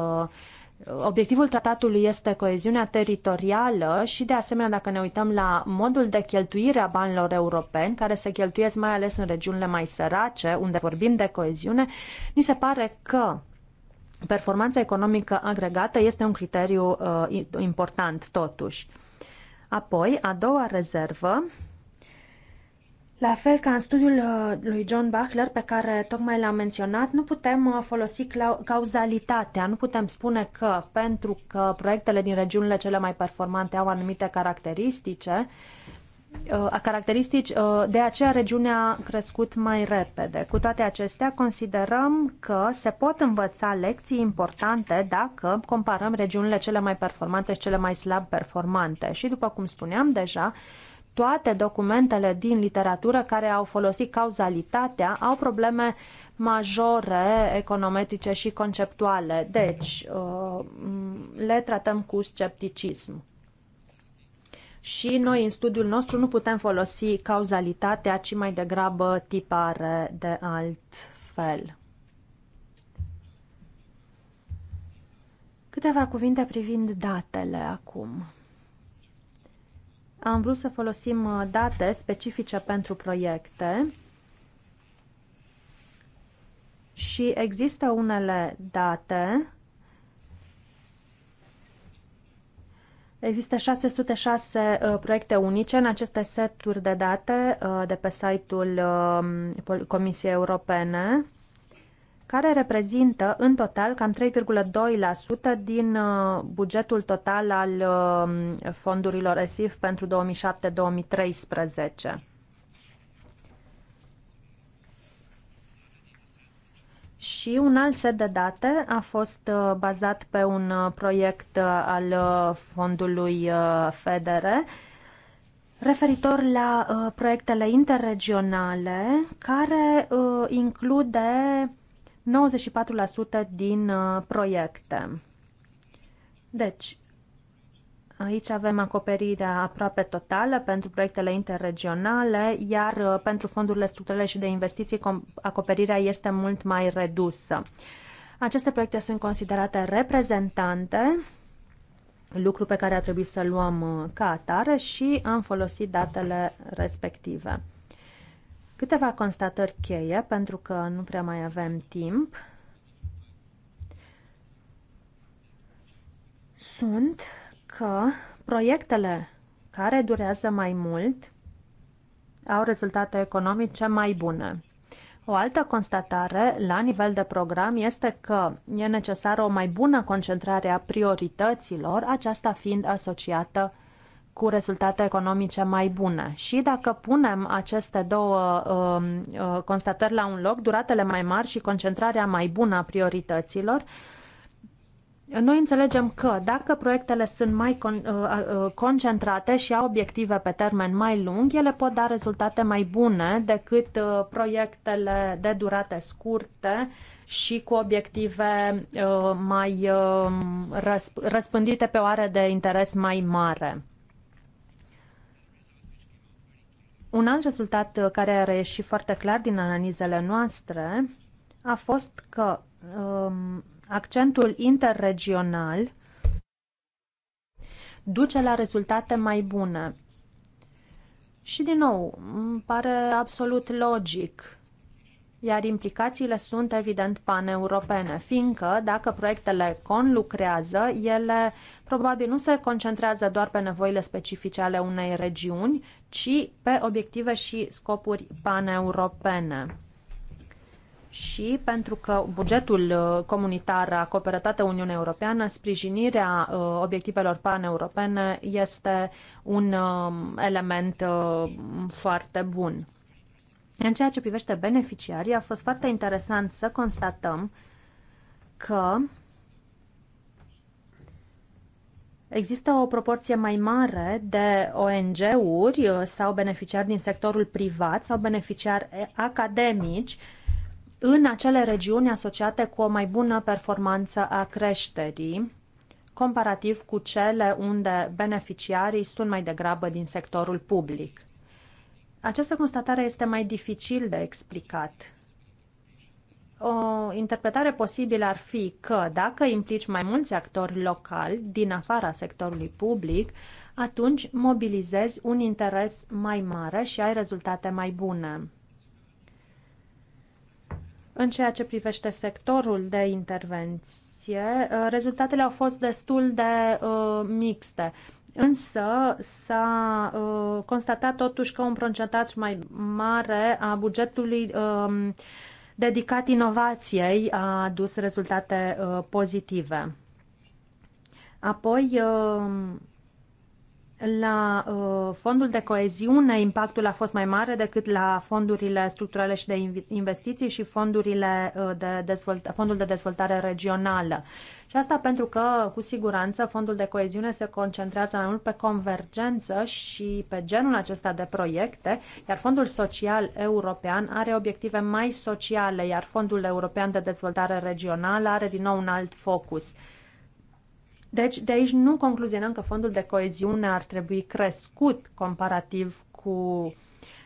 Obiectivul tratatului este coeziunea teritorială și, de asemenea, dacă ne uităm la modul de cheltuire a banilor europeni, care se cheltuiesc mai ales în regiunile mai sărace, unde vorbim de coeziune, ni se pare că performanța economică agregată este un criteriu uh, important, totuși. Apoi, a doua rezervă la fel ca în studiul uh, lui John Bachler pe care tocmai l-am menționat, nu putem uh, folosi cauzalitatea, nu putem spune că pentru că proiectele din regiunile cele mai performante au anumite caracteristice, uh, caracteristici, de aceea regiunea a crescut mai repede. Cu toate acestea, considerăm că se pot învăța lecții importante dacă comparăm regiunile cele mai performante și cele mai slab performante. Și după cum spuneam deja, toate documentele din literatură care au folosit cauzalitatea au probleme majore, econometrice și conceptuale. Deci, uh, le tratăm cu scepticism. Și noi, în studiul nostru, nu putem folosi cauzalitatea, ci mai degrabă tipare de alt fel. Câteva cuvinte privind datele acum. Am vrut să folosim uh, date specifice pentru proiecte și există unele date Există 606 uh, proiecte unice în aceste seturi de date uh, de pe site-ul uh, Comisiei Europene care reprezintă în total cam 3,2% din uh, bugetul total al um, fondurilor ESIF pentru 2007-2013. Și un alt set de date a fost uh, bazat pe un uh, proiect al fondului FEDERE referitor la proiectele interregionale care include 94% din uh, proiecte. Deci, Aici avem acoperirea aproape totală pentru proiectele interregionale, iar uh, pentru fondurile structurale și de investiții acoperirea este mult mai redusă. Aceste proiecte sunt considerate reprezentante, lucru pe care a trebuit să luăm uh, ca atare și am folosit datele respective. Câteva constatări cheie, pentru că nu prea mai avem timp, sunt că proiectele care durează mai mult au rezultate economice mai bune. O altă constatare la nivel de program este că e necesară o mai bună concentrare a priorităților, aceasta fiind asociată cu rezultate economice mai bune. Și dacă punem aceste două uh, uh, constatări la un loc, duratele mai mari și concentrarea mai bună a priorităților, noi înțelegem că dacă proiectele sunt mai con, uh, uh, concentrate și au obiective pe termen mai lung, ele pot da rezultate mai bune decât uh, proiectele de durate scurte și cu obiective uh, mai um, răsp răspândite pe o are de interes mai mare. Un alt rezultat uh, care a reieșit foarte clar din analizele noastre a fost că um, accentul interregional duce la rezultate mai bune. Și din nou, îmi pare absolut logic iar implicațiile sunt evident paneuropene, fiindcă dacă proiectele conlucrează, ele probabil nu se concentrează doar pe nevoile specifice ale unei regiuni, ci pe obiective și scopuri paneuropene. Și pentru că bugetul uh, comunitar acoperă toată Uniunea Europeană, sprijinirea uh, obiectivelor paneuropene este un um, element uh, foarte bun. În ceea ce privește beneficiarii, a fost foarte interesant să constatăm că Există o proporție mai mare de ONG-uri uh, sau beneficiari din sectorul privat sau beneficiari academici în acele regiuni asociate cu o mai bună performanță a creșterii, comparativ cu cele unde beneficiarii sunt mai degrabă din sectorul public. Această constatare este mai dificil de explicat. O interpretare posibilă ar fi că dacă implici mai mulți actori locali din afara sectorului public, atunci mobilizezi un interes mai mare și ai rezultate mai bune. În ceea ce privește sectorul de intervenție, rezultatele au fost destul de uh, mixte. Însă s-a uh, constatat totuși că un procentaj mai mare a bugetului uh, dedicat inovației a adus rezultate uh, pozitive. Apoi, uh, la uh, fondul de coeziune impactul a fost mai mare decât la fondurile structurale și de investiții și fondurile uh, de dezvolt- fondul de dezvoltare regională. Și asta pentru că, cu siguranță, fondul de coeziune se concentrează mai mult pe convergență și pe genul acesta de proiecte, iar fondul social european are obiective mai sociale, iar fondul european de dezvoltare regională are din nou un alt focus. Uh, deci, de aici nu concluzionăm că fondul de coeziune ar trebui crescut comparativ cu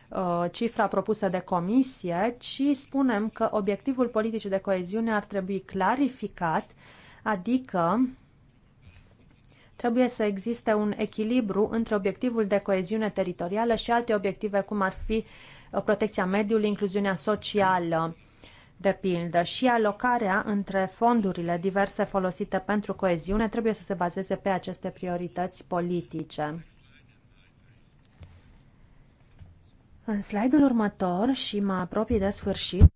uh, cifra propusă de comisie, ci spunem că obiectivul politicii de coeziune ar trebui clarificat, adică trebuie să existe un echilibru între obiectivul de coeziune teritorială și alte obiective, cum ar fi uh, protecția mediului, incluziunea socială. De pildă, și alocarea între fondurile diverse folosite pentru coeziune trebuie să se bazeze pe aceste priorități politice. În slide-ul următor și mă apropii de sfârșit,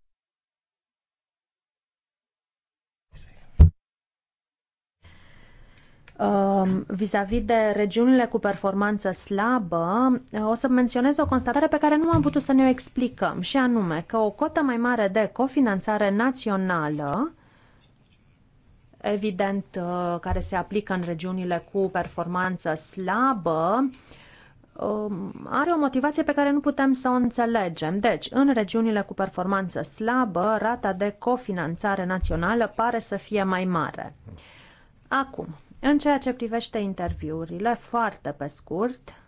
Um, vis-a-vis de regiunile cu performanță slabă, uh, o să menționez o constatare pe care nu am putut să ne o explicăm, și anume că o cotă mai mare de cofinanțare națională, evident uh, care se aplică în regiunile cu performanță slabă, um, are o motivație pe care nu putem să o înțelegem. Deci, în regiunile cu performanță slabă, rata de cofinanțare națională pare să fie mai mare. Acum, în ceea ce privește interviurile, foarte pe scurt,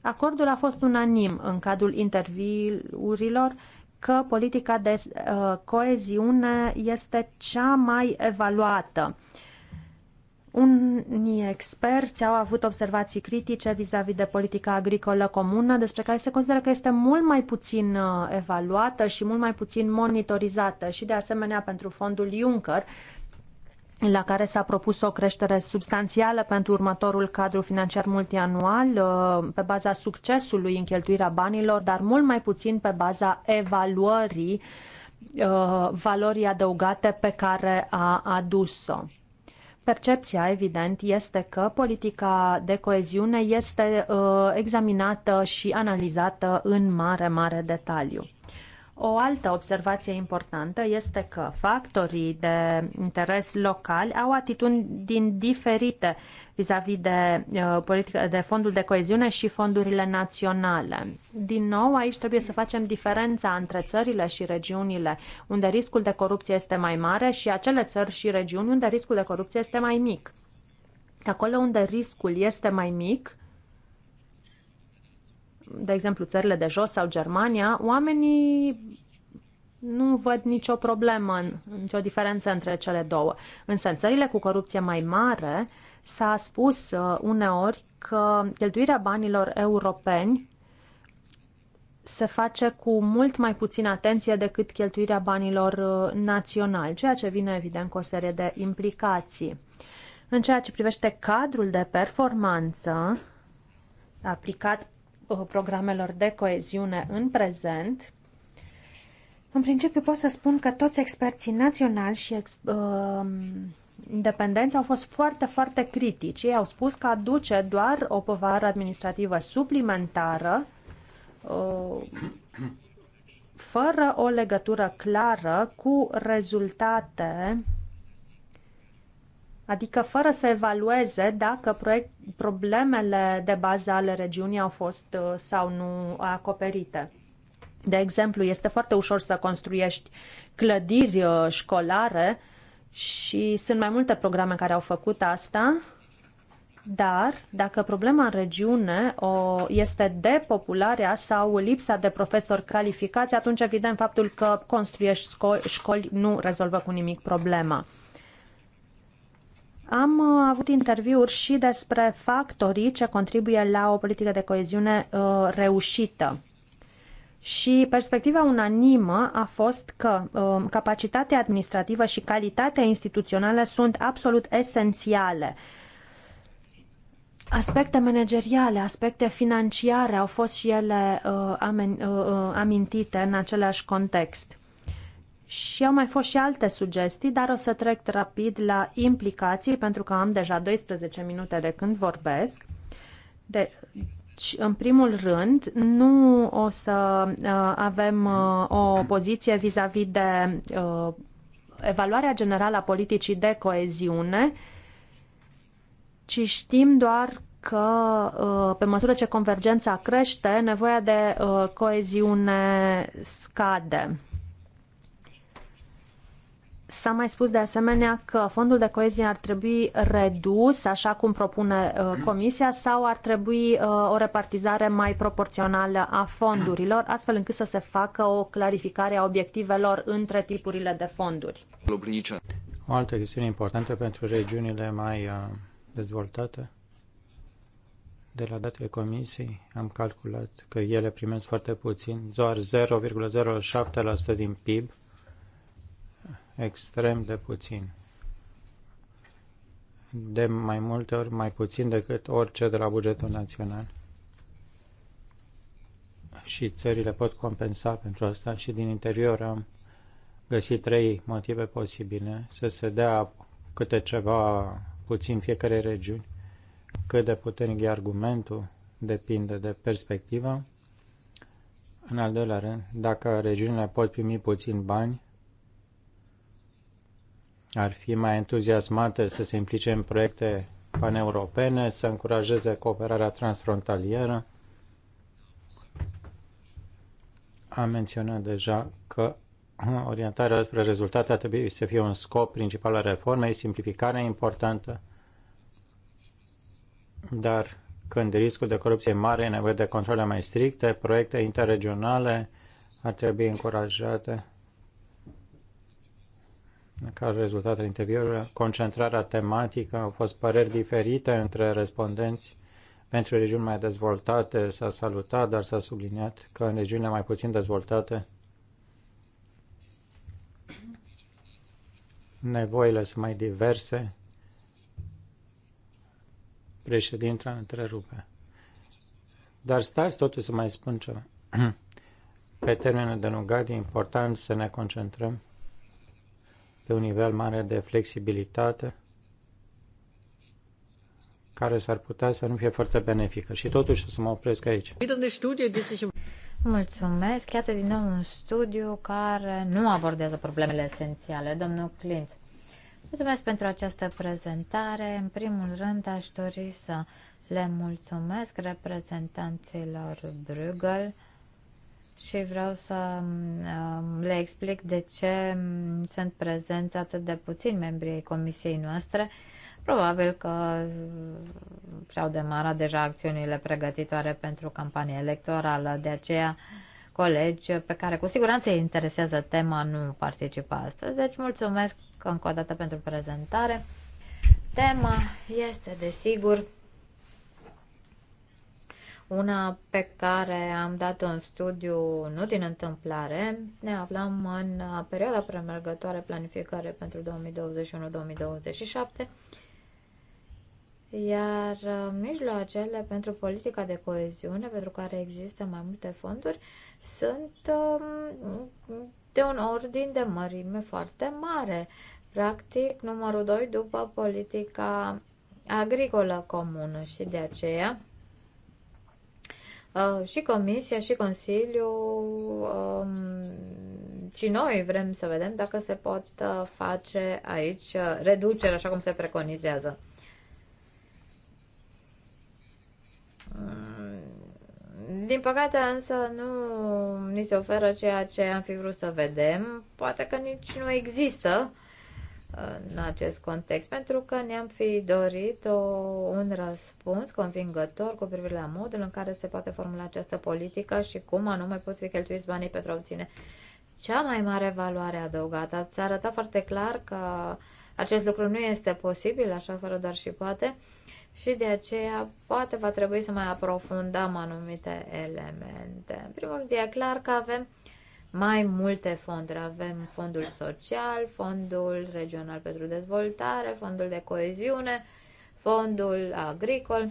acordul a fost unanim în cadrul interviurilor că politica de uh, coeziune este cea mai evaluată. Uh, unii experți au avut observații critice vis-a-vis de politica agricolă comună, despre care se consideră că este mult mai puțin uh, evaluată și mult mai puțin monitorizată și, de asemenea, pentru fondul Juncker, la care s-a propus o creștere substanțială pentru următorul cadru financiar multianual, uh, pe baza succesului în cheltuirea banilor, dar mult mai puțin pe baza evaluării uh, valorii adăugate pe care a adus-o. Percepția, evident, este că politica de coeziune este uh, examinată și analizată în mare, mare detaliu. O altă observație importantă este că factorii de interes local au atitudini diferite vis-a-vis -vis de, uh, de fondul de coeziune și fondurile naționale. Din nou, aici trebuie să facem diferența între țările și regiunile unde riscul de corupție este mai mare și acele țări și regiuni unde riscul de corupție este mai mic. Acolo unde riscul este mai mic, de exemplu, țările de jos sau Germania, oamenii nu văd nicio problemă, nicio diferență între cele două. Însă în țările cu corupție mai mare s-a spus uh, uneori că cheltuirea banilor europeni se face cu mult mai puțină atenție decât cheltuirea banilor uh, naționali, ceea ce vine evident cu o serie de implicații. În ceea ce privește cadrul de performanță aplicat Uh, programelor de coeziune în prezent, în principiu pot să spun că toți experții naționali și ex, uh, independenți au fost foarte, foarte critici. Ei au spus că aduce doar o povară administrativă suplimentară, uh, fără o legătură clară cu rezultate Adică fără să evalueze dacă proiect, problemele de bază ale regiunii au fost uh, sau nu acoperite. De exemplu, este foarte ușor să construiești clădiri uh, școlare și sunt mai multe programe care au făcut asta, dar dacă problema în regiune o, este depopularea sau lipsa de profesori calificați, atunci evident faptul că construiești școli nu rezolvă cu nimic problema. Am uh, avut interviuri și despre factorii ce contribuie la o politică de coeziune uh, reușită. Și perspectiva unanimă a fost că uh, capacitatea administrativă și calitatea instituțională sunt absolut esențiale. Aspecte manageriale, aspecte financiare au fost și ele uh, amen, uh, uh amintite în același context. Și au mai fost și alte sugestii, dar o să trec rapid la implicații, pentru că am deja 12 minute de când vorbesc. De, în primul rând, nu o să uh, avem uh, o poziție vis-a-vis -vis de uh, evaluarea generală a politicii de coeziune, ci știm doar că uh, pe măsură ce convergența crește, nevoia de uh, coeziune scade. S-a mai spus de asemenea că fondul de coeziune ar trebui redus, așa cum propune uh, Comisia, sau ar trebui uh, o repartizare mai proporțională a fondurilor, astfel încât să se facă o clarificare a obiectivelor între tipurile de fonduri. O altă chestiune importantă pentru regiunile mai uh, dezvoltate. De la datele Comisiei am calculat că ele primesc foarte puțin, doar 0,07% din PIB, extrem de puțin. De mai multe ori mai puțin decât orice de la bugetul național. Și țările pot compensa pentru asta și din interior am găsit trei motive posibile. Să se dea câte ceva puțin fiecare regiuni, cât de puternic e argumentul, depinde de perspectivă. În al doilea rând, dacă regiunile pot primi puțin bani, ar fi mai entuziasmate să se implice în proiecte paneuropene, să încurajeze cooperarea transfrontalieră. Am menționat deja că orientarea spre rezultate ar trebui să fie un scop principal al reformei, simplificarea importantă, dar când riscul de corupție e mare, e nevoie de controle mai stricte, proiecte interregionale ar trebui încurajate ca rezultat al interviului, concentrarea tematică, au fost păreri diferite între respondenți pentru regiuni mai dezvoltate s-a salutat, dar s-a subliniat că în regiunile mai puțin dezvoltate nevoile sunt mai diverse. Președintele întrerupe. Dar stați totuși să mai spun ceva. Pe termenul de lungat e important să ne concentrăm pe un nivel mare de flexibilitate care s-ar putea să nu fie foarte benefică. Și totuși să mă opresc aici. Mulțumesc. Iată din nou un studiu care nu abordează problemele esențiale. Domnul Clint, mulțumesc pentru această prezentare. În primul rând aș dori să le mulțumesc reprezentanților Bruegel și vreau să um, um, le explic de ce um, sunt prezenți atât de puțini membrii comisiei noastre. Probabil că uh, și-au demarat deja acțiunile pregătitoare pentru campania electorală, de aceea colegi pe care cu siguranță îi interesează tema nu participă astăzi. Deci mulțumesc încă o dată pentru prezentare. Tema este, desigur, una pe care am dat-o în studiu nu din întâmplare. Ne aflam în uh, perioada premergătoare planificare pentru 2021-2027, iar uh, mijloacele pentru politica de coeziune, pentru care există mai multe fonduri, sunt um, de un ordin de mărime foarte mare. Practic, numărul 2 după politica agricolă comună și de aceea Uh, și Comisia și Consiliul um, și noi vrem să vedem dacă se pot uh, face aici uh, reduceri așa cum se preconizează. Mm, din păcate însă nu ni se oferă ceea ce am fi vrut să vedem, poate că nici nu există în acest context, pentru că ne-am fi dorit o, un răspuns convingător cu privire la modul în care se poate formula această politică și cum anume pot fi cheltuiți banii pentru a obține cea mai mare valoare adăugată. Ați arătat foarte clar că acest lucru nu este posibil, așa fără doar și poate, și de aceea poate va trebui să mai aprofundăm anumite elemente. În primul rând, e clar că avem mai multe fonduri. Avem fondul social, fondul regional pentru dezvoltare, fondul de coeziune, fondul agricol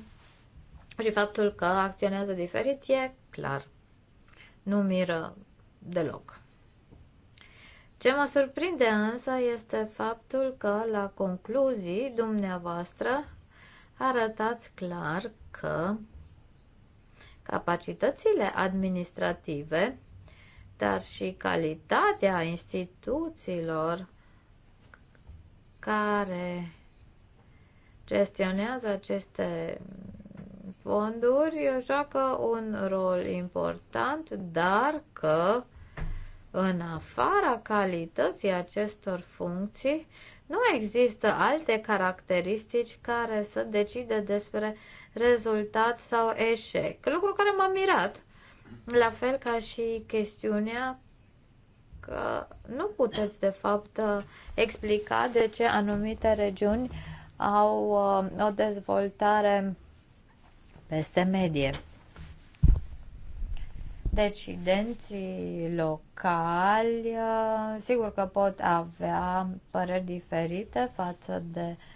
și faptul că acționează diferit e clar. Nu miră deloc. Ce mă surprinde însă este faptul că la concluzii dumneavoastră arătați clar că capacitățile administrative dar și calitatea instituțiilor care gestionează aceste fonduri joacă un rol important, dar că în afara calității acestor funcții nu există alte caracteristici care să decide despre rezultat sau eșec. Lucru care m-a mirat la fel ca și chestiunea că nu puteți, de fapt, explica de ce anumite regiuni au uh, o dezvoltare peste medie. Decidenții locali, uh, sigur că pot avea păreri diferite față de uh,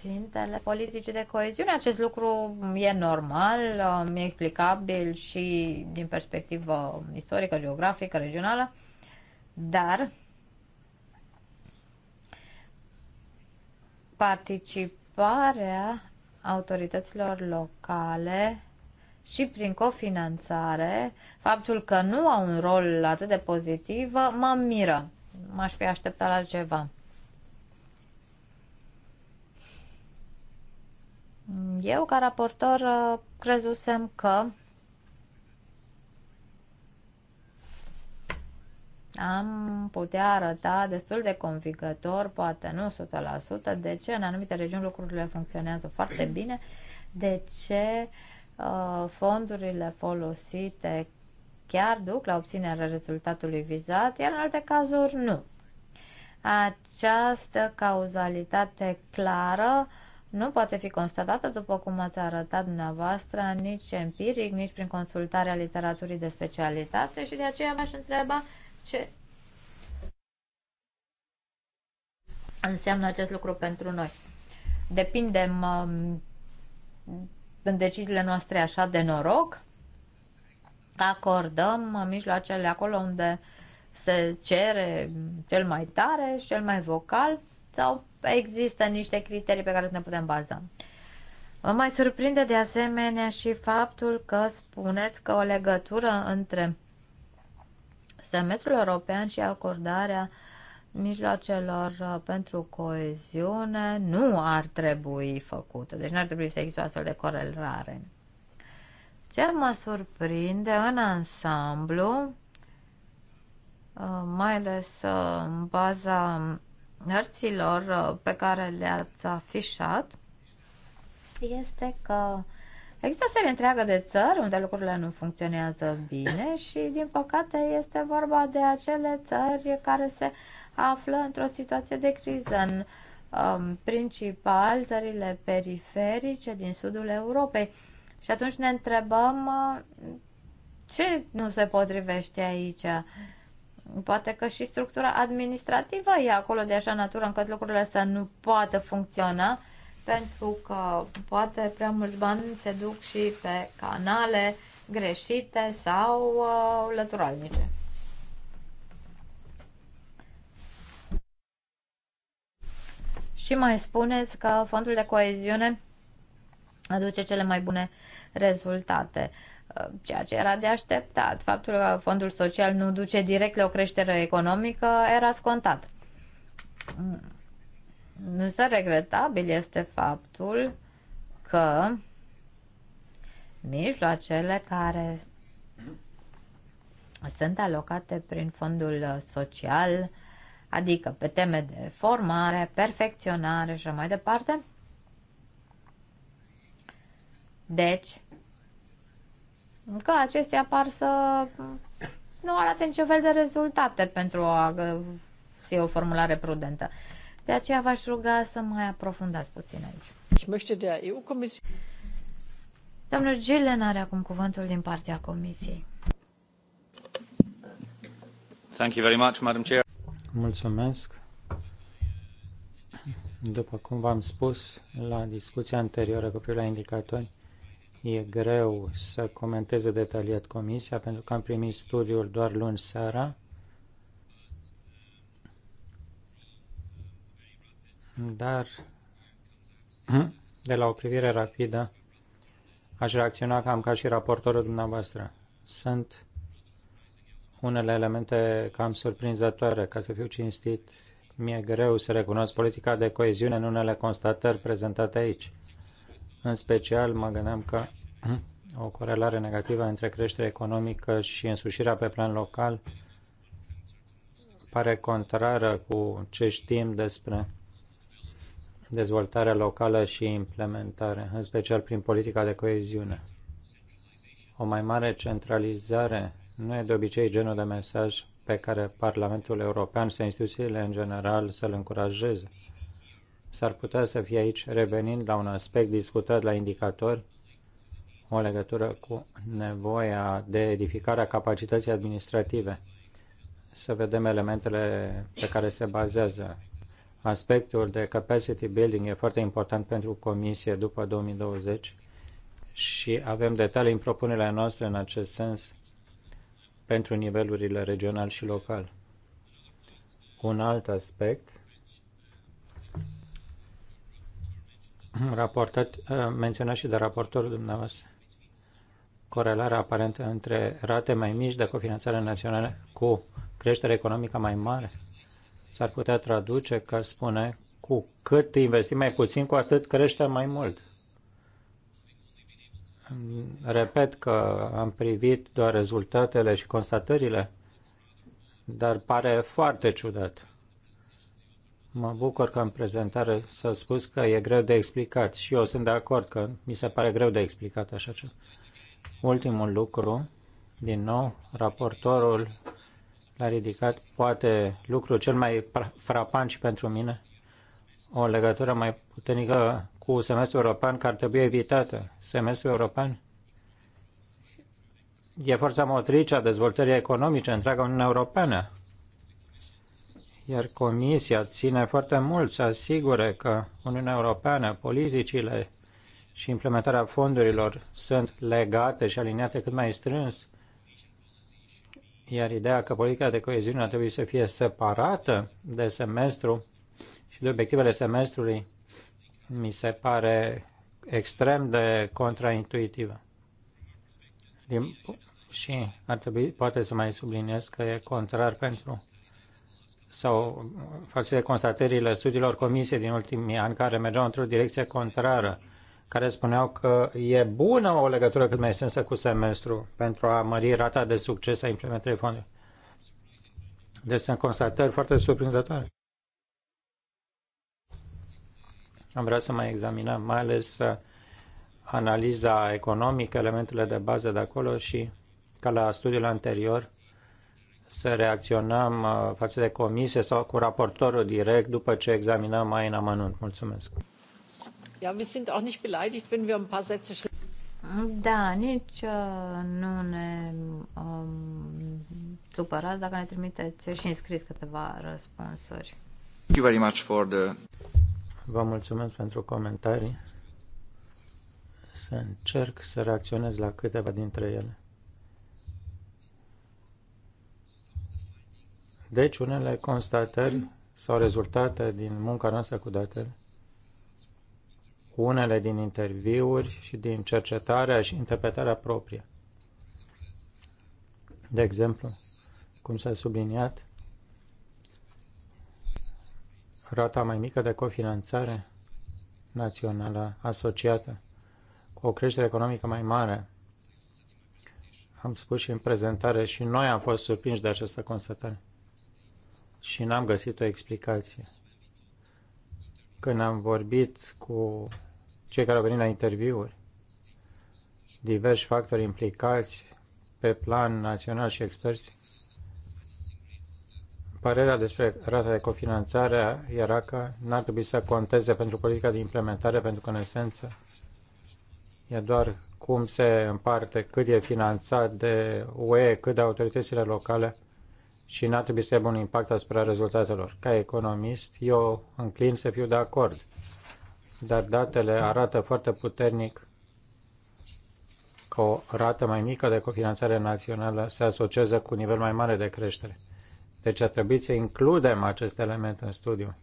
țintele politicii de coeziune. Acest lucru e normal, um, e explicabil și din perspectivă istorică, geografică, regională, dar participarea autorităților locale și prin cofinanțare, faptul că nu au un rol atât de pozitiv, mă miră. M-aș fi așteptat la ceva. Eu, ca raportor, uh, crezusem că am putea arăta destul de convigător, poate nu 100%, de ce în anumite regiuni lucrurile funcționează foarte bine, de ce uh, fondurile folosite chiar duc la obținerea rezultatului vizat, iar în alte cazuri nu. Această cauzalitate clară uh, nu poate fi constatată, după cum ați arătat dumneavoastră, nici empiric, nici prin consultarea literaturii de specialitate și de aceea v-aș întreba ce înseamnă acest lucru pentru noi. Depindem um, în deciziile noastre așa de noroc, acordăm mijloacele acolo unde se cere cel mai tare și cel mai vocal sau Păi există niște criterii pe care ne putem baza. Mă mai surprinde de asemenea și faptul că spuneți că o legătură între semestrul european și acordarea mijloacelor uh, pentru coeziune nu ar trebui făcută. Deci nu ar trebui să există o astfel de corelare. Ce mă surprinde în ansamblu, uh, mai ales uh, în baza hărților uh, pe care le-ați afișat este că există o serie întreagă de țări unde lucrurile nu funcționează bine și, din păcate, este vorba de acele țări care se află într-o situație de criză. În um, principal, țările periferice din sudul Europei. Și atunci ne întrebăm uh, ce nu se potrivește aici. Uh, Poate că și structura administrativă e acolo de așa natură încât lucrurile să nu poată funcționa, pentru că poate prea mulți bani se duc și pe canale greșite sau uh, lăturalnice. Și mai spuneți că fondul de coeziune aduce cele mai bune rezultate. Uh, Uh, ceea ce era de așteptat. Faptul că fondul social nu duce direct la o creștere economică era scontat. Mm. Însă regretabil este faptul că mijloacele care sunt alocate prin fondul social, adică pe teme de formare, perfecționare și mai departe. Deci, că acestea par să nu arate niciun fel de rezultate pentru a fi o formulare prudentă. De aceea v-aș ruga să mai aprofundați puțin aici. Ich möchte der eu comisie. Domnul Gillen are acum cuvântul din partea Comisiei. Thank you very much, Madam Chair. Mulțumesc. După cum v-am spus la discuția anterioară cu privire la indicatori, e greu să comenteze detaliat comisia, pentru că am primit studiul doar luni seara. Dar de la o privire rapidă, aș reacționa cam ca și raportorul dumneavoastră. Sunt unele elemente cam surprinzătoare, ca să fiu cinstit. Mi-e greu să recunosc politica de coeziune în unele constatări prezentate aici. În special, mă gândeam că o corelare negativă între creștere economică și însușirea pe plan local pare contrară cu ce știm despre dezvoltarea locală și implementare, în special prin politica de coeziune. O mai mare centralizare nu e de obicei genul de mesaj pe care Parlamentul European sau instituțiile în general să-l încurajeze s-ar putea să fie aici, revenind la un aspect discutat la indicatori, o legătură cu nevoia de edificare a capacității administrative. Să vedem elementele pe care se bazează. Aspectul de capacity building e foarte important pentru Comisie după 2020 și avem detalii în propunerea noastră în acest sens pentru nivelurile regional și local. Un alt aspect Mhm, raportat, uh, menționat și de raportorul dumneavoastră, corelarea aparentă între rate mai mici de cofinanțare națională cu creștere economică mai mare s-ar putea traduce ca spune cu cât investim mai puțin, cu atât crește mai mult. Repet că am privit doar rezultatele și constatările, dar pare foarte ciudat. Mă bucur că în prezentare s-a spus că e greu de explicat și eu sunt de acord că mi se pare greu de explicat așa ceva. Ultimul lucru, din nou, raportorul l-a ridicat poate lucru cel mai frapant și pentru mine, o legătură mai puternică cu semestrul european care ar trebui evitată. Semestrul european e forța motrice a dezvoltării economice întreaga Uniunea Europeană iar Comisia ține foarte mult să asigure că Uniunea Europeană, politicile și implementarea fondurilor sunt legate și aliniate cât mai strâns, iar ideea că politica de coeziune ar trebui să fie separată de semestru și de obiectivele semestrului mi se pare extrem de contraintuitivă. Din, și ar trebui, poate să mai subliniez că e contrar pentru sau față de constatările studiilor comise din ultimii ani care mergeau într-o direcție contrară, care spuneau că e bună o legătură cât mai sensă cu semestru pentru a mări rata de succes a implementării fondului. Deci sunt constatări foarte surprinzătoare. Am vrea să mai examinăm, mai ales analiza economică, elementele de bază de acolo și, ca la studiul anterior, să reacționăm uh, față de comisie sau cu raportorul direct după ce examinăm mai în amănunt. Mulțumesc. Ja, wir sind auch nicht beleidigt, wenn wir ein paar Sätze Da, nici uh, nu ne um, supărați dacă ne trimiteți și înscris câteva răspunsuri. Thank you very much for the... Vă mulțumesc pentru comentarii. Să încerc să reacționez la câteva dintre ele. Deci, unele constatări sau rezultate din munca noastră cu datele, unele din interviuri și din cercetarea și interpretarea proprie. De exemplu, cum s-a subliniat, rata mai mică de cofinanțare națională asociată cu o creștere economică mai mare. Am spus și în prezentare și noi am fost surprinși de această constatare și n-am găsit o explicație. Când am vorbit cu cei care au venit la interviuri, diversi factori implicați pe plan național și experți, Părerea despre rata de cofinanțare era că n-ar trebui să conteze pentru politica de implementare, pentru că, în esență, e doar cum se împarte, cât e finanțat de UE, cât de autoritățile locale și n-ar trebui să aibă un impact asupra rezultatelor. Ca economist, eu înclin să fiu de acord, dar datele arată foarte puternic că o rată mai mică de cofinanțare națională se asociază cu un nivel mai mare de creștere. Deci ar trebui să includem acest element în studiu.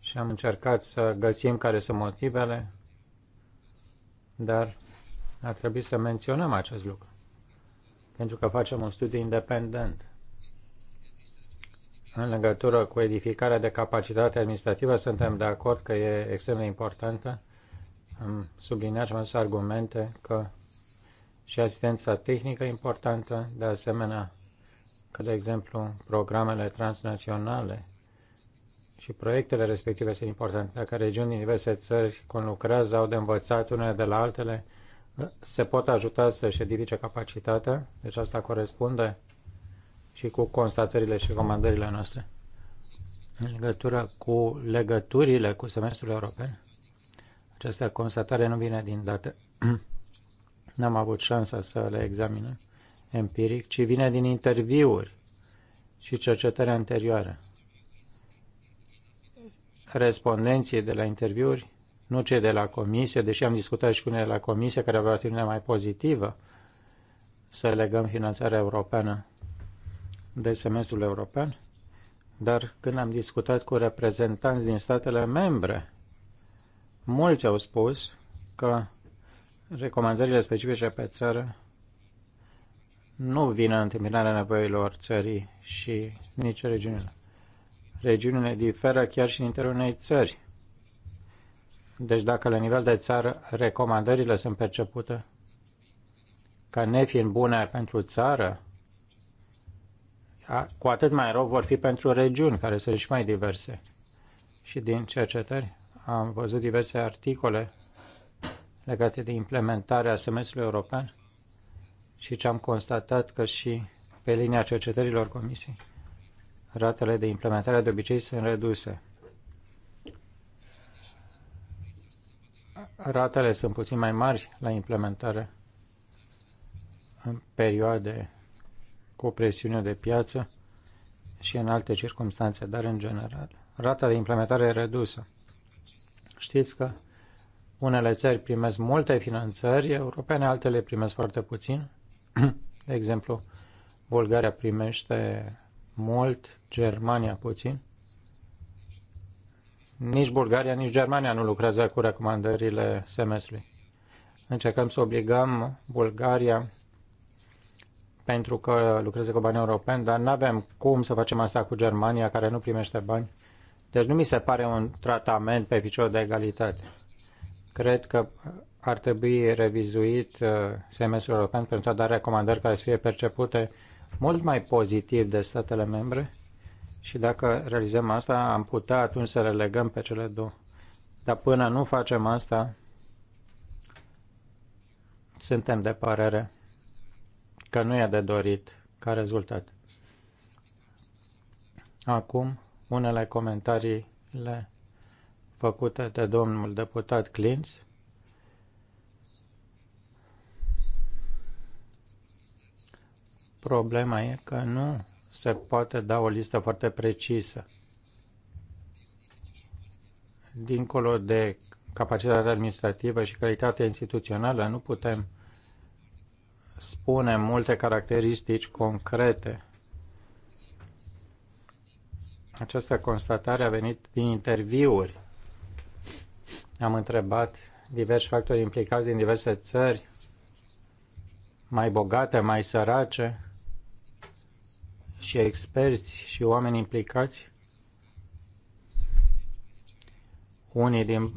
Și am încercat să găsim care sunt motivele, dar ar trebui să menționăm acest lucru, pentru că facem un studiu independent. În legătură cu edificarea de capacitate administrativă, suntem de acord că e extrem de importantă. Am subliniat și am adus argumente că și asistența tehnică e importantă, de asemenea că, de exemplu, programele transnaționale și proiectele respective sunt importante. Dacă regiuni din diverse țări conlucrează, au de învățat unele de la altele, se pot ajuta să-și edifice capacitatea, deci asta corespunde și cu constatările și recomandările noastre în legătură cu legăturile cu semestrul european. Această constatare nu vine din date. N-am avut șansa să le examinăm empiric, ci vine din interviuri și cercetări anterioare. Respondenții de la interviuri, nu cei de la comisie, deși am discutat și cu unele la comisie care aveau o atitudine mai pozitivă să legăm finanțarea europeană de semestrul european, dar când am discutat cu reprezentanți din statele membre, mulți au spus că recomandările specifice pe țară nu vin în întâmpinarea nevoilor țării și nici regiunilor. Regiunile diferă chiar și în interiorul unei țări. Deci dacă la nivel de țară recomandările sunt percepute ca nefiind bune pentru țară, cu atât mai rău vor fi pentru regiuni care sunt și mai diverse. Și din cercetări am văzut diverse articole legate de implementarea semestrului european și ce am constatat că și pe linia cercetărilor comisii ratele de implementare de obicei sunt reduse. Ratele sunt puțin mai mari la implementare în perioade cu presiune de piață și în alte circunstanțe, dar în general. Rata de implementare e redusă. Știți că unele țări primesc multe finanțări europene, altele primesc foarte puțin. De exemplu, Bulgaria primește mult, Germania puțin. Nici Bulgaria, nici Germania nu lucrează cu recomandările semestrului. Încercăm să obligăm Bulgaria pentru că lucreze cu bani europeni, dar nu avem cum să facem asta cu Germania, care nu primește bani. Deci nu mi se pare un tratament pe picior de egalitate. Cred că ar trebui revizuit uh, semestrul european pentru a da recomandări care să fie percepute mult mai pozitiv de statele membre și dacă realizăm asta, am putea atunci să relegăm pe cele două. Dar până nu facem asta, suntem de părere că nu e de dorit ca rezultat. Acum, unele comentariile făcute de domnul deputat Clins. Problema e că nu se poate da o listă foarte precisă. Dincolo de capacitatea administrativă și calitatea instituțională, nu putem spune multe caracteristici concrete. Această constatare a venit din interviuri. Am întrebat diversi factori implicați din diverse țări, mai bogate, mai sărace, și experți și oameni implicați, unii din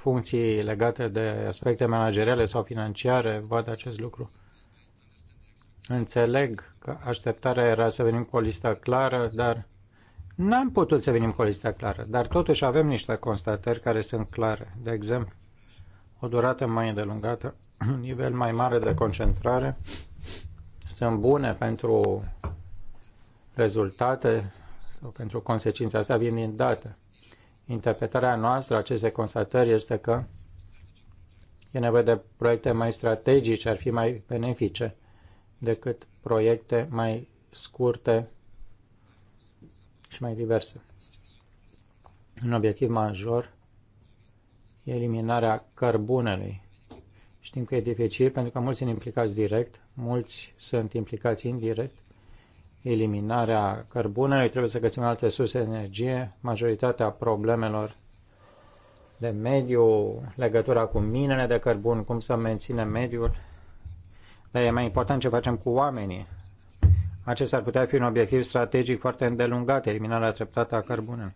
funcții legate de aspecte manageriale sau financiare văd acest lucru. Înțeleg că așteptarea era să venim cu o listă clară, dar n-am putut să venim cu o listă clară. Dar totuși avem niște constatări care sunt clare. De exemplu, o durată mai îndelungată, un nivel mai mare de concentrare, sunt bune pentru rezultate sau pentru consecința asta vin din dată Interpretarea noastră a acestei constatări este că e nevoie de proiecte mai strategice, ar fi mai benefice decât proiecte mai scurte și mai diverse. Un obiectiv major e eliminarea cărbunelui. Știm că e dificil pentru că mulți sunt implicați direct, mulți sunt implicați indirect eliminarea cărbunelui, trebuie să găsim alte surse de energie. Majoritatea problemelor de mediu, legătura cu minele de cărbun, cum să menținem mediul, dar e mai important ce facem cu oamenii. Acesta ar putea fi un obiectiv strategic foarte îndelungat, eliminarea treptată a cărbunelui.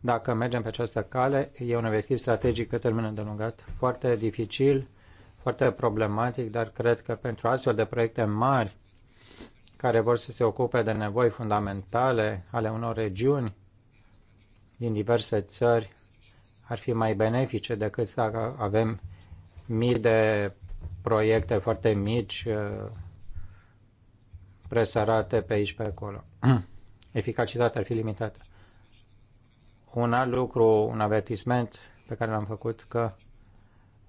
Dacă mergem pe această cale, e un obiectiv strategic pe termen îndelungat, foarte dificil, foarte problematic, dar cred că pentru astfel de proiecte mari care vor să se ocupe de nevoi fundamentale ale unor regiuni din diverse țări ar fi mai benefice decât să avem mii de proiecte foarte mici uh, presărate pe aici pe acolo. Eficacitatea ar fi limitată. Un alt lucru, un avertisment pe care l-am făcut că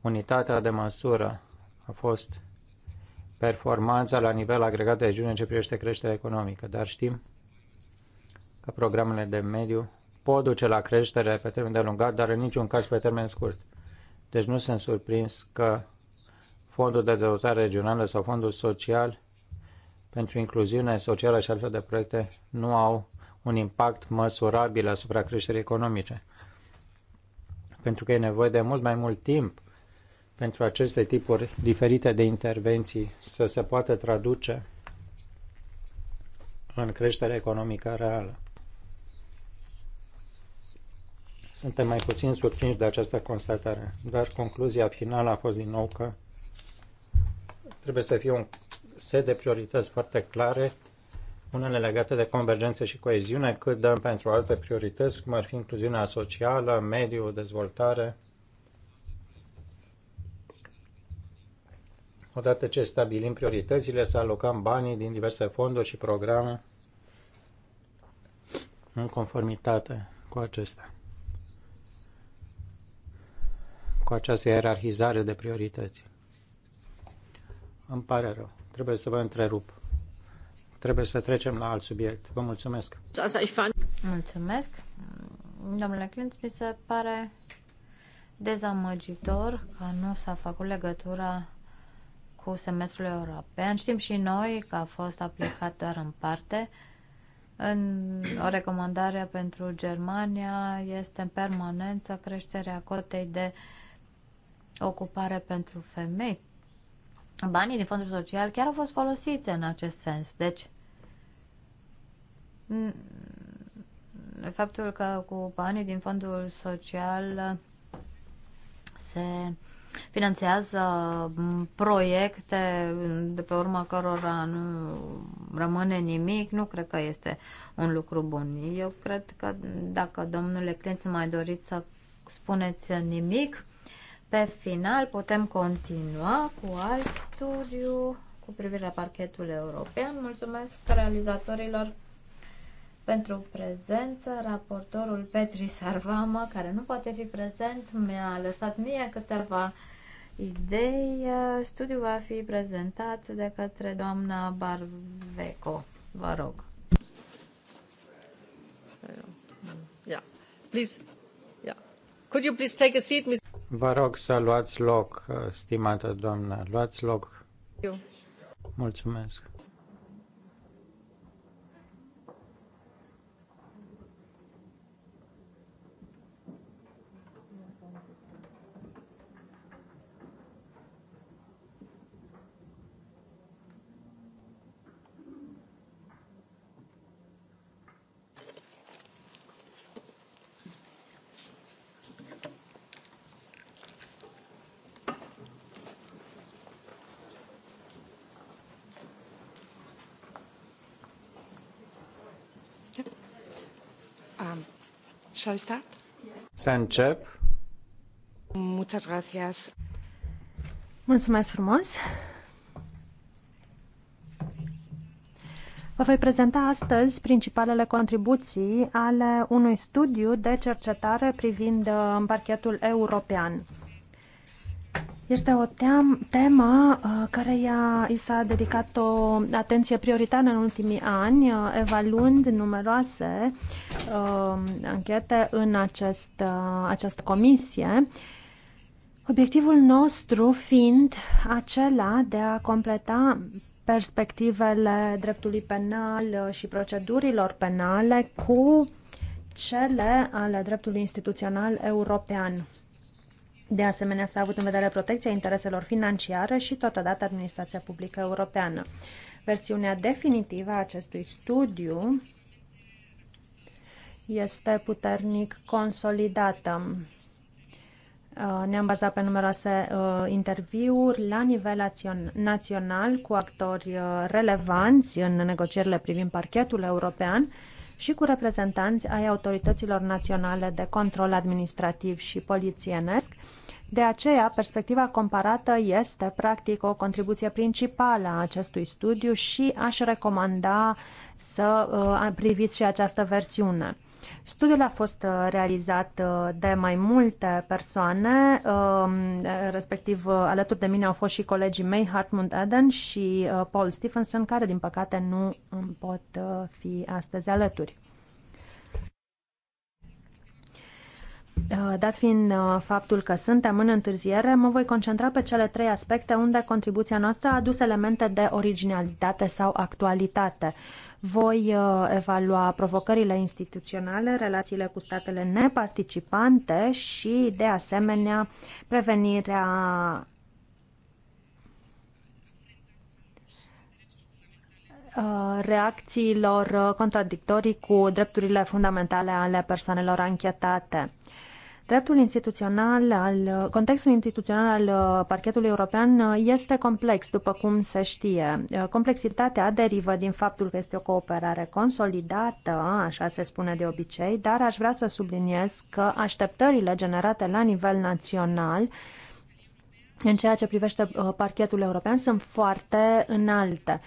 unitatea de măsură a fost performanța la nivel agregat de regiune în ce privește creșterea economică, dar știm că programele de mediu pot duce la creștere pe termen de lungat, dar în niciun caz pe termen scurt. Deci nu sunt surprins că Fondul de Dezvoltare Regională sau Fondul Social pentru Incluziune Socială și alte de proiecte nu au un impact măsurabil asupra creșterii economice. Pentru că e nevoie de mult mai mult timp pentru aceste tipuri diferite de intervenții să se poată traduce în creșterea economică reală. Suntem mai puțin surprinși de această constatare, dar concluzia finală a fost din nou că trebuie să fie un set de priorități foarte clare, unele legate de convergență și coeziune, cât dăm pentru alte priorități, cum ar fi incluziunea socială, mediu, dezvoltare, Odată ce stabilim prioritățile, să alocăm banii din diverse fonduri și programe în conformitate cu acestea. Cu această ierarhizare de priorități. Îmi pare rău. Trebuie să vă întrerup. Trebuie să trecem la alt subiect. Vă mulțumesc. Mulțumesc. Domnule Clint, mi se pare dezamăgitor că nu s-a făcut legătura cu semestrul european. Știm și noi că a fost aplicat doar în parte. În o recomandare pentru Germania este în permanență creșterea cotei de ocupare pentru femei. Banii din fondul social chiar au fost folosiți în acest sens. Deci, faptul că cu banii din fondul social se finanțează proiecte de pe urma cărora nu rămâne nimic, nu cred că este un lucru bun. Eu cred că dacă domnule Clinț mai doriți să spuneți nimic, pe final putem continua cu alt studiu cu privire la parchetul european. Mulțumesc realizatorilor pentru prezență. Raportorul Petri Sarvama, care nu poate fi prezent, mi-a lăsat mie câteva idei. Studiul va fi prezentat de către doamna Barveco. Vă rog. Yeah. Please. Yeah. Could you please take a seat, Ms. Vă rog să luați loc, stimată doamnă. Luați loc. Mulțumesc. Shall start? Să încep. Muchas gracias. Mulțumesc frumos. Vă voi prezenta astăzi principalele contribuții ale unui studiu de cercetare privind uh, parchetul european. Este o team, temă uh, care i-a, i s-a dedicat o atenție prioritară în ultimii ani, uh, evaluând numeroase uh, anchete în acest, uh, această comisie. Obiectivul nostru fiind acela de a completa perspectivele dreptului penal uh, și procedurilor penale cu cele ale dreptului instituțional european. De asemenea, s-a avut în vedere protecția intereselor financiare și totodată administrația publică europeană. Versiunea definitivă a acestui studiu este puternic consolidată. Uh, ne-am bazat pe numeroase uh, interviuri la nivel național cu actori uh, relevanți în negocierile privind parchetul european și cu reprezentanți ai autorităților naționale de control administrativ și polițienesc. De aceea, perspectiva comparată este, practic, o contribuție principală a acestui studiu și aș recomanda să uh, priviți și această versiune. Studiul a fost uh, realizat uh, de mai multe persoane, um, respectiv uh, alături de mine au fost și colegii mei, Hartmut Eden și Paul Stephenson, care din păcate nu îmi pot fi astăzi alături. Dat fiind faptul că suntem în întârziere, mă voi concentra pe cele trei aspecte unde contribuția noastră a adus elemente de originalitate sau actualitate. Voi uh, evalua provocările instituționale, relațiile cu statele neparticipante și, de asemenea, prevenirea reacțiilor contradictorii cu drepturile fundamentale ale persoanelor anchetate. Dreptul instituțional, al, contextul instituțional al uh, parchetului european uh, este complex, după cum se știe. Uh, complexitatea derivă din faptul că este o cooperare consolidată, așa se spune de obicei, dar aș vrea să subliniez că așteptările generate la nivel național în ceea ce privește parchetul european sunt foarte înalte.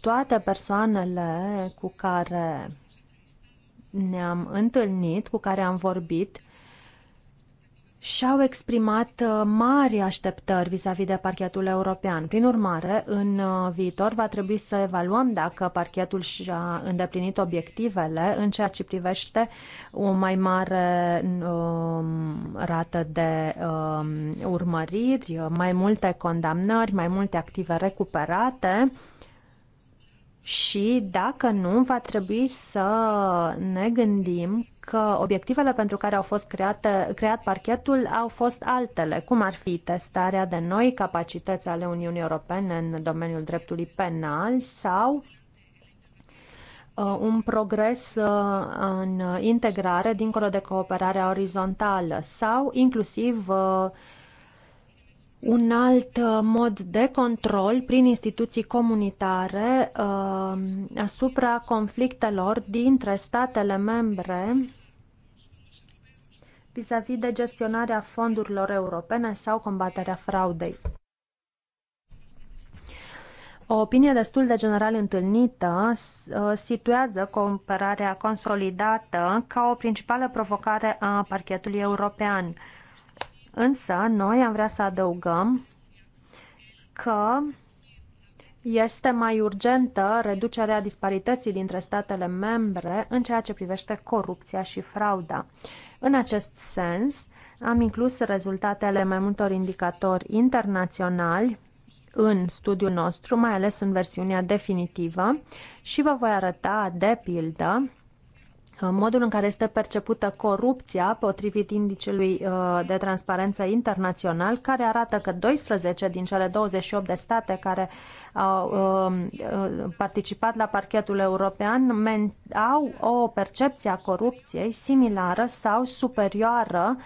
Toate persoanele cu care ne-am întâlnit, cu care am vorbit, și-au exprimat uh, mari așteptări vis-a-vis -vis de parchetul european. Prin urmare, în uh, viitor va trebui să evaluăm dacă parchetul și-a îndeplinit obiectivele în ceea ce privește o mai mare um, rată de um, urmăriri, mai multe condamnări, mai multe active recuperate și dacă nu, va trebui să ne gândim că obiectivele pentru care au fost create, creat parchetul au fost altele, cum ar fi testarea de noi capacități ale Uniunii Europene în domeniul dreptului penal sau uh, un progres uh, în integrare dincolo de cooperarea orizontală sau inclusiv uh, un alt uh, mod de control prin instituții comunitare uh, asupra conflictelor dintre statele membre vis-a-vis -vis de gestionarea fondurilor europene sau combaterea fraudei. O opinie destul de general întâlnită uh, situează compararea consolidată ca o principală provocare a parchetului european. Însă, noi am vrea să adăugăm că este mai urgentă reducerea disparității dintre statele membre în ceea ce privește corupția și frauda. În acest sens, am inclus rezultatele mai multor indicatori internaționali în studiul nostru, mai ales în versiunea definitivă, și vă voi arăta, de pildă, modul în care este percepută corupția potrivit indicelui uh, de transparență internațional, care arată că 12 din cele 28 de state care au uh, uh, participat la parchetul european au o percepție a corupției similară sau superioară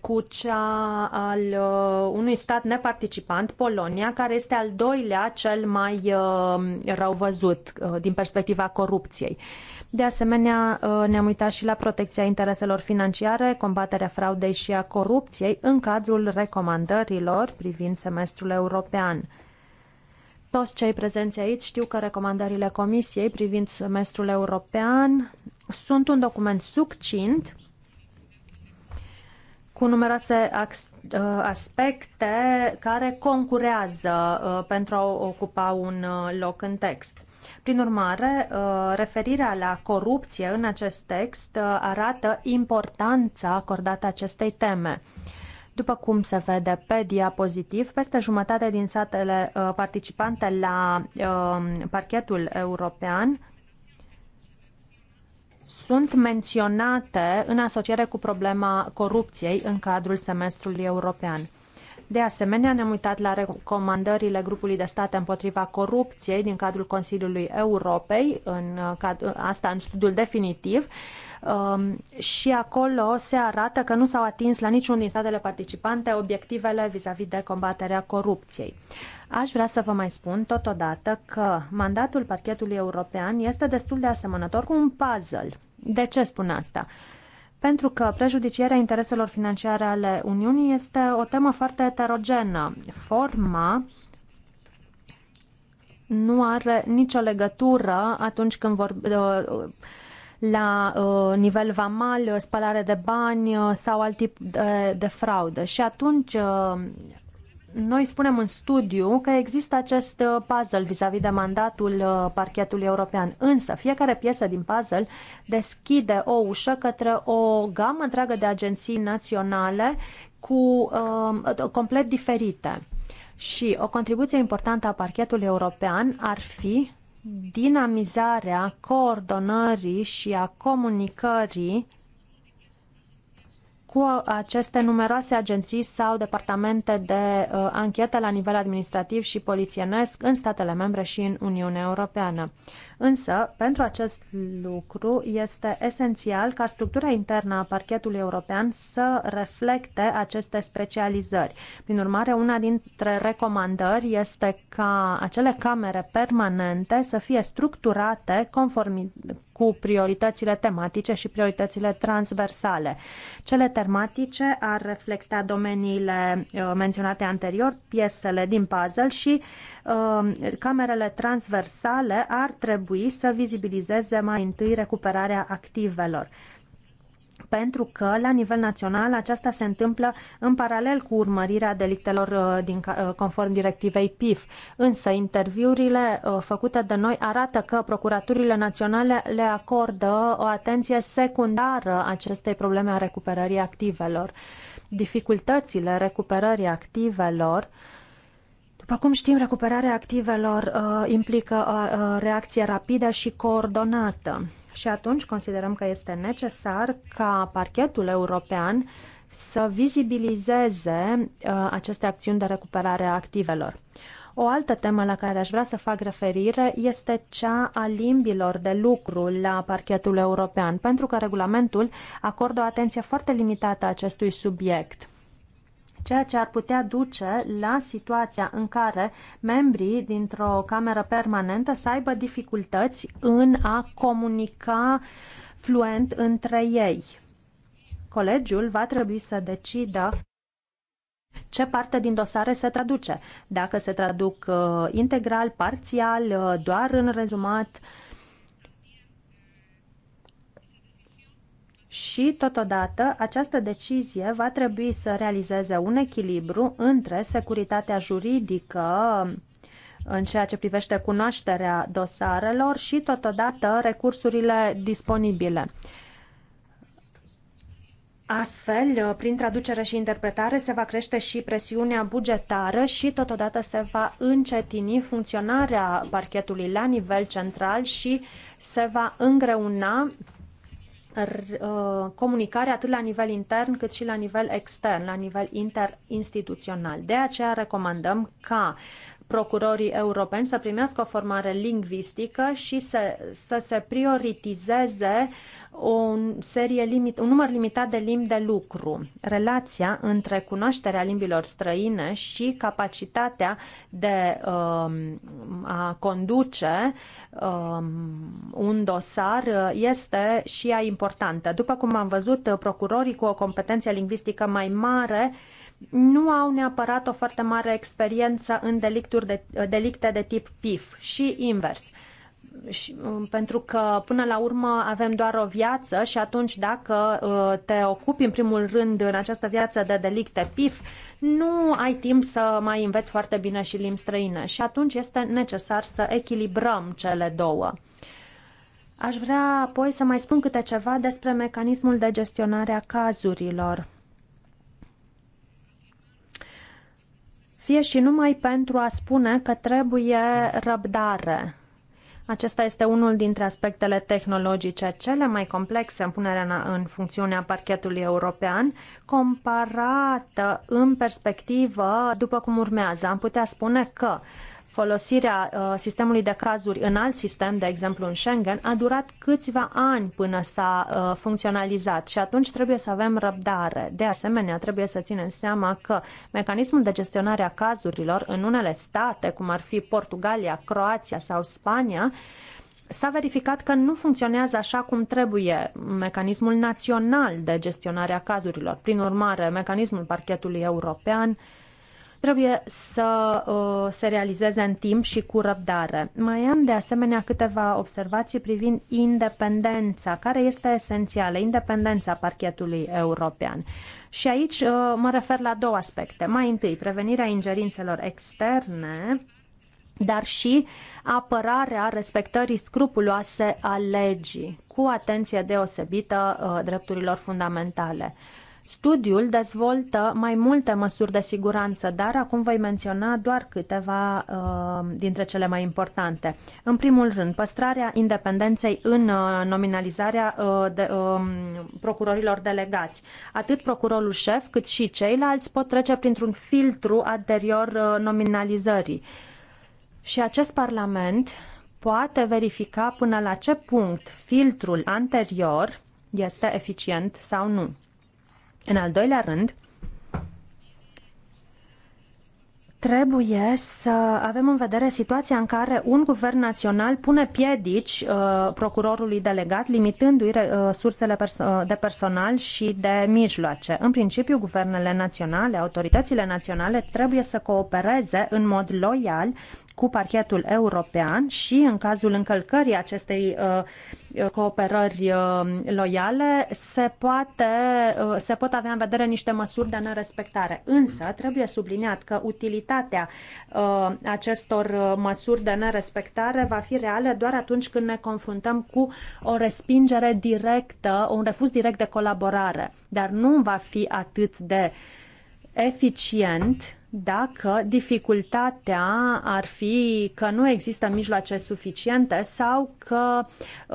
cu cea al unui stat neparticipant, Polonia, care este al doilea cel mai rău văzut din perspectiva corupției. De asemenea, uh, ne-am uitat și la protecția intereselor financiare, combaterea fraudei și a corupției în cadrul recomandărilor privind semestrul european. Toți cei prezenți aici știu că recomandările Comisiei privind semestrul european sunt un document succint cu numeroase uh, aspecte care concurează uh, pentru a ocupa un loc în text. Prin urmare, uh, referirea la corupție în acest text uh, arată importanța acordată acestei teme. După cum se vede pe diapozitiv, peste jumătate din satele uh, participante la um, parchetul european sunt menționate în asociere cu problema corupției în cadrul semestrului european. De asemenea, ne-am uitat la recomandările grupului de state împotriva corupției din cadrul Consiliului Europei, în, asta în studiul definitiv, um, și acolo se arată că nu s-au atins la niciun din statele participante obiectivele vis-a-vis -vis de combaterea corupției. Aș vrea să vă mai spun totodată că mandatul parchetului european este destul de asemănător cu un puzzle. De ce spun asta? pentru că prejudicierea intereselor financiare ale Uniunii este o temă foarte heterogenă. Forma nu are nicio legătură atunci când vor uh, la uh, nivel vamal, spălare de bani uh, sau alt tip de, de fraudă. Și atunci noi spunem în studiu că există acest uh, puzzle vis-a-vis -vis de mandatul uh, parchetului european, însă fiecare piesă din puzzle deschide o ușă către o gamă întreagă de agenții naționale cu uh, complet diferite. Și o contribuție importantă a parchetului european ar fi dinamizarea coordonării și a comunicării cu aceste numeroase agenții sau departamente de uh, anchetă la nivel administrativ și polițienesc în statele membre și în Uniunea Europeană. Însă, pentru acest lucru este esențial ca structura internă a parchetului european să reflecte aceste specializări. Prin urmare, una dintre recomandări este ca acele camere permanente să fie structurate conform cu prioritățile tematice și prioritățile transversale. Cele tematice ar reflecta domeniile uh, menționate anterior, piesele din puzzle și uh, camerele transversale ar trebui să vizibilizeze mai întâi recuperarea activelor pentru că, la nivel național, aceasta se întâmplă în paralel cu urmărirea delictelor uh, din, uh, conform directivei PIF. Însă, interviurile uh, făcute de noi arată că procuraturile naționale le acordă o atenție secundară acestei probleme a recuperării activelor. Dificultățile recuperării activelor după cum știm, recuperarea activelor uh, implică o uh, reacție rapidă și coordonată. Și atunci considerăm că este necesar ca parchetul european să vizibilizeze uh, aceste acțiuni de recuperare a activelor. O altă temă la care aș vrea să fac referire este cea a limbilor de lucru la parchetul european, pentru că regulamentul acordă o atenție foarte limitată acestui subiect ceea ce ar putea duce la situația în care membrii dintr-o cameră permanentă să aibă dificultăți în a comunica fluent între ei. Colegiul va trebui să decidă ce parte din dosare se traduce, dacă se traduc uh, integral, parțial, uh, doar în rezumat, uh, și, totodată, această decizie va trebui să realizeze un echilibru între securitatea juridică în ceea ce privește cunoașterea dosarelor și, totodată, recursurile disponibile. Astfel, prin traducere și interpretare, se va crește și presiunea bugetară și, totodată, se va încetini funcționarea parchetului la nivel central și se va îngreuna Uh, comunicare atât la nivel intern cât și la nivel extern, la nivel interinstituțional. De aceea recomandăm ca procurorii europeni să primească o formare lingvistică și să, să se prioritizeze o serie limit, un număr limitat de limbi de lucru. Relația între cunoașterea limbilor străine și capacitatea de um, a conduce um, un dosar este și ea importantă. După cum am văzut, procurorii cu o competență lingvistică mai mare uh, nu au neapărat o foarte mare experiență în delicturi de, delicte de tip PIF și invers. Și, um, pentru că până la urmă avem doar o viață și atunci dacă uh, te ocupi în primul rând în această viață de delicte PIF, nu ai timp să mai înveți foarte bine și limbi străine și atunci este necesar să echilibrăm cele două. Aș vrea apoi să mai spun câte ceva despre mecanismul de gestionare a cazurilor. fie și numai pentru a spune că trebuie răbdare. Acesta este unul dintre aspectele tehnologice cele mai complexe în punerea în funcțiune a parchetului european, comparată în perspectivă după cum urmează. Am putea spune că folosirea uh, sistemului de cazuri în alt sistem, de exemplu în Schengen, a durat câțiva ani până s-a uh, funcționalizat și atunci trebuie să avem răbdare. De asemenea, trebuie să ținem seama că mecanismul de gestionare a cazurilor în unele state, cum ar fi Portugalia, Croația sau Spania, S-a verificat că nu funcționează așa cum trebuie mecanismul național de gestionare a cazurilor. Prin urmare, mecanismul parchetului european uh, trebuie să uh, se realizeze în timp și cu răbdare. Mai am de asemenea câteva observații privind independența, care este esențială, independența parchetului european. Și aici uh, mă refer la două aspecte. Mai întâi, prevenirea ingerințelor externe, dar și apărarea respectării scrupuloase a legii, cu atenție deosebită uh, drepturilor fundamentale. Uh, Studiul dezvoltă mai multe măsuri de siguranță, dar acum voi menționa doar câteva uh, dintre cele mai importante. În primul rând, păstrarea independenței în uh, nominalizarea uh, de, uh, procurorilor delegați. Atât procurorul șef cât și ceilalți pot trece printr-un filtru anterior uh, nominalizării. Și acest parlament poate verifica până la ce punct filtrul anterior este eficient sau nu. În al doilea rând, trebuie să avem în vedere situația în care un guvern național pune piedici uh, procurorului delegat, limitându-i uh, sursele perso- uh, de personal și de mijloace. În principiu, guvernele naționale, autoritățile naționale trebuie să coopereze în mod loial cu parchetul european și în cazul încălcării acestei uh, uh, cooperări uh, loiale se, poate, se pot avea în vedere niște măsuri de nerespectare. Însă trebuie subliniat că utilitatea acestor măsuri de nerespectare va fi reală doar atunci când ne confruntăm cu o respingere directă, un refuz direct de colaborare, dar nu va fi atât de eficient dacă dificultatea ar fi că nu există mijloace suficiente sau că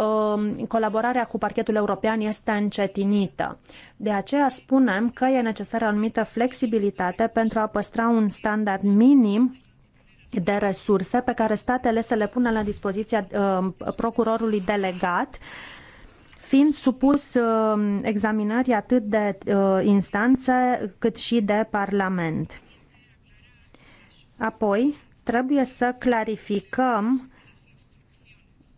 um, colaborarea cu parchetul european este încetinită. De aceea spunem că e necesară o anumită flexibilitate pentru a păstra un standard minim de resurse pe care statele să le pună la dispoziția uh, procurorului delegat fiind supus um, examinării atât de uh, instanțe cât și de Parlament. Apoi, trebuie să clarificăm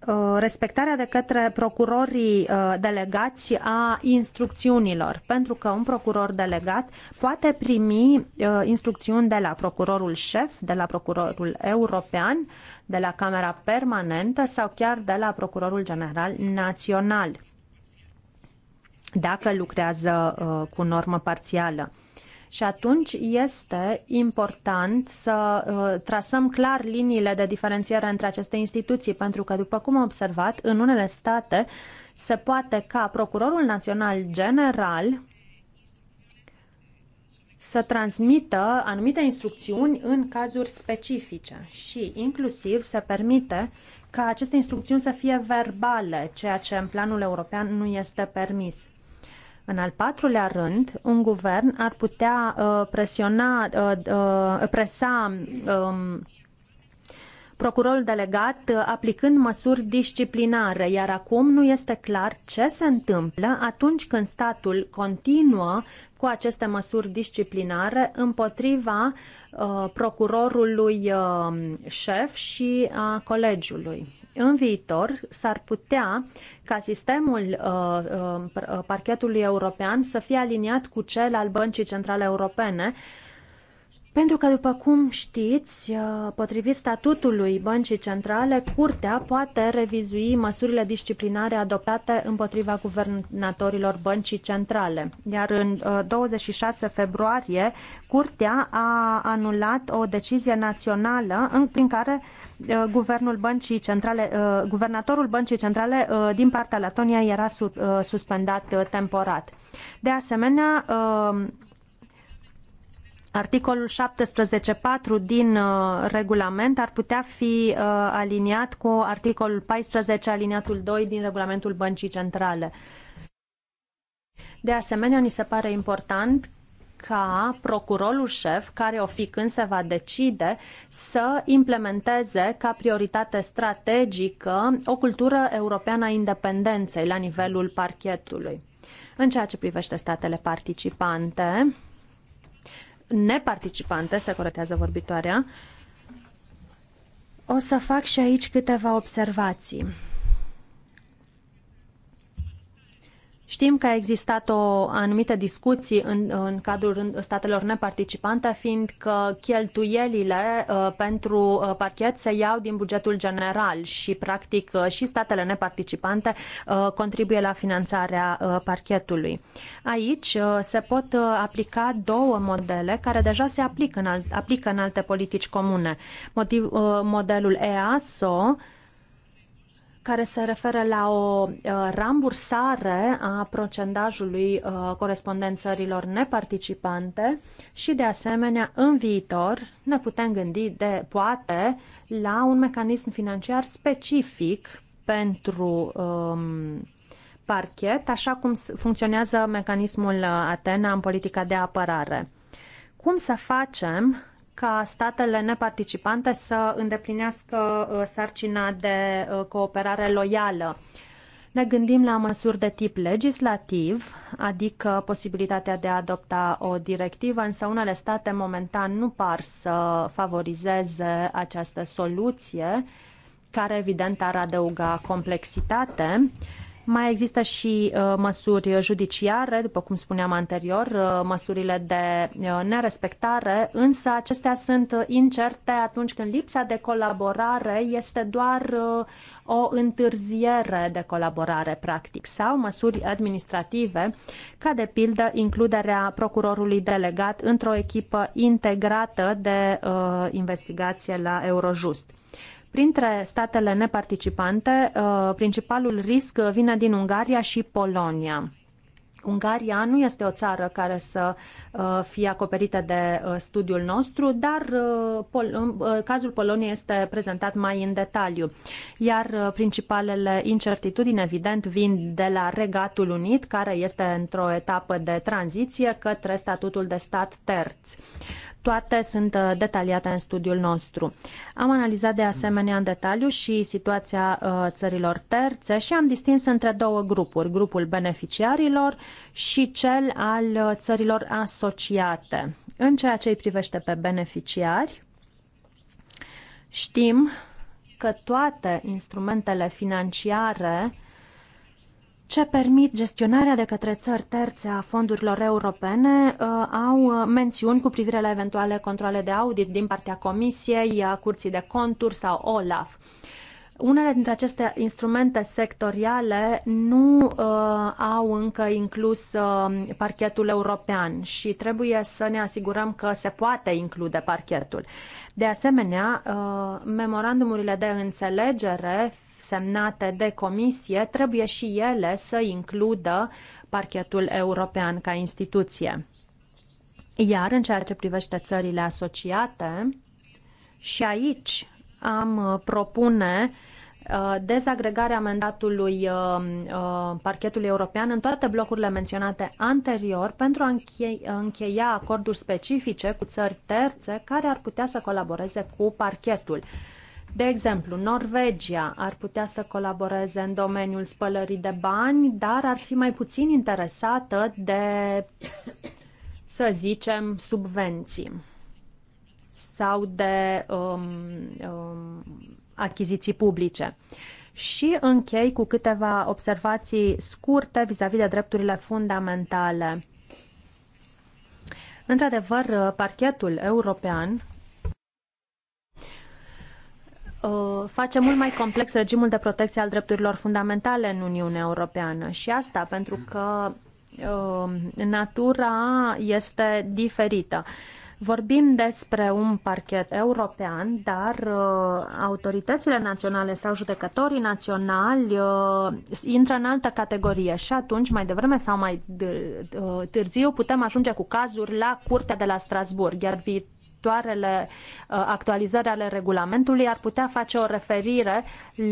uh, respectarea de către procurorii uh, delegați a instrucțiunilor, pentru că un procuror delegat poate primi uh, instrucțiuni de la procurorul șef, de la procurorul european, de la Camera Permanentă sau chiar de la procurorul general național, dacă lucrează cu normă parțială. Și atunci este important să uh, trasăm clar liniile de diferențiere între aceste instituții, pentru că, după cum am observat, în unele state se poate ca Procurorul Național General să transmită anumite instrucțiuni în cazuri specifice și inclusiv se permite ca aceste instrucțiuni să fie verbale, ceea ce în planul european nu este permis. În al patrulea rând, un guvern ar putea uh, presiona, uh, uh, presa um, procurorul delegat uh, aplicând măsuri disciplinare, iar acum nu este clar ce se întâmplă atunci când statul continuă cu aceste măsuri disciplinare împotriva uh, procurorului uh, șef și a colegiului în viitor s-ar putea ca sistemul uh, uh, uh, parchetului european să fie aliniat cu cel al Băncii Centrale Europene, pentru că, după cum știți, uh, potrivit statutului Băncii Centrale, Curtea poate revizui măsurile disciplinare adoptate împotriva guvernatorilor Băncii Centrale. Iar în 26 uh, februarie, Curtea a anulat o decizie națională în, prin care uh, guvernul Băncii Centrale, guvernatorul Băncii Centrale din partea Latonia era suspendat temporat. De asemenea, Articolul 17.4 din uh, regulament ar putea fi uh, aliniat cu articolul 14 aliniatul 2 din regulamentul Băncii Centrale. De asemenea, ni se pare important ca procurorul șef, care o fi când se va decide, să implementeze ca prioritate strategică o cultură europeană a independenței la nivelul parchetului. În ceea ce privește statele participante, neparticipante, se corectează vorbitoarea, o să fac și aici câteva observații. Știm că a existat o anumită discuție în, în cadrul statelor neparticipante, fiindcă cheltuielile uh, pentru uh, parchet se iau din bugetul general și, practic, uh, și statele neparticipante uh, contribuie la finanțarea uh, parchetului. Aici uh, se pot uh, aplica două modele care deja se aplică în, al, aplică în alte politici comune. Motiv, uh, modelul EASO, uh, care se referă la o uh, rambursare a procentajului uh, corespondent țărilor neparticipante și, de asemenea, în viitor ne putem gândi de, poate, la un mecanism financiar specific pentru um, parchet, așa cum funcționează mecanismul Atena în politica de apărare. Cum să facem ca statele neparticipante să îndeplinească uh, sarcina de uh, cooperare loială. Ne gândim la măsuri de tip legislativ, adică posibilitatea de a adopta o directivă, însă unele state momentan nu par să favorizeze această soluție, care evident ar adăuga complexitate. Uh, mai există și uh, măsuri judiciare, după cum spuneam anterior, uh, măsurile de uh, nerespectare, însă acestea sunt incerte atunci când lipsa de colaborare este doar uh, o întârziere de colaborare, practic, sau măsuri administrative, ca de pildă includerea procurorului delegat într-o echipă integrată de uh, investigație la Eurojust. Printre statele neparticipante, uh, principalul risc vine din Ungaria și Polonia. Ungaria nu este o țară care să uh, fie acoperită de uh, studiul nostru, dar um, cazul Poloniei este prezentat mai în detaliu. Iar principalele incertitudini, evident, vin de la Regatul Unit, care este într-o etapă de tranziție către statutul de stat terț. Toate sunt uh, detaliate în studiul nostru. Am analizat de asemenea în detaliu și situația uh, țărilor terțe și am distins între două grupuri, grupul beneficiarilor și cel al uh, țărilor asociate. În ceea ce îi privește pe beneficiari, știm că toate instrumentele financiare ce permit gestionarea de către țări terțe a fondurilor europene uh, au uh, mențiuni cu privire la eventuale controle de audit din partea Comisiei, a Curții de Conturi sau OLAF. Unele dintre aceste instrumente sectoriale nu uh, au încă inclus uh, parchetul european și trebuie să ne asigurăm că se poate include parchetul. De asemenea, uh, memorandumurile de înțelegere semnate de comisie trebuie și ele să includă parchetul european ca instituție. Iar în ceea ce privește țările asociate, și aici am uh, propune uh, dezagregarea mandatului uh, parchetului european în toate blocurile menționate anterior pentru a încheia acorduri specifice cu țări terțe care ar putea să colaboreze cu parchetul. De exemplu, Norvegia ar putea să colaboreze în domeniul spălării de bani, dar ar fi mai puțin interesată de, să zicem, subvenții sau de um, um, achiziții publice. Și închei cu câteva observații scurte vis-a-vis -vis de drepturile fundamentale. Într-adevăr, parchetul european Uh, face mult mai complex regimul de protecție al drepturilor fundamentale în Uniunea Europeană. Și asta pentru că uh, natura este diferită. Vorbim despre un parchet european, dar uh, autoritățile naționale sau judecătorii naționali intră în altă categorie și atunci, mai devreme sau mai târziu, putem ajunge cu cazuri la Curtea de la Strasburg, iar vi- viitoarele uh, actualizări ale regulamentului ar putea face o referire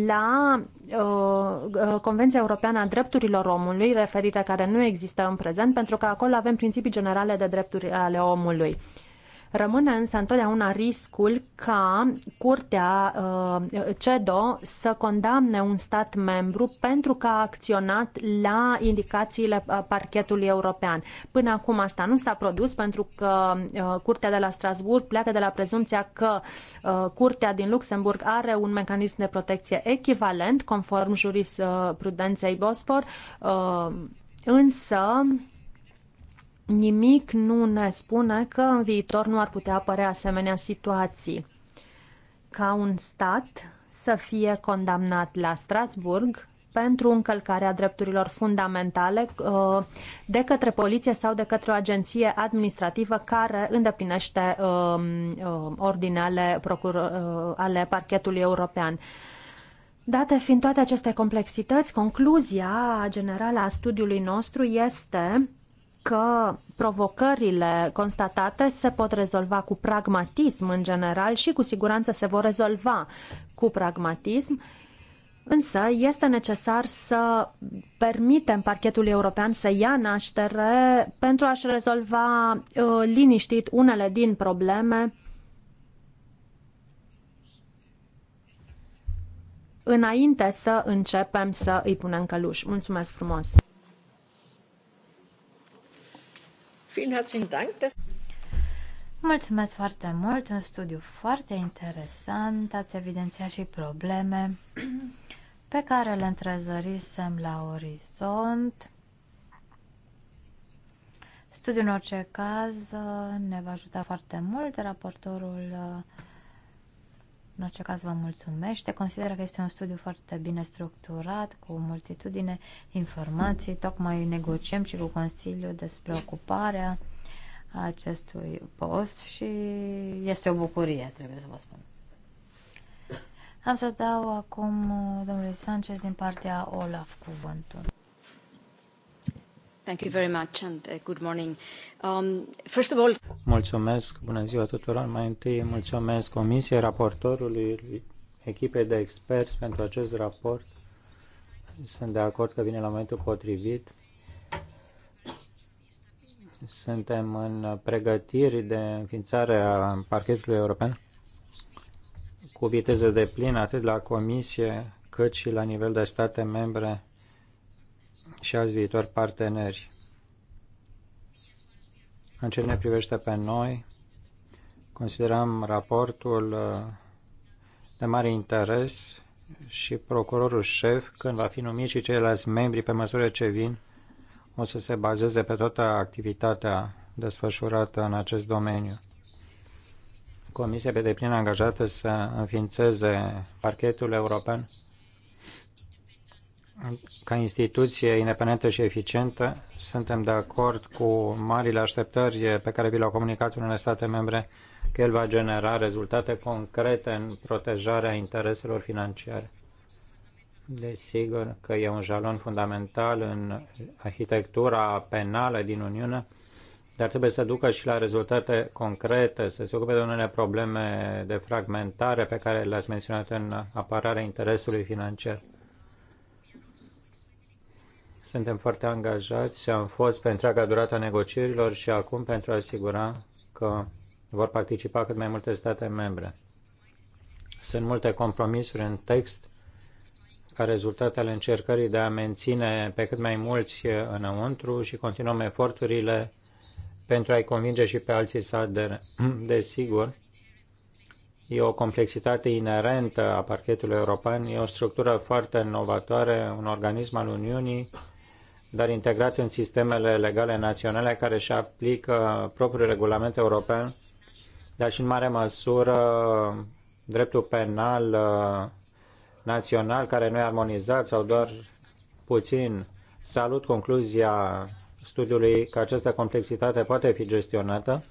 la uh, uh, Convenția Europeană a Drepturilor Omului, referire care nu există în prezent, pentru că acolo avem principii generale de drepturi ale omului. Rămâne însă întotdeauna riscul ca Curtea uh, CEDO să condamne un stat membru pentru că a acționat la indicațiile uh, parchetului european. Până acum asta nu s-a produs pentru că uh, Curtea de la Strasburg pleacă de la prezumția că Curtea din Luxemburg are un mecanism de protecție echivalent conform jurisprudenței Bosfor, însă nimic nu ne spune că în viitor nu ar putea apărea asemenea situații. Ca un stat să fie condamnat la Strasburg pentru încălcarea drepturilor fundamentale uh, de către poliție sau de către o agenție administrativă care îndeplinește um, uh, ordinele uh, ale parchetului european. Date fiind toate aceste complexități, concluzia generală a studiului nostru este că provocările constatate se pot rezolva cu pragmatism în general și cu siguranță se vor rezolva cu pragmatism, însă este necesar să permitem parchetului european să ia naștere pentru a-și rezolva uh, liniștit unele din probleme înainte să începem să îi punem căluș. Mulțumesc frumos! Mulțumesc foarte mult, un studiu foarte interesant, ați evidențiat și probleme pe care le întrezărisem la orizont. Studiul în orice caz ne va ajuta foarte mult, raportorul în orice caz vă mulțumește. Consider că este un studiu foarte bine structurat, cu multitudine informații. Tocmai negociem și cu Consiliul despre ocuparea acestui post și este o bucurie, trebuie să vă spun. Am să dau acum domnului Sanchez din partea Olaf cuvântul. Mulțumesc, bună ziua tuturor. Mai întâi mulțumesc Comisiei, raportorului, echipei de experți pentru acest raport. Sunt de acord că vine la momentul potrivit. Suntem în pregătiri de înființare a parchetului european cu viteză de plin atât la Comisie cât și la nivel de state membre și alți viitori parteneri. În ce ne privește pe noi, considerăm raportul uh, de mare interes și procurorul șef, când va fi numit și ceilalți membri pe măsură ce vin, o să se bazeze pe toată activitatea desfășurată în acest domeniu. Comisia pe deplin angajată să înființeze parchetul european ca instituție independentă și eficientă, suntem de acord cu marile așteptări pe care vi le-au comunicat unele state membre că el va genera rezultate concrete în protejarea intereselor financiare. Desigur că e un jalon fundamental în arhitectura penală din Uniune, dar trebuie să ducă și la rezultate concrete, să se ocupe de unele probleme de fragmentare pe care le-ați menționat în apărarea interesului financiar suntem foarte angajați și am fost pe întreaga durată a negocierilor și acum pentru a asigura că vor participa cât mai multe state membre. Sunt multe compromisuri în text ca rezultat ale încercării de a menține pe cât mai mulți înăuntru și continuăm eforturile pentru a-i convinge și pe alții să adere. Desigur, E o complexitate inerentă a parchetului european, e o structură foarte inovatoare, un organism al Uniunii, dar integrat în sistemele legale naționale care își aplică propriul regulament european, dar și în mare măsură dreptul penal uh, național care nu e armonizat sau doar puțin. Salut concluzia studiului că această complexitate poate fi gestionată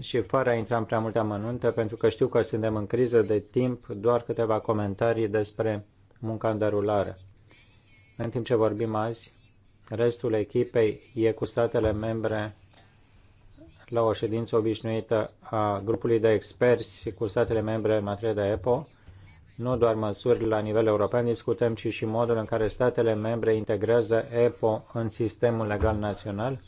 și fără a intra în prea multe amănunte, pentru că știu că suntem în criză de timp, doar câteva comentarii despre munca în derulare. În timp ce vorbim azi, restul echipei e cu statele membre la o ședință obișnuită a grupului de experți cu statele membre în materie de EPO. Nu doar măsuri la nivel european discutăm, ci și modul în care statele membre integrează EPO în sistemul legal național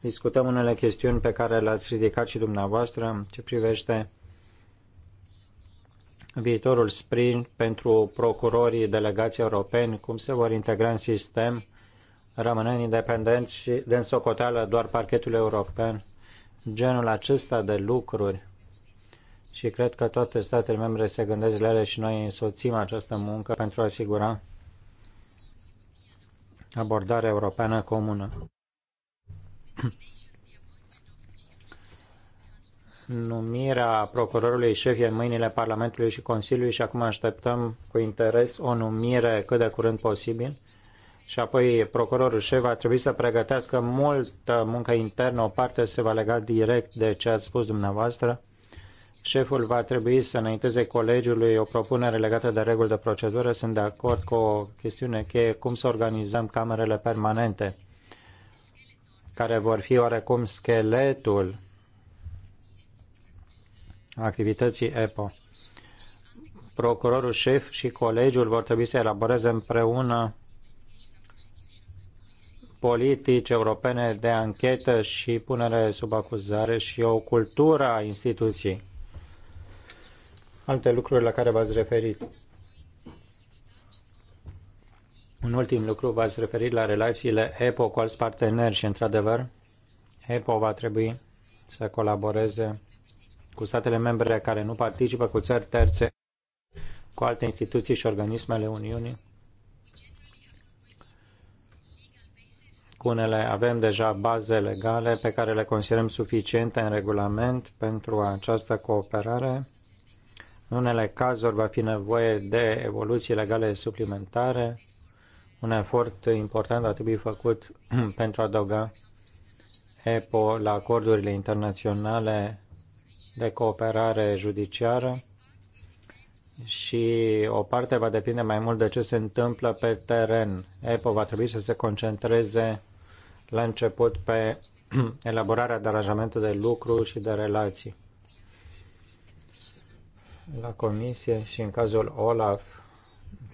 discutăm unele chestiuni pe care le-ați ridicat și dumneavoastră ce privește viitorul sprijin pentru procurorii delegații europeni, cum se vor integra în sistem, rămânând independenți și de însocoteală doar parchetul european, genul acesta de lucruri. Și cred că toate statele membre se gândesc la ele și noi însoțim această muncă pentru a asigura abordarea europeană comună. Numirea procurorului șef e în mâinile Parlamentului și Consiliului și acum așteptăm cu interes o numire cât de curând posibil. Și apoi procurorul șef va trebui să pregătească multă muncă internă, o parte se va lega direct de ce ați spus dumneavoastră. Șeful va trebui să înainteze colegiului o propunere legată de reguli de procedură. Sunt de acord cu o chestiune cheie, cum să organizăm camerele permanente care vor fi oarecum scheletul activității EPO. Procurorul șef și colegiul vor trebui să elaboreze împreună politici europene de anchetă și punere sub acuzare și o cultură a instituției. Alte lucruri la care v-ați referit. Un ultim lucru, v-ați referit la relațiile EPO cu alți parteneri și, într-adevăr, EPO va trebui să colaboreze cu statele membre care nu participă, cu țări terțe, cu alte instituții și organismele Uniunii. Cu unele avem deja baze legale pe care le considerăm suficiente în regulament pentru această cooperare. În unele cazuri va fi nevoie de evoluții legale suplimentare un efort important a trebui făcut pentru a adăuga EPO la acordurile internaționale de cooperare judiciară și o parte va depinde mai mult de ce se întâmplă pe teren. EPO va trebui să se concentreze la început pe elaborarea de aranjamentul de lucru și de relații. La comisie și în cazul OLAF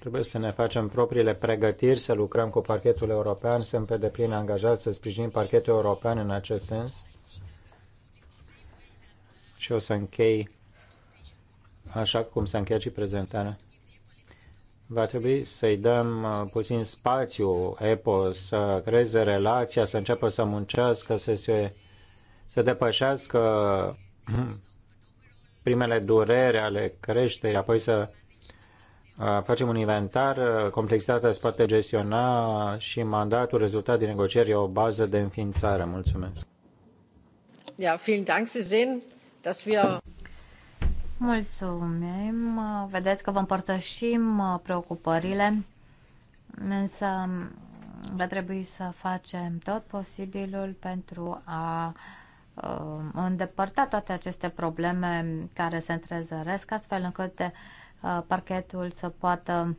Trebuie să ne facem propriile pregătiri, să lucrăm cu parchetul european, sunt pe deplin angajați să sprijinim parchetul european în acest sens. Și o să închei așa cum s-a încheiat și prezentarea. Va trebui să-i dăm uh, puțin spațiu, EPO, să creeze relația, să înceapă să muncească, să se să depășească uh, primele durere ale creșterii, apoi să facem un inventar, complexitatea se poate gestiona și mandatul rezultat din negocieri e o bază de înființare. Mulțumesc. Ja, vielen Dank. Sie sehen, dass wir Mulțumim. Vedeți că vă împărtășim preocupările, însă va trebui să facem tot posibilul pentru a îndepărta toate aceste probleme care se întrezăresc, astfel încât de Uh, parchetul să poată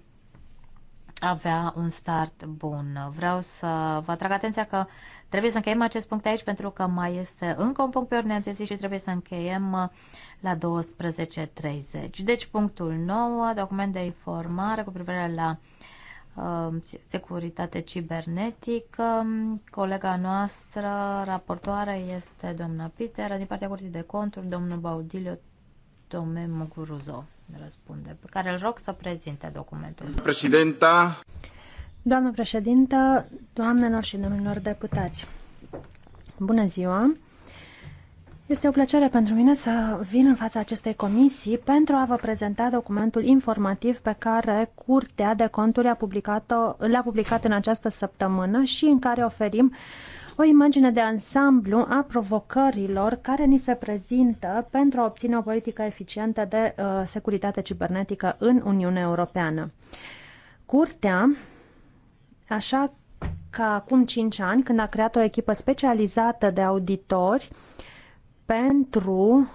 avea un start bun. Vreau să vă atrag atenția că trebuie să încheiem acest punct aici pentru că mai este încă un punct pe ordinea de zi și trebuie să încheiem uh, la 12.30. Deci punctul 9, uh, document de informare cu privire la uh, securitate cibernetică. Colega noastră, raportoare, este doamna Peter, din partea Curții de Conturi, domnul Baudilio Tome Muguruzo răspunde, pe care îl rog să prezinte documentul. Președinta! Doamnă președintă, doamnelor și domnilor deputați, bună ziua! Este o plăcere pentru mine să vin în fața acestei comisii pentru a vă prezenta documentul informativ pe care Curtea de Conturi a publicat l-a publicat în această săptămână și în care oferim uh, o imagine de ansamblu a provocărilor care ni se prezintă pentru a obține o politică eficientă de uh, securitate cibernetică în Uniunea Europeană. Curtea, așa ca acum 5 ani, când a creat o echipă specializată de auditori pentru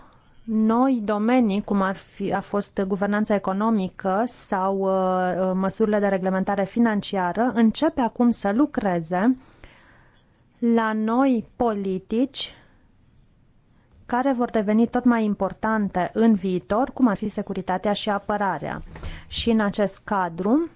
noi domenii, cum ar fi a fost guvernanța economică sau uh, uh măsurile de reglementare financiară, începe acum să lucreze la noi politici care vor deveni tot mai importante în viitor, cum ar fi securitatea și apărarea. Și în acest cadru,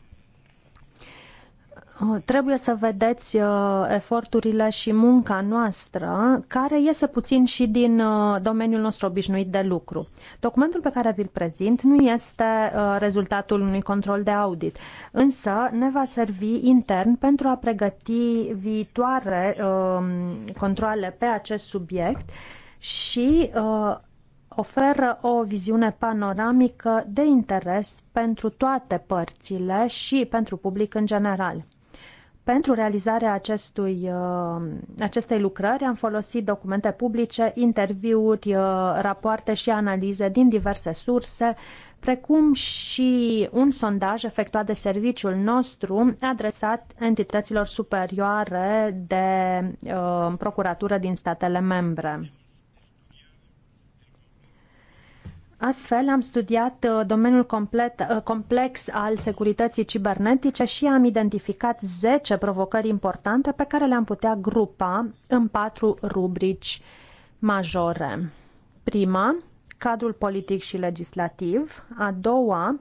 Oh, trebuie să vedeți uh, eforturile și munca noastră, care iese puțin și din uh, domeniul nostru obișnuit de lucru. Documentul pe care vi-l prezint nu este uh, rezultatul unui control de audit, însă ne va servi intern pentru a pregăti viitoare um, controle pe acest subiect și oferă o viziune panoramică de interes pentru toate părțile și pentru public în general. Pentru realizarea acestui, uh, acestei lucrări am folosit documente publice, interviuri, uh, rapoarte și analize din diverse surse, precum și un sondaj efectuat de serviciul nostru adresat entităților superioare de uh, procuratură din statele membre. Astfel, am studiat uh, domeniul complet, uh, complex al securității cibernetice și am identificat 10 provocări importante pe care le-am putea grupa în patru rubrici majore. Prima, cadrul politic și legislativ. A doua,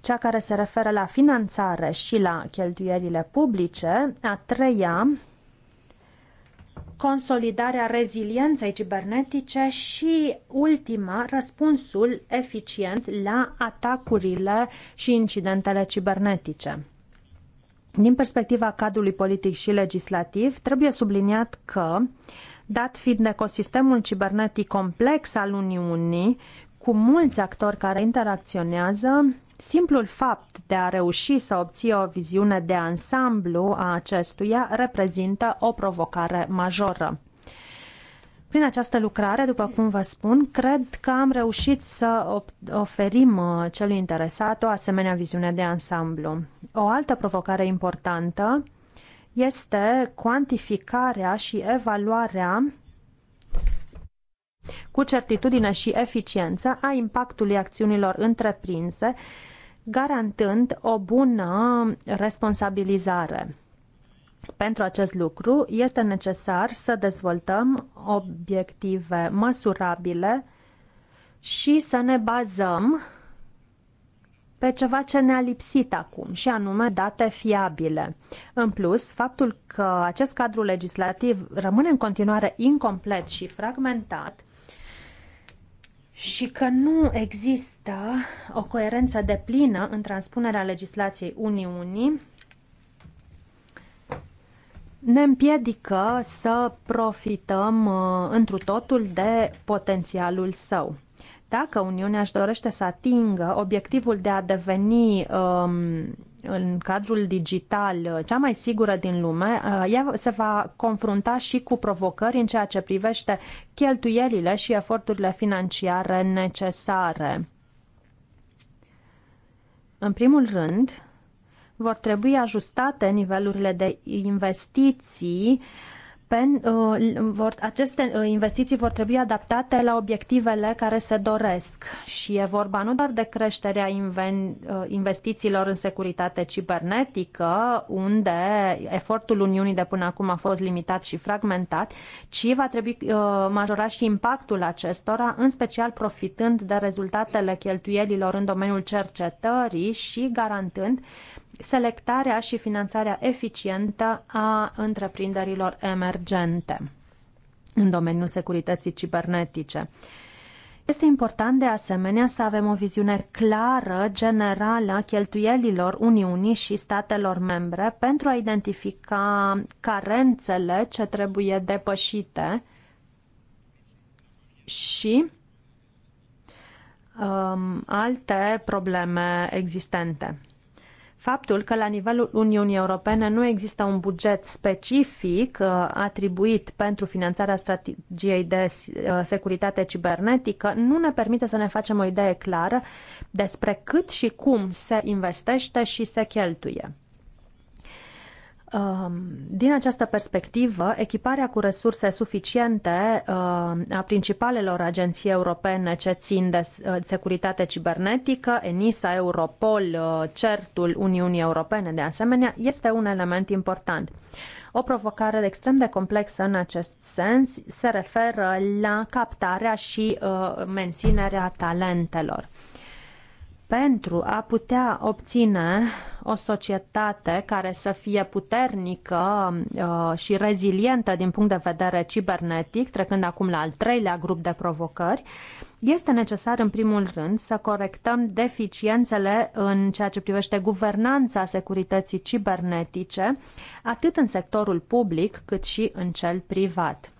cea care se referă la finanțare și la cheltuierile publice. A treia, consolidarea rezilienței cibernetice și, ultima, răspunsul eficient la atacurile și incidentele cibernetice. Din perspectiva cadrului politic și legislativ, trebuie subliniat că, dat fiind ecosistemul cibernetic complex al Uniunii, cu mulți actori care interacționează, Simplul fapt de a reuși să obții o viziune de ansamblu a acestuia reprezintă o provocare majoră. Prin această lucrare, după cum vă spun, cred că am reușit să oferim uh, celui interesat o asemenea viziune de ansamblu. O altă provocare importantă este cuantificarea și evaluarea cu certitudine și eficiență a impactului acțiunilor întreprinse garantând o bună responsabilizare. Pentru acest lucru este necesar să dezvoltăm obiective măsurabile și să ne bazăm pe ceva ce ne-a lipsit acum, și anume date fiabile. În plus, faptul că acest cadru legislativ rămâne în continuare incomplet și fragmentat și că nu există o coerență deplină în transpunerea legislației Uniunii, ne împiedică să profităm uh, întru totul de potențialul său. Dacă Uniunea își dorește să atingă obiectivul de a deveni um, în cadrul digital uh, cea mai sigură din lume, uh, ea se va confrunta și cu provocări în ceea ce privește cheltuielile și eforturile financiare necesare. În primul rând, vor trebui ajustate nivelurile de investiții uh, pen, uh, vor, aceste uh, investiții vor trebui adaptate la obiectivele care se doresc și e vorba nu doar de creșterea inven, uh, investițiilor în securitate cibernetică, unde efortul Uniunii de până acum a fost limitat și fragmentat, ci va trebui majorat și impactul acestora, în special profitând de rezultatele cheltuielilor în domeniul cercetării și garantând selectarea și finanțarea eficientă a întreprinderilor emergente în domeniul securității cibernetice. Este important de asemenea să avem o viziune clară, generală, a cheltuielilor Uniunii și statelor membre pentru a identifica carențele ce trebuie depășite și um, alte probleme existente. Faptul că la nivelul Uniunii Europene nu există un buget specific uh, atribuit pentru finanțarea strategiei de uh, securitate cibernetică nu ne permite să ne facem o idee clară despre cât și cum se investește și se cheltuie. Um, din această perspectivă, echiparea cu resurse suficiente um, a principalelor agenții europene ce țin de uh, securitate cibernetică, ENISA, Europol, uh, CERTUL Uniunii Europene de asemenea, este un element important. O provocare extrem de complexă în acest sens se referă la captarea și uh, menținerea talentelor pentru a putea obține o societate care să fie puternică uh, și rezilientă din punct de vedere cibernetic, trecând acum la al treilea grup de provocări, este necesar în primul rând să corectăm deficiențele în ceea ce privește guvernanța securității cibernetice, atât în sectorul public cât și în cel privat.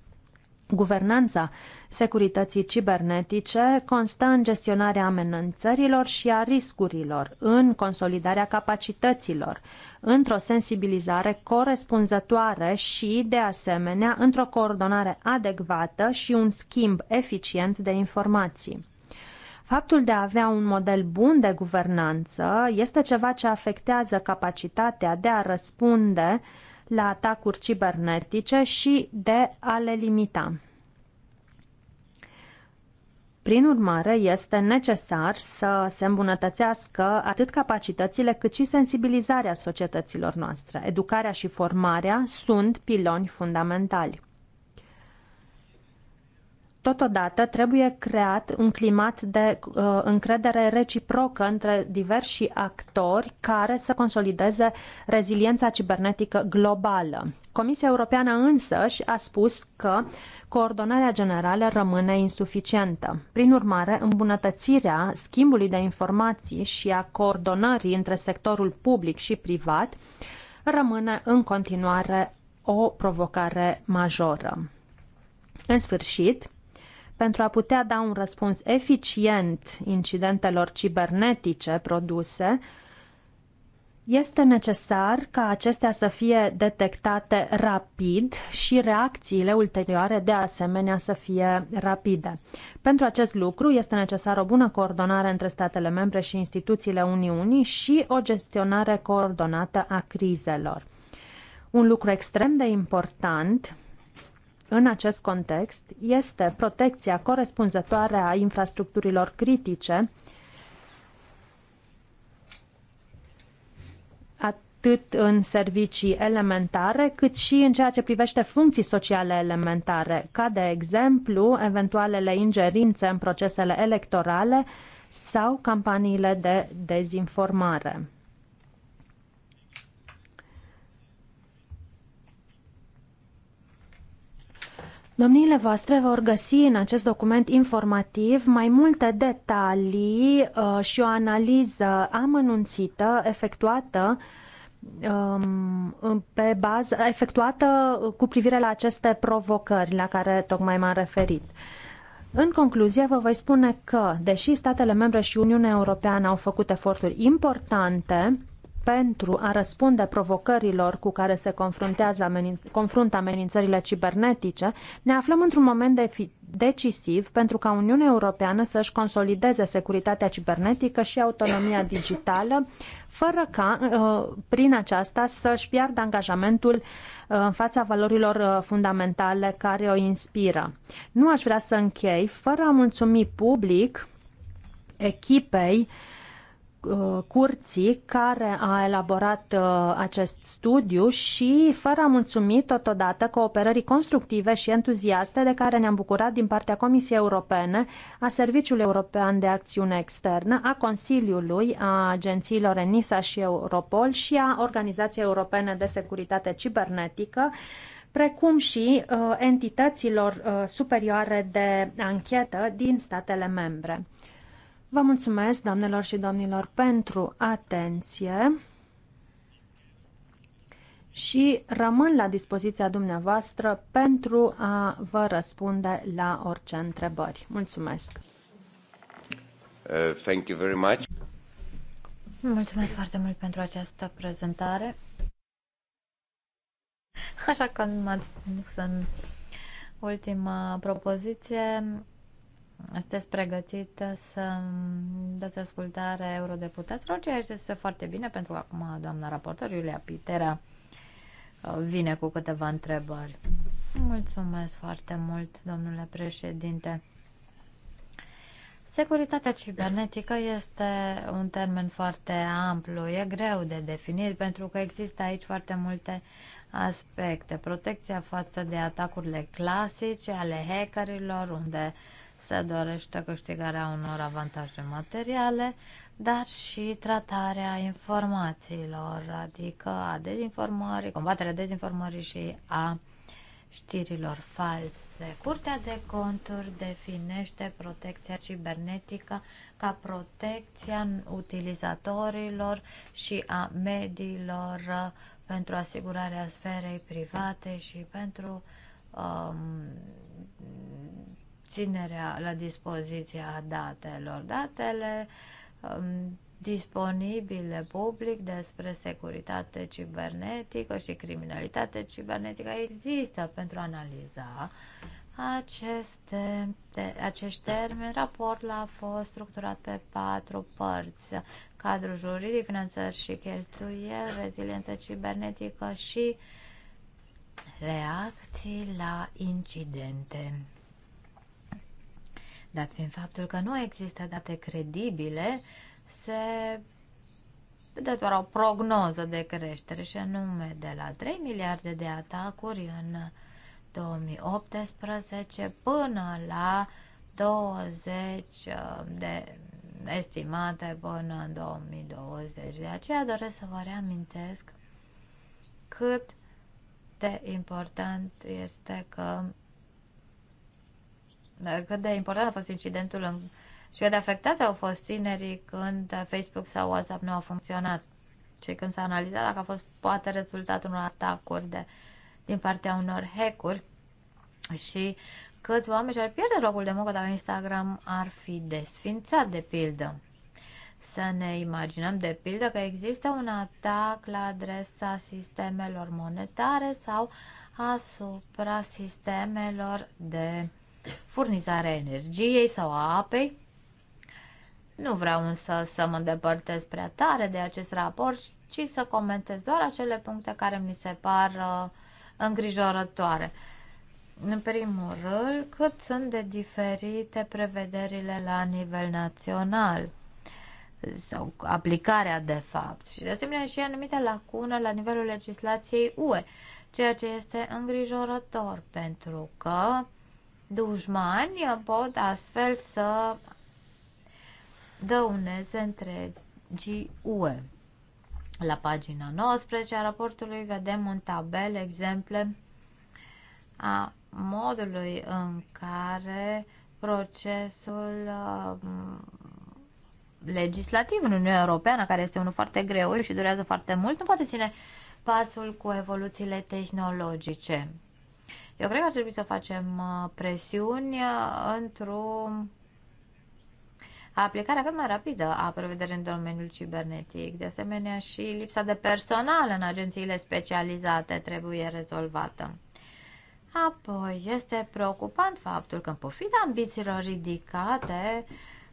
Guvernanța securității cibernetice constă în gestionarea amenințărilor și a riscurilor, în consolidarea capacităților, într-o sensibilizare corespunzătoare și, de asemenea, într-o coordonare adecvată și un schimb eficient de informații. Faptul de a avea un model bun de guvernanță este ceva ce afectează capacitatea de a răspunde la atacuri cibernetice și de a le limita. Prin urmare, este necesar să se îmbunătățească atât capacitățile cât și sensibilizarea societăților noastre. Educarea și formarea sunt piloni fundamentali. Totodată trebuie creat un climat de uh, încredere reciprocă între diversi actori care să consolideze reziliența cibernetică globală. Comisia Europeană însăși a spus că coordonarea generală rămâne insuficientă. Prin urmare, îmbunătățirea schimbului de informații și a coordonării între sectorul public și privat rămâne în continuare o provocare majoră. În sfârșit, pentru a putea da un răspuns eficient incidentelor cibernetice produse, este necesar ca acestea să fie detectate rapid și reacțiile ulterioare de asemenea să fie rapide. Pentru acest lucru este necesară o bună coordonare între statele membre și instituțiile Uniunii și o gestionare coordonată a crizelor. Un lucru extrem de important în acest context este protecția corespunzătoare a infrastructurilor critice, atât în servicii elementare, cât și în ceea ce privește funcții sociale elementare, ca de exemplu eventualele ingerințe în procesele electorale sau campaniile de dezinformare. Domniile voastre vor găsi în acest document informativ mai multe detalii uh, și o analiză amănunțită efectuată um, pe bază efectuată uh, cu privire la aceste provocări la care tocmai m-am referit. În concluzie, vă voi spune că, deși statele membre și Uniunea Europeană au făcut eforturi importante, pentru a răspunde provocărilor cu care se confruntează amenin- confruntă amenințările cibernetice, ne aflăm într-un moment de- decisiv pentru ca Uniunea Europeană să-și consolideze securitatea cibernetică și autonomia digitală, fără ca, uh, prin aceasta, să-și piardă angajamentul uh, în fața valorilor uh, fundamentale care o inspiră. Nu aș vrea să închei fără a mulțumi public echipei uh, Uh, curții care a elaborat uh, acest studiu și fără a mulțumi totodată cooperării constructive și entuziaste de care ne-am bucurat din partea Comisiei Europene, a Serviciului European de Acțiune Externă, a Consiliului, a agențiilor ENISA și Europol și a Organizației Europene de Securitate Cibernetică, precum și uh, entităților uh, superioare de anchetă din statele membre. Vă mulțumesc, doamnelor și domnilor, pentru atenție și rămân la dispoziția dumneavoastră pentru a vă răspunde la orice întrebări. Mulțumesc! Uh, thank you very much. Mulțumesc foarte mult pentru această prezentare. Așa că m-ați în ultima propoziție, sunteți pregătit să dați ascultare eurodeputaților, ceea ce este foarte bine, pentru că acum doamna raportor Iulia Pitera vine cu câteva întrebări. Mulțumesc foarte mult, domnule președinte. Securitatea cibernetică este un termen foarte amplu, e greu de definit pentru că există aici foarte multe aspecte. Protecția față de atacurile clasice ale hackerilor, unde uh, se dorește câștigarea unor avantaje materiale, dar și tratarea informațiilor, adică a dezinformării, combaterea dezinformării și a știrilor false. Curtea de conturi definește protecția cibernetică ca protecția utilizatorilor și a mediilor pentru asigurarea sferei private și pentru um, ținerea la dispoziția datelor. Datele um, disponibile public despre securitate cibernetică și criminalitate cibernetică există pentru a analiza aceste, te, acești termeni. Raportul a fost structurat pe patru părți. Cadrul juridic, finanțări și cheltuieli, reziliență cibernetică și reacții la incidente. Dat fiind faptul că nu există date credibile, se de doar o prognoză de creștere și anume de la 3 miliarde de atacuri în 2018 până la 20 uh, de estimate până în 2020. De aceea doresc să vă reamintesc cât de important este că cât de important a fost incidentul în, și cât de afectați au fost tinerii când Facebook sau WhatsApp nu au funcționat și când s-a analizat dacă a fost poate rezultatul unor atacuri de, din partea unor hackeri și câți oameni și-ar pierde locul de muncă dacă Instagram ar fi desfințat, de pildă. Să ne imaginăm, de pildă, că există un atac la adresa sistemelor monetare sau asupra sistemelor de furnizarea energiei sau a apei. Nu vreau însă să mă îndepărtez prea tare de acest raport, ci să comentez doar acele puncte care mi se par uh, îngrijorătoare. În primul rând, cât sunt de diferite prevederile la nivel național sau aplicarea de fapt și de asemenea și anumite lacune la nivelul legislației UE, ceea ce este îngrijorător pentru că dușmani pot astfel să dăuneze întregii UE. La pagina 19 a raportului vedem un tabel, exemple a modului în care procesul uh, legislativ în Uniunea Europeană, care este unul foarte greu și durează foarte mult, nu poate ține pasul cu evoluțiile tehnologice. Eu cred că ar trebui să facem uh, presiuni uh, într-o aplicare cât mai rapidă a prevederii în domeniul cibernetic. De asemenea, și lipsa de personal în agențiile specializate trebuie rezolvată. Apoi, este preocupant faptul că, în pofida ambițiilor ridicate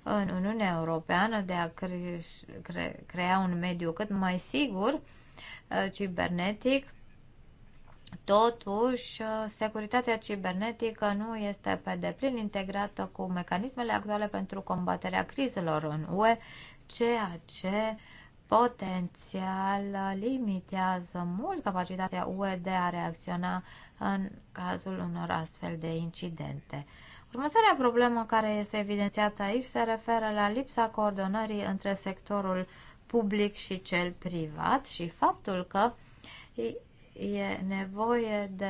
în Uniunea Europeană de a cre cre crea un mediu cât mai sigur uh, cibernetic, Totuși, securitatea cibernetică nu este pe deplin integrată cu mecanismele actuale pentru combaterea crizelor în UE, ceea ce potențial limitează mult capacitatea UE de a reacționa în cazul unor astfel de incidente. Următoarea problemă care este evidențiată aici se referă la lipsa coordonării între sectorul public și cel privat și faptul că e nevoie de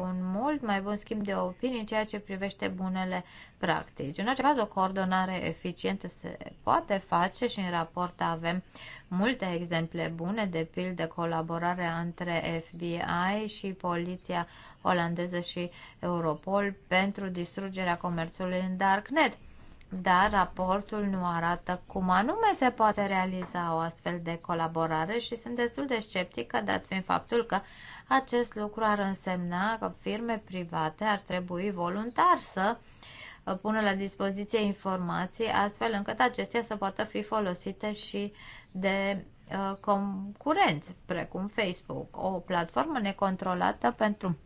un mult mai bun schimb de opinii în ceea ce privește bunele practici. În orice caz, o coordonare eficientă se poate face și în raport avem multe exemple bune, de pildă colaborarea între FBI și poliția olandeză și Europol pentru distrugerea comerțului în Darknet dar raportul nu arată cum anume se poate realiza o astfel de colaborare și sunt destul de sceptică, dat fiind faptul că acest lucru ar însemna că firme private ar trebui voluntar să pună la dispoziție informații astfel încât acestea să poată fi folosite și de uh, concurenți, precum Facebook, o platformă necontrolată pentru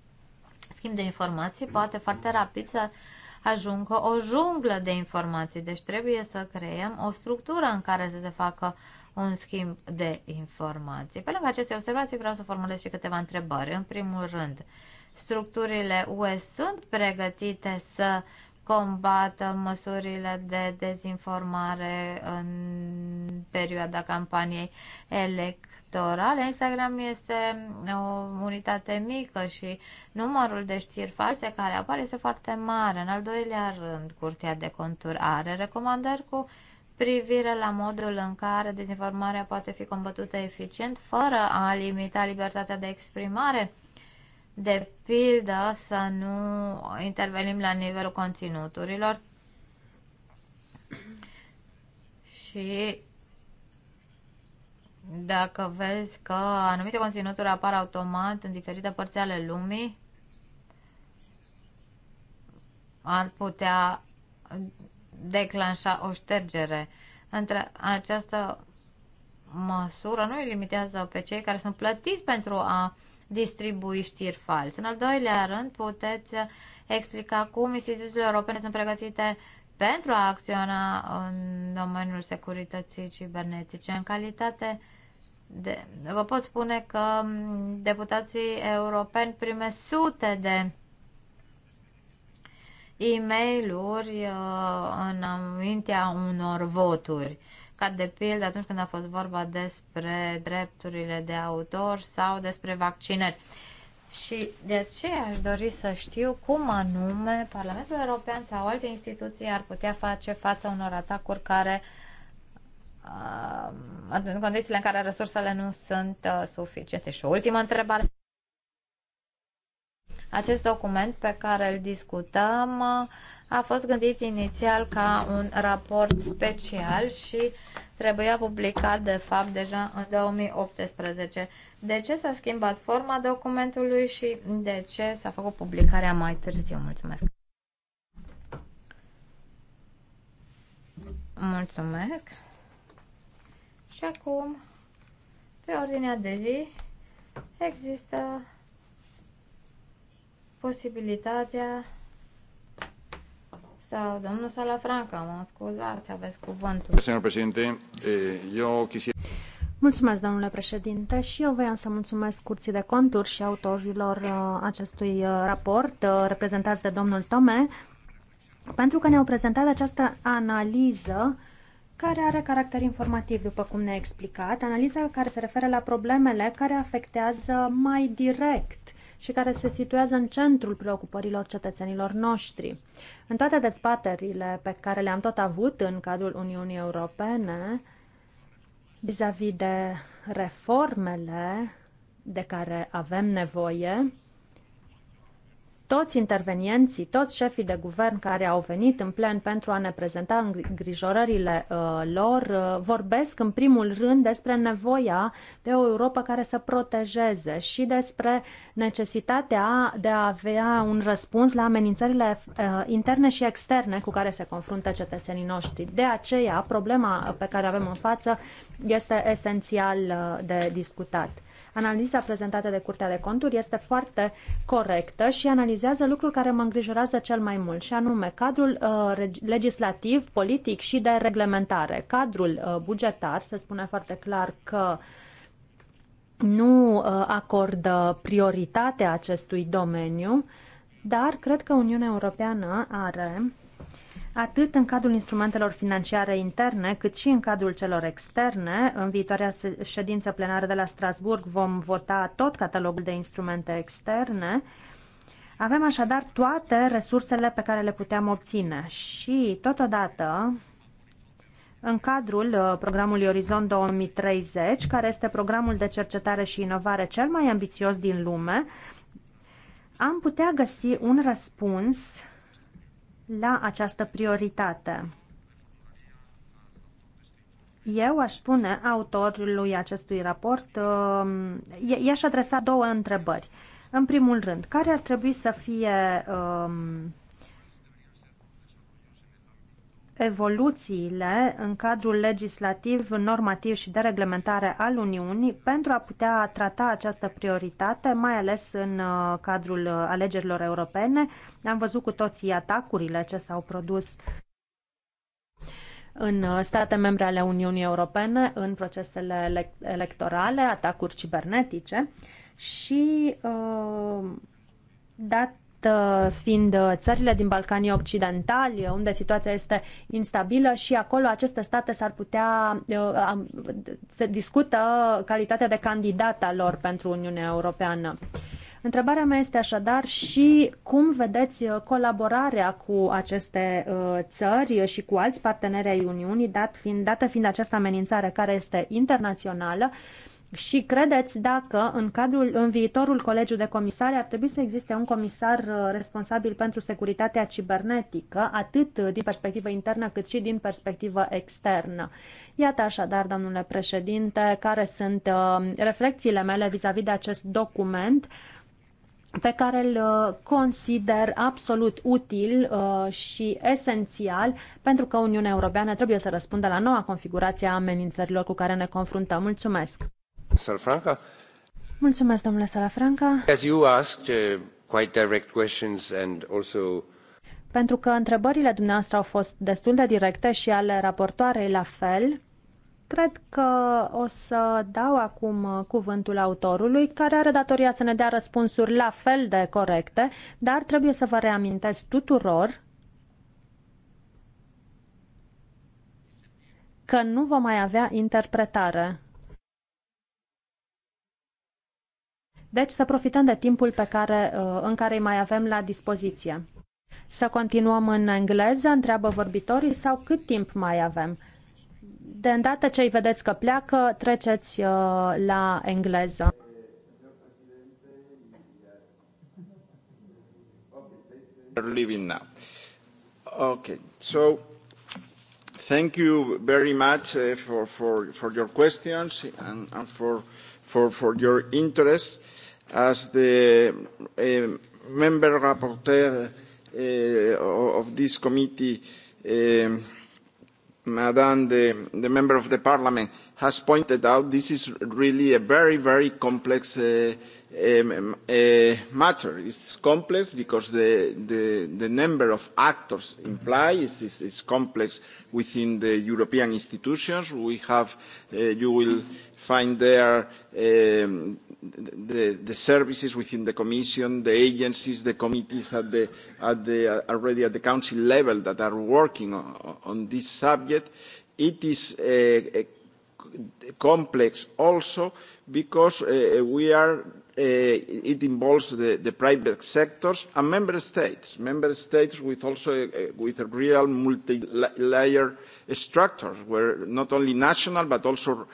schimb de informații poate foarte rapid să uh, ajungă o junglă de informații. Deci trebuie să creăm o structură în care să se facă un schimb de informații. Pe lângă aceste observații vreau să formulez și câteva întrebări. În primul rând, structurile UE sunt pregătite să combată măsurile de dezinformare în perioada campaniei elect electorale. Instagram este o unitate mică și numărul de știri false care apare este foarte mare. În al doilea rând, Curtea de Conturi are recomandări cu privire la modul în care dezinformarea poate fi combătută eficient fără a limita libertatea de exprimare. De pildă, să nu intervenim la nivelul conținuturilor și dacă vezi că anumite conținuturi apar automat în diferite părți ale lumii, ar putea declanșa o ștergere. Între această măsură nu îi limitează pe cei care sunt plătiți pentru a distribui știri false. În al doilea rând, puteți explica cum instituțiile europene sunt pregătite pentru a acționa în domeniul securității cibernetice în calitate de, vă pot spune că deputații europeni primesc sute de e mail uh, înaintea unor voturi, ca de pildă atunci când a fost vorba despre drepturile de autor sau despre vaccinări. Și de aceea aș dori să știu cum anume Parlamentul European sau alte instituții ar putea face față unor atacuri care uh, în condițiile în care resursele nu sunt uh, suficiente. Și o ultimă întrebare. Acest document pe care îl discutăm uh, a fost gândit inițial ca un raport special și trebuia publicat, de fapt, deja în 2018. De ce s-a schimbat forma documentului și de ce s-a făcut publicarea mai târziu? Mulțumesc! Mulțumesc! Și acum, pe ordinea de zi, există posibilitatea sau domnul Salafranca, mă scuzați, aveți cuvântul. Domnul președinte, eu Mulțumesc, domnule președinte, și eu voiam să mulțumesc curții de conturi și autorilor eh, acestui eh, raport, eh, reprezentați de domnul Tome, pentru că ne-au prezentat această analiză care are caracter informativ, după cum ne-a explicat, analiza care se referă la problemele care afectează mai direct și care se situează în centrul preocupărilor cetățenilor noștri. În toate dezbaterile pe care le-am tot avut în cadrul Uniunii Europene, vis-a-vis -vis de reformele de care avem nevoie, toți intervenienții, toți șefii de guvern care au venit în plen pentru a ne prezenta îngrijorările uh, lor, uh, vorbesc în primul rând despre nevoia de o Europa care să protejeze și despre necesitatea de a avea un răspuns la amenințările uh, interne și externe cu care se confruntă cetățenii noștri. De aceea, problema pe care avem în față este esențial uh, de discutat. Analiza prezentată de Curtea de Conturi este foarte corectă și analizează lucrul care mă îngrijorează cel mai mult, și anume cadrul uh, legislativ, politic și de reglementare. Cadrul uh, bugetar se spune foarte clar că nu uh, acordă prioritate acestui domeniu, dar cred că Uniunea Europeană are atât în cadrul instrumentelor financiare interne, cât și în cadrul celor externe. În viitoarea ședință plenară de la Strasburg vom vota tot catalogul de instrumente externe. Avem așadar toate resursele pe care le puteam obține și, totodată, în cadrul uh, programului Orizont 2030, care este programul de cercetare și inovare cel mai ambițios din lume, am putea găsi un răspuns la această prioritate. Eu aș spune autorului acestui raport, uh, i-aș adresa două întrebări. În primul rând, care ar trebui să fie uh, evoluțiile în cadrul legislativ, normativ și de reglementare al Uniunii pentru a putea trata această prioritate, mai ales în uh, cadrul uh, alegerilor europene. Am văzut cu toții atacurile ce s-au produs în uh, state membre ale Uniunii Europene, în procesele electorale, atacuri cibernetice și dat Uh, fiind uh, țările din Balcanii Occidentali, unde situația este instabilă și acolo aceste state s-ar putea, uh, se discută calitatea de candidat a lor pentru Uniunea Europeană. Întrebarea mea este așadar și cum vedeți colaborarea cu aceste țări și cu alți parteneri ai Uniunii, dat fiind, dată fiind această amenințare care este internațională și credeți dacă în, cadrul, în viitorul colegiu de comisari ar trebui să existe un comisar uh, responsabil pentru securitatea cibernetică, atât din perspectivă internă cât și din perspectivă externă? Iată așadar, domnule președinte, care sunt uh, reflexiile mele vis-a-vis -vis de acest document pe care îl uh, consider absolut util și esențial pentru că Uniunea Europeană trebuie să răspundă la noua configurație a amenințărilor cu care ne confruntăm. Mulțumesc! Mulțumesc, domnule Salafranca. As you asked uh, quite direct questions and also pentru că întrebările dumneavoastră au fost destul de directe și ale raportoarei la fel, cred că o să dau acum uh, cuvântul autorului, care are datoria să ne dea răspunsuri la fel de corecte, dar trebuie să vă reamintesc tuturor că nu vom mai avea interpretare. Deci să profităm de timpul pe care, uh, în care îi mai avem la dispoziție. Să continuăm în engleză, întreabă vorbitorii, sau cât timp mai avem? De îndată ce îi vedeți că pleacă, treceți uh, la engleză. living now. Okay, so thank you very much uh, for, for, for your questions and, and for, for, for your interest as the uh, member rapporteur uh, of this committee, uh, Madame, the, the member of the parliament, has pointed out, this is really a very, very complex uh, um, uh, matter. It's complex because the, the, the number of actors implied is, is, is complex within the European institutions. We have, uh, you will find there um, the, the services within the Commission, the agencies, the committees at the, at the, uh, already at the Council level that are working on, on this subject. It is a complex also because uh, uh, we are uh, it involves the, the, private sectors and member states, member states with also a, uh, with a real multi-layer structure where not only national but also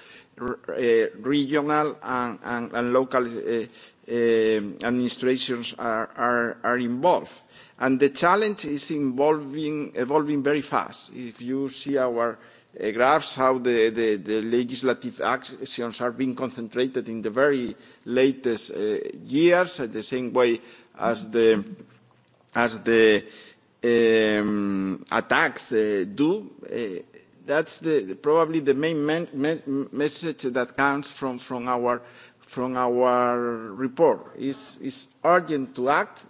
Eh, regional and, and, and local uh, uh, administrations are, are, are involved. And the challenge is involving, evolving very fast. If you see our uh, graphs, how the, the, the legislative actions are being concentrated in the very latest uh, years, uh, the same way as the, as the um, attacks uh, do, uh, that's the, probably the main me message that comes from, from, our, from our report. It's, is urgent to act,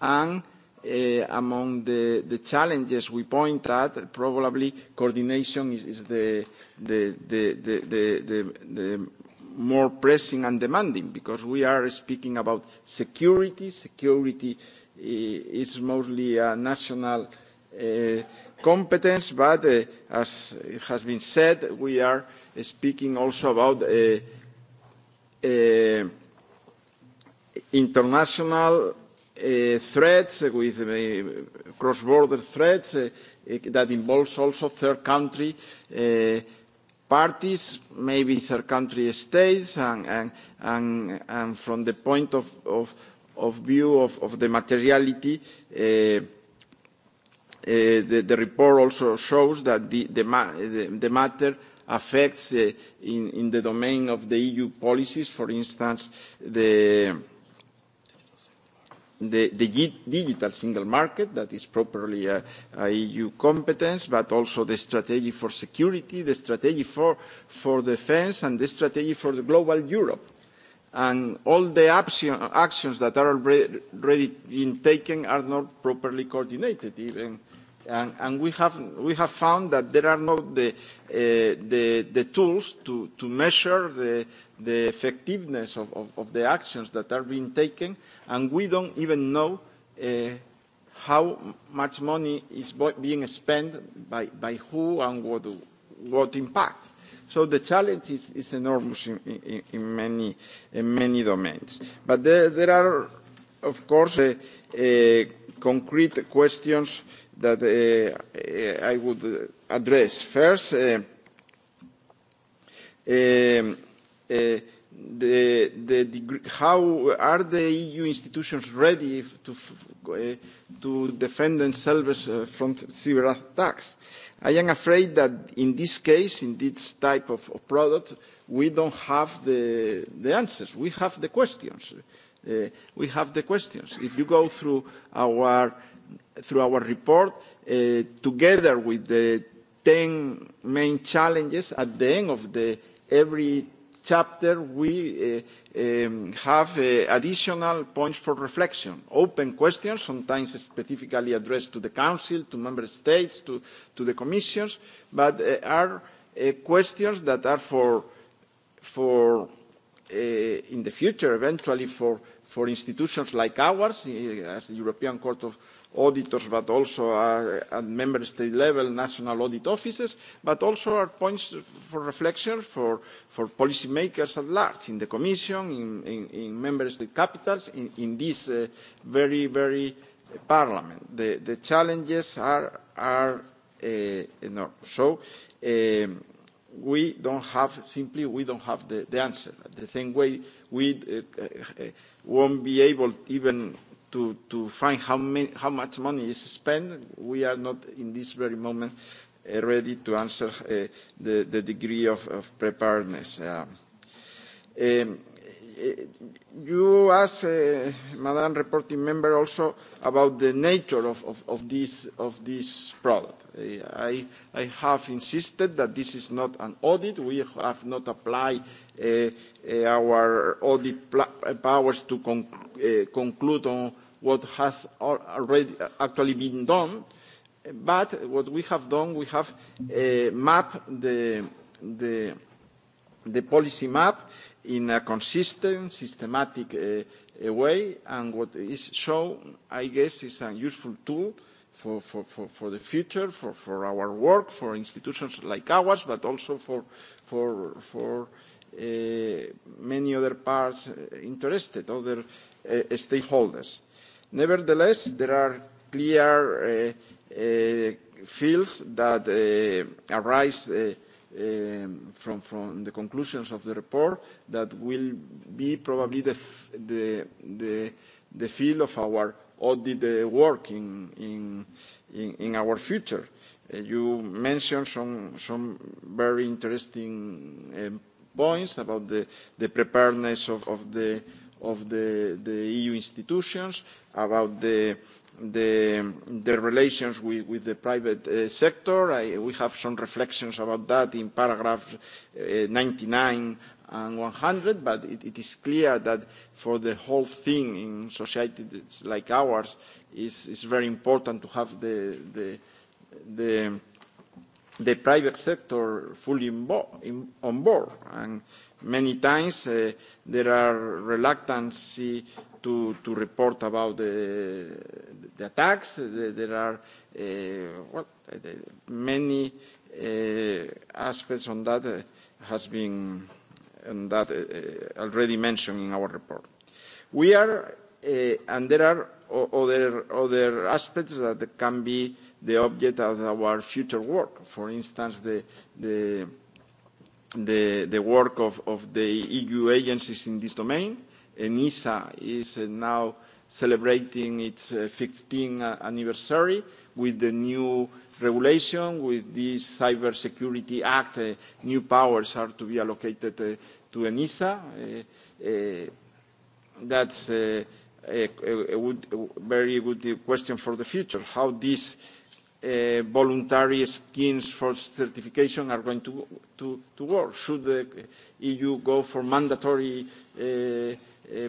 and uh, among the, the challenges we point at, probably coordination is, is the, the, the, the, the, the more pressing and demanding, because we are speaking about security. Security eh, is mostly a national uh, competence, but uh, as has been said, we are uh, speaking also about uh, uh, international uh, threats with uh, cross-border threats uh, that involves also third country uh, parties, maybe third country states, and, and, and, and from the point of, of, of view of, of the materiality, uh, Uh, the, the report also shows that the, the, ma the, the matter affects uh, in, in the domain of the EU policies, for instance, the, the, the digital single market that is properly a, a EU competence, but also the strategy for security, the strategy for, for defense, and the strategy for the global Europe. And all the action, actions that are already, already being taken are not properly coordinated, even and, and we, have, we have found that there are not the, uh, the, the tools to, to measure the, the effectiveness of, of, of the actions that are being taken, and we don't even know uh, how much money is being spent by, by who and what, what impact. So the challenge is, is enormous in, in, in, many, in many domains. But there, there are, of course, uh, uh, concrete questions that uh, uh, I would address. First, uh, um, uh, the, the degree, how are the EU institutions ready to, uh, to defend themselves uh, from cyber attacks? I am afraid that in this case, in this type of, of product, we don't have the, the answers. We have the questions. Uh, we have the questions. If you go through our through our report, uh, together with the 10 main challenges at the end of the, every chapter, we uh, um, have uh, additional points for reflection, open questions, sometimes specifically addressed to the Council, to Member States, to, to the Commissions, but uh, are uh, questions that are for, for uh, in the future, eventually for, for institutions like ours, uh, as the European Court of, auditors, but also uh, at member state level, national audit offices, but also are points for reflection for, for policymakers at large, in the Commission, in, in, in member state capitals, in, in this uh, very, very parliament. The, the challenges are, are uh, enormous. So um, we don't have, simply, we don't have the, the answer. The same way we uh, uh, uh won't be able even to, to find how, many, how much money is spent. We are not in this very moment uh, ready to answer uh, the, the degree of, of preparedness. Um, um, Eh, you asked, uh, Madam Reporting Member, also about the nature of, of, of, this, of this product. Eh, I, I have insisted that this is not an audit. We have not applied uh, our audit powers to conc uh, conclude on what has already actually been done. But what we have done, we have uh, mapped the, the, the policy map in a consistent, systematic uh, way. And what is shown, I guess, is a useful tool for, for, for, for the future, for, for our work, for institutions like ours, but also for, for, for uh, many other parts interested, other uh, stakeholders. Nevertheless, there are clear uh, uh, fields that uh, arise uh, Uh, from, from the conclusions of the report that will be probably the, the, the, the field of our audit work in, in, in, in our future. Uh, you mentioned some, some very interesting um, points about the, the preparedness of, of, the, of the, the EU institutions, about the, the, the relations with, with the private uh, sector. I, we have some reflections about that in paragraph uh, eh, 99 and 100, but it, it is clear that for the whole thing in societies like ours, it's, it's very important to have the, the, the, the private sector fully in, on board. And many times uh, there are reluctancy to, to report about the, the attacks. There are uh, well, many uh, aspects on that uh, has been on that uh, uh, already mentioned in our report. We are, uh, and there are other, other aspects that can be the object of our future work. For instance, the, the, the, the work of, of the EU agencies in this domain ENISA is uh, now celebrating its 15th uh, uh, anniversary with the new regulation, with this Cybersecurity Act, uh, new powers are to be allocated uh, to ENISA. Uh, uh, that's a, a, good, a very good question for the future, how these uh, voluntary schemes for certification are going to, to, to work. Should the EU go for mandatory uh,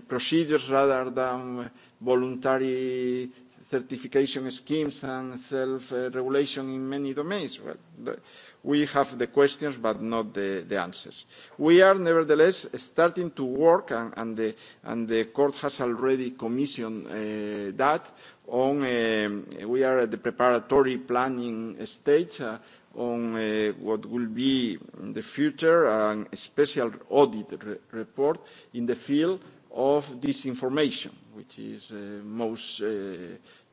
procedures rather than voluntary certification schemes and self-regulation in many domains? Well, the, we have the questions but not the, the answers. We are nevertheless starting to work, and, and, the, and the court has already commissioned uh, that. On, uh, we are at the preparatory planning stage uh, on uh, what will be in the future a special audit re report in the field of disinformation, which is uh, most uh,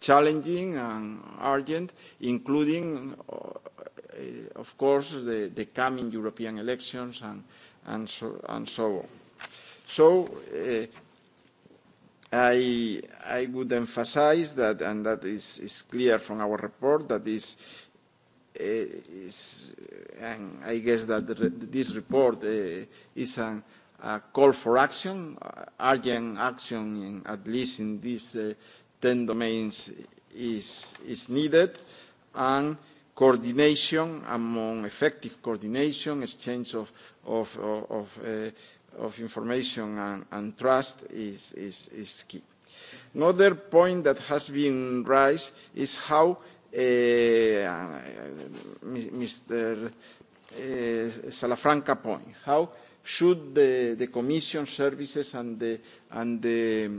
challenging and urgent, including, uh, uh, of course, the, the coming European elections and, and, so, and so on. So uh, I, I would emphasize that, and that is, is clear from our report, that is, uh, is and I guess that the, this report uh, is an Uh, call for action, uh, urgent action, in, at least in these uh, 10 domains, is, is needed, and coordination among effective coordination, exchange of, of, of, uh, of information and, and trust is, is, is key. Another point that has been raised is how uh, uh Mr. Uh, Salafranca point, how should the, the Commission services and the, and the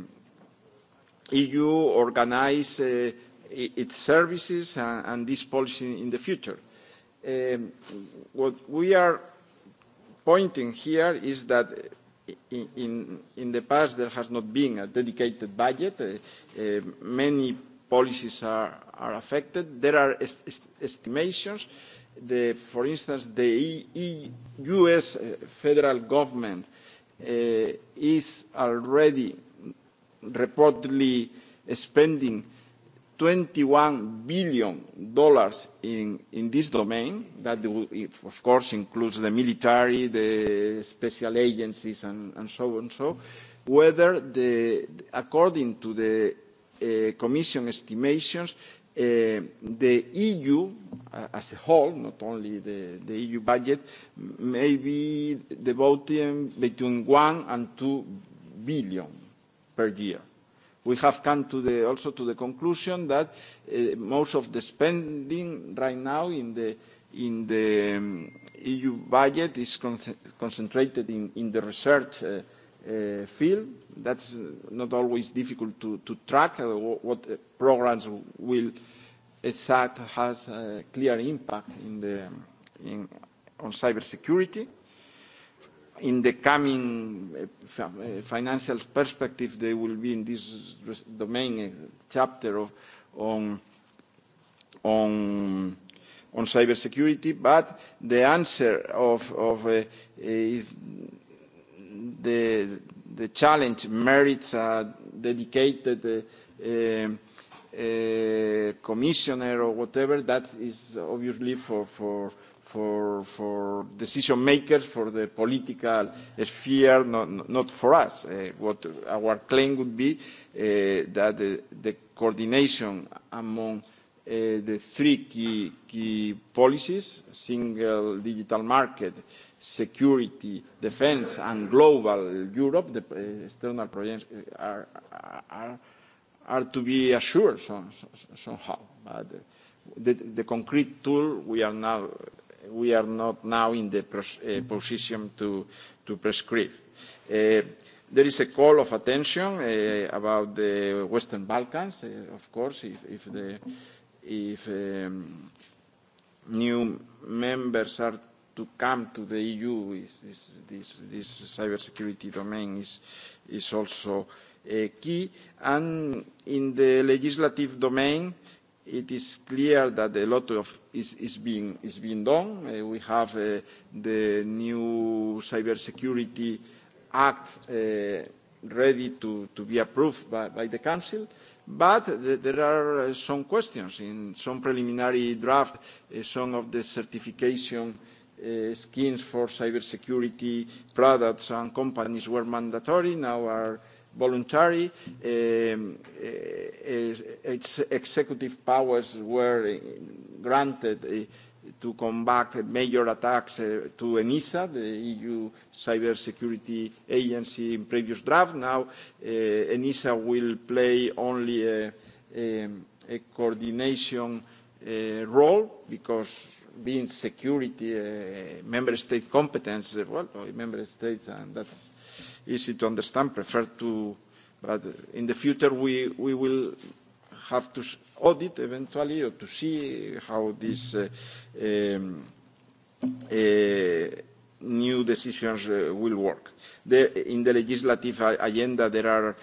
EU organize uh, its services and, and this policy in the future? Um, what we are pointing here is that in, in, the past there has not been a dedicated budget. Uh, uh, many policies are, are affected. There are est est estimations uh, the, for instance, the e, U.S. Uh, federal government uh, is already reportedly spending 21 billion dollars in, in this domain. That, of course, includes the military, the special agencies, and, and so on. So, whether the, according to the uh, Commission estimations, Eh, the EU as a whole, not only the, the EU budget, may be devoting between one and two billion per year. We have come to the, also to the conclusion that uh, most of the spending right now in the, in the um, EU budget is con concentrated in, in the research uh, uh, field, that's not always difficult to, to track uh, what uh, programs will uh, SAT has a clear impact in the, in, on cybersecurity. In the coming financial perspective, there will be in this domain a chapter of, on, on, on cybersecurity, but the answer of, of uh, the the challenge merits a dedicated uh, uh, uh, commissioner or whatever. That is obviously for, for for for decision makers for the political sphere not not for us uh, what our claim would be uh, that the, the coordination among uh, the three key, key policies single digital market uh, security, defense, and global Europe, the external projects eh, are, are, are to be assured somehow. But the, the concrete tool, we are, now, we are not now in the pros, uh, position to, to prescribe. Uh, there is a call of attention uh, about the Western Balkans, uh, of course, if, if, the, if um, new members are to come to the EU is, this, this cybersecurity domain is, is also uh, key. And in the legislative domain, it is clear that a lot of is, is, being, is being done. Uh, we have uh, the new Cybersecurity Act uh, ready to, to be approved by, by the Council. But there are uh, some questions in some preliminary draft, uh, some of the certification uh, Uh, schemes for cybersecurity products and companies were mandatory, now are voluntary. Um, its uh, uh, executive powers were granted to combat major attacks to ENISA, the EU cybersecurity agency in previous draft. Now uh, ENISA will play only a, a, um, a coordination uh, role because being security a uh, member state competence, uh, well, uh, member states, and that's easy to understand, prefer to, but in the future we, we will have to audit eventually or to see how these uh, um, uh, new decisions uh, will work. There, in the legislative agenda there are,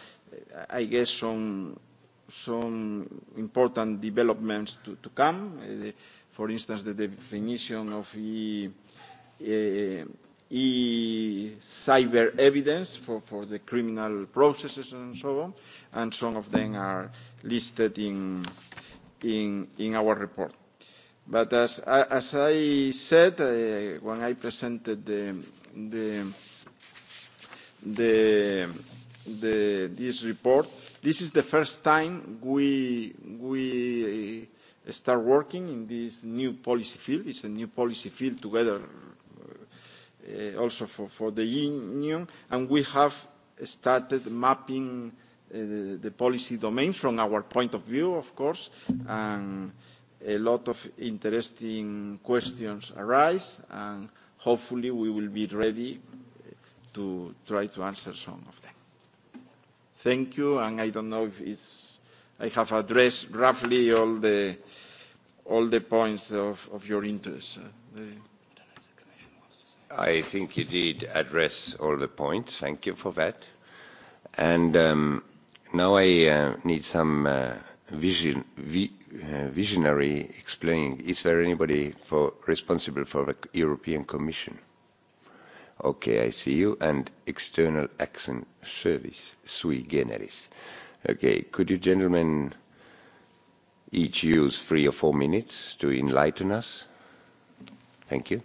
I guess, some, some important developments to, to come. Uh, for instance, the definition of e, e, e cyber evidence for, for the criminal processes and so on, and some of them are listed in, in, in our report. But as, as I said uh, when I presented the, the, the, the, this report, this is the first time we, we start working in this new policy field. It's a new policy field together uh, also for, for the Union, and we have started mapping uh, the policy domain from our point of view, of course, and a lot of interesting questions arise, and hopefully we will be ready uh, to try to answer some of them. Thank you, and I don't know if it's I have addressed roughly all the, all the points of, of your interest. I think you did address all the points. Thank you for that. And um, now I uh, need some uh, vision, vi, uh, visionary explaining. Is there anybody for, responsible for the European Commission? Okay, I see you. And External Action Service, sui generis. Uh, Okay, could you gentlemen each use three or four minutes to enlighten us? Thank you.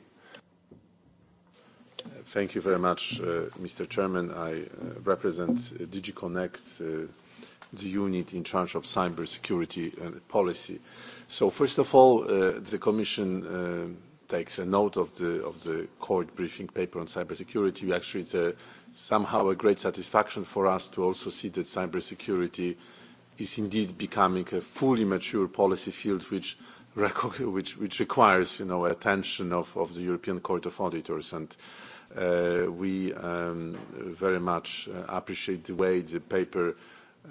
Thank you very much, uh, Mr. Chairman. I uh, represent uh, DigiConnect, uh, the unit in charge of cybersecurity and policy. So first of all, uh, the Commission uh, takes a note of the, of the court briefing paper on cybersecurity. Actually, it's a somehow a great satisfaction for us to also see that cybersecurity is indeed becoming a fully mature policy field which, which, which requires you know, attention of, of the European Court of Auditors. And uh, we um, very much uh, appreciate the way the paper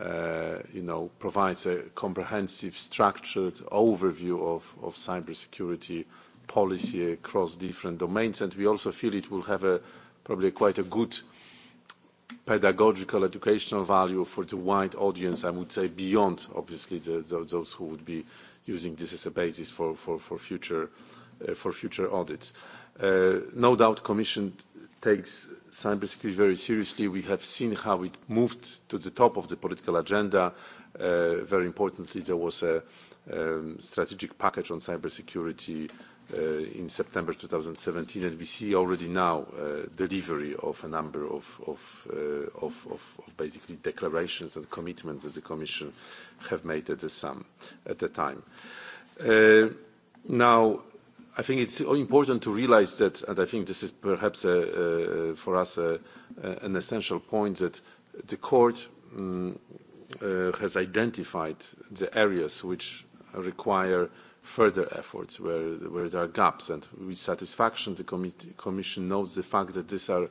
uh, you know, provides a comprehensive, structured overview of, of cybersecurity policy across different domains. And we also feel it will have a probably quite a good pedagogical educational value for the wide audience, I would say beyond, obviously, the, the, those who would be using this as a basis for, for, for, future, uh, for future audits. Uh, no doubt Commission takes cybersecurity very seriously. We have seen how it moved to the top of the political agenda. Uh, very importantly, there was a um, strategic package on cybersecurity Uh, in September 2017, and we see already now uh, delivery of a number uh, of, of, of, basically declarations and commitments that the Commission have made at the, sum, at the time. Now, I think it's important to realize that, and I think this is perhaps for us an essential point, that the court mm, has identified the areas which require further efforts where, where there are gaps. And with satisfaction, the committee, Commission notes the fact that these are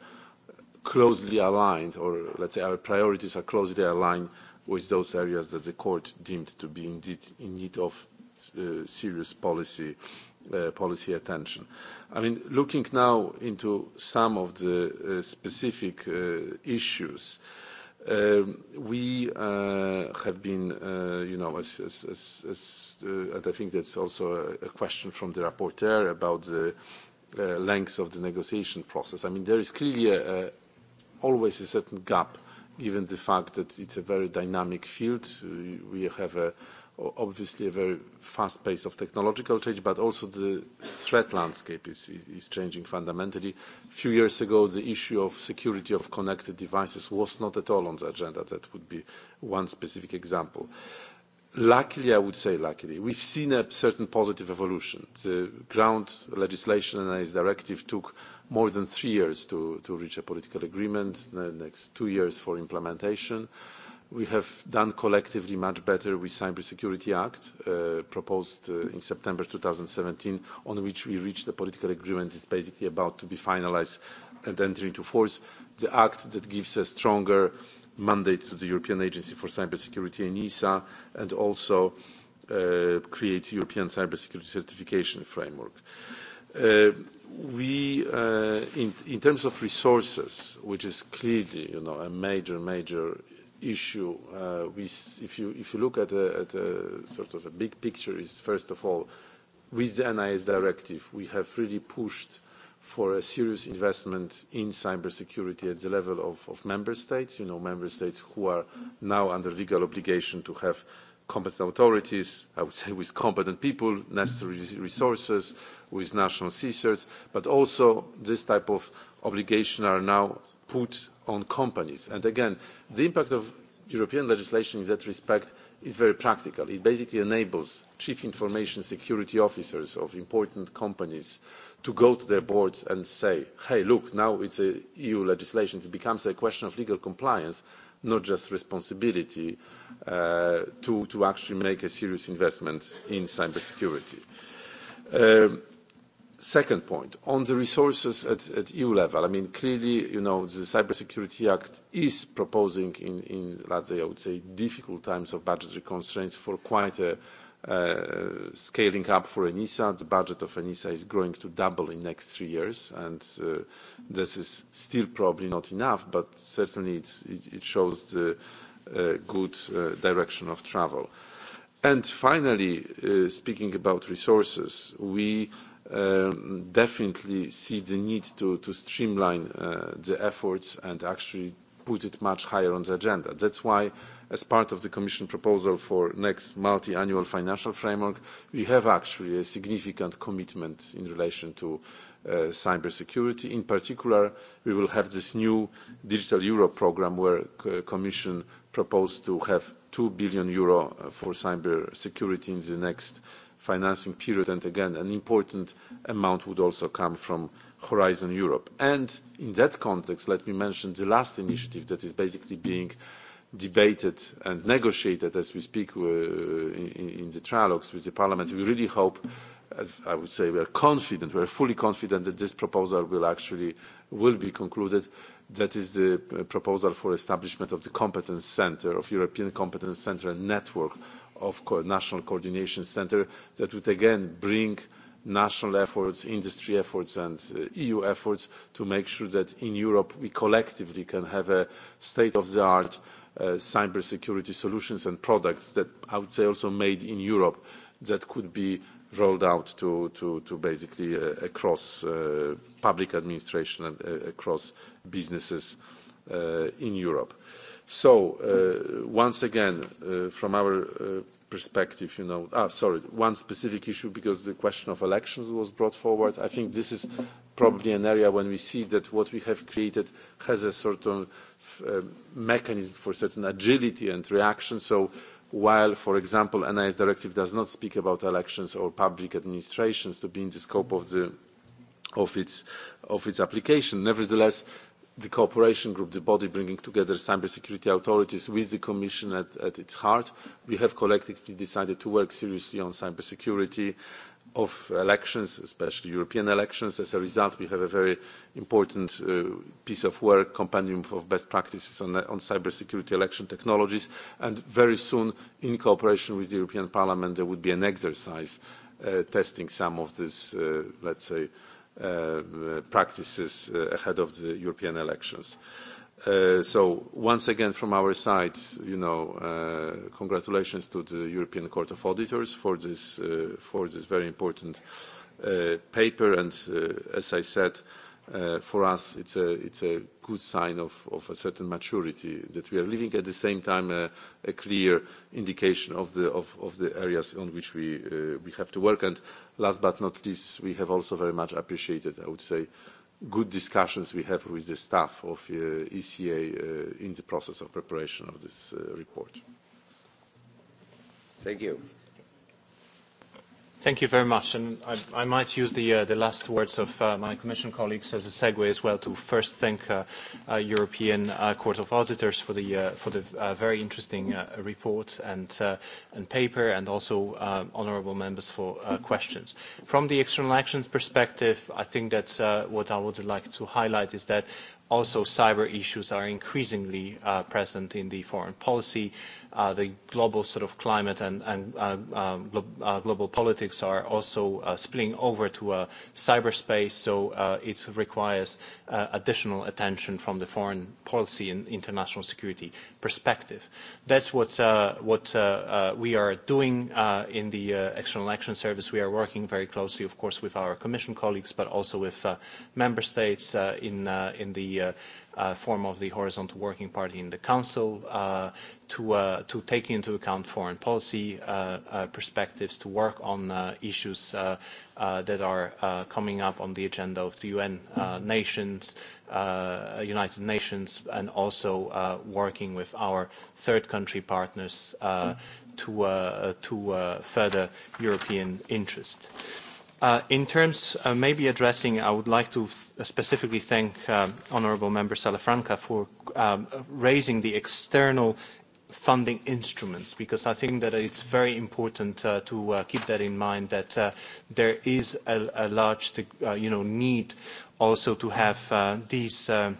closely aligned, or let's say our priorities are closely aligned with those areas that the court deemed to be indeed in need of uh, serious policy, uh, policy attention. I mean, looking now into some of the uh, specific uh, issues, uh, Um, we uh, have been, uh, you know, as, uh, and I think that's also a, question from the rapporteur about the length of the negotiation process. I mean, there is clearly always a certain gap, given the fact that it's a very dynamic field. We have a obviously a very fast pace of technological change, but also the threat landscape is, is changing fundamentally. A few years ago, the issue of security of connected devices was not at all on the agenda. That would be one specific example. Luckily, I would say luckily, we've seen a certain positive evolution. The ground legislation and its directive took more than three years to, to reach a political agreement, the next two years for implementation we have done collectively much better with Cybersecurity Act, uh, proposed uh, in September 2017, on which we reached a political agreement. It's basically about to be finalized and enter into force. The act that gives a stronger mandate to the European Agency for Cybersecurity and ESA, and also uh, creates European cybersecurity certification framework. Uh, we, uh, in, in terms of resources, which is clearly, you know, a major, major issue, uh, if, you, if you look at a, at a sort of a big picture, is first of all, with the NIS directive, we have really pushed for a serious investment in cybersecurity at the level of, of member states, you know, member states who are now under legal obligation to have competent authorities, I would say with competent people, necessary resources, with national CSIRTs, but also this type of obligation are now put on companies. And again, the impact of European legislation in that respect is very practical. It basically enables chief information security officers of important companies to go to their boards and say, hey, look, now it's a EU legislation. It becomes a question of legal compliance, not just responsibility uh, to, to actually make a serious investment in cybersecurity. Um, Second point, on the resources at, at EU level, I mean, clearly, you know, the Cybersecurity Act is proposing in, in, let's say, I would say, difficult times of budgetary constraints for quite a uh, scaling up for ENISA. The budget of ENISA is growing to double in next three years, and uh, this is still probably not enough, but certainly it, it shows the uh, good uh, direction of travel. And finally, uh, speaking about resources, we Um, definitely see the need to, streamline uh, the efforts and actually put it much higher on the agenda. That's why, as part of the Commission proposal for next multi-annual financial framework, we have actually a significant commitment in relation to uh, cybersecurity. In particular, we will have this new Digital Europe program where Commission proposed to have 2 billion euro uh, for cybersecurity in the next financing period. And again, an important amount would also come from Horizon Europe. And in that context, let me mention the last initiative that is basically being debated and negotiated as we speak uh, in, the trilogues with the Parliament. We really hope, I would say we are confident, we are fully confident that this proposal will actually will be concluded. That is the uh, proposal for establishment of the Competence Centre, of European Competence Centre and Network of co National Coordination Center that would again bring national efforts, industry efforts and uh, EU efforts to make sure that in Europe we collectively can have a state-of-the-art uh, cybersecurity solutions and products that I would say also made in Europe that could be rolled out to, to, to basically uh, across uh, public administration and uh, across businesses uh, in Europe. So, uh, once again, uh, from our uh, perspective, you know. Ah, sorry, one specific issue because the question of elections was brought forward. I think this is probably an area when we see that what we have created has a sort of um, mechanism for certain agility and reaction. So while, for example, NIS directive does not speak about elections or public administrations to be in the scope of the of its of its application. Nevertheless, the cooperation group, the body bringing together cybersecurity authorities with the Commission at, at its heart, we have collectively decided to work seriously on cybersecurity of elections, especially European elections. As a result, we have a very important uh, piece of work, compendium of best practices on, on cybersecurity election technologies. And very soon, in cooperation with the European Parliament, there would be an exercise uh, testing some of this, uh, let's say, Uh, practices uh, ahead of the European elections. Uh, so once again, from our side, you know, congratulations to the European Court of Auditors for this, for this very important paper. And as I said, Uh, for us, it's a, it's a good sign of, of a certain maturity that we are living at the same time uh, a clear indication of the, of, of the areas on which we, uh, we have to work. And last but not least, we have also very much appreciated, I would say, good discussions we have with the staff of uh, ECA uh, in the process of preparation of this report. Thank you. Thank you very much. And I, I might use the, uh, the last words of uh, my Commission colleagues as a segue as well to first thank uh, uh, European uh, Court of Auditors for the, uh, for the uh, very interesting uh, report and, uh, and paper and also uh, honourable members for uh, questions. From the external actions perspective, I think that uh, what I would like to highlight is that also cyber issues are increasingly uh, present in the foreign policy. Uh, the global sort of climate and, and uh, um, glo uh, global politics are also uh, spilling over to uh, cyberspace, so uh, it requires additional attention from the foreign policy and international security perspective. That's what, what we are doing in the External Action Service. We are working very closely, of course, with our Commission colleagues, but also with member states in, in the Uh, uh, form of the horizontal working party in the Council uh, to, uh, to take into account foreign policy uh, uh, perspectives, to work on uh, issues uh, uh, that are uh, coming up on the agenda of the UN uh, nations, uh, United Nations, and also uh, working with our third country partners uh, to, uh, to uh, further European interest. Uh, in terms uh, maybe addressing, I would like to specifically thank uh, Honourable Member Salafranca for um, raising the external funding instruments because I think that it's very important uh, to uh, keep that in mind that uh, there is a, a large uh, you know, need also to have uh, these uh,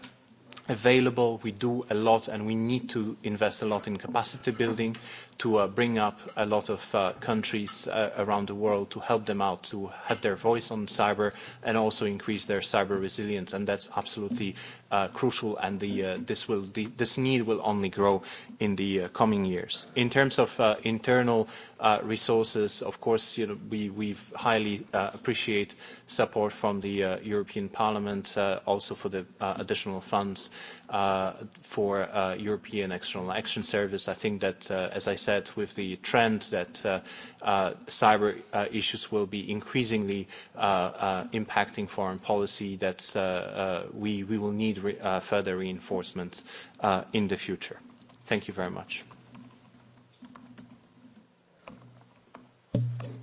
available. We do a lot and we need to invest a lot in capacity building to uh, bring up a lot of uh, countries uh, around the world to help them out, to have their voice on cyber and also increase their cyber resilience. And that's absolutely uh, crucial. And the, uh, this, will, the, this need will only grow in the uh, coming years. In terms of uh, internal Uh, resources. Of course, you know, we we've highly uh, appreciate support from the uh, European Parliament, uh, also for the uh, additional funds uh, for uh, European External Action Service. I think that, uh, as I said, with the trend that uh, uh, cyber uh, issues will be increasingly uh, uh, impacting foreign policy, that uh, uh, we we will need re uh, further reinforcements uh, in the future. Thank you very much.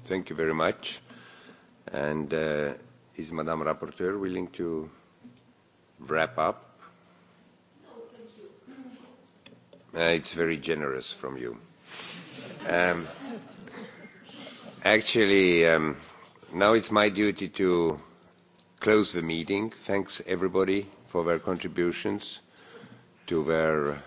Thank you very much. And uh, is Madame Rapporteur willing to wrap up? No, thank you. Uh, it's very generous from you. Um, actually, um, now it's my duty to close the meeting. Thanks everybody for their contributions to their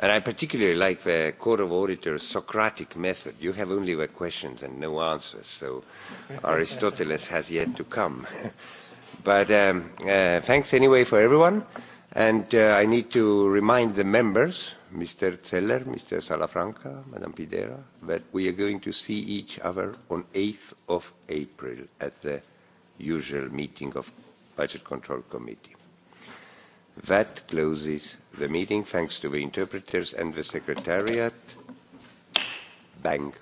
And I particularly like the Court of Auditors' Socratic method. You have only the questions and no answers, so Aristoteles has yet to come. but um, uh, thanks anyway for everyone. And uh, I need to remind the members, Mr. Zeller, Mr. Salafranca, Madame Pidera, that we are going to see each other on 8th of April at the usual meeting of Budget Control Committee. That closes the meeting. Thanks to the interpreters and the secretariat. Bang.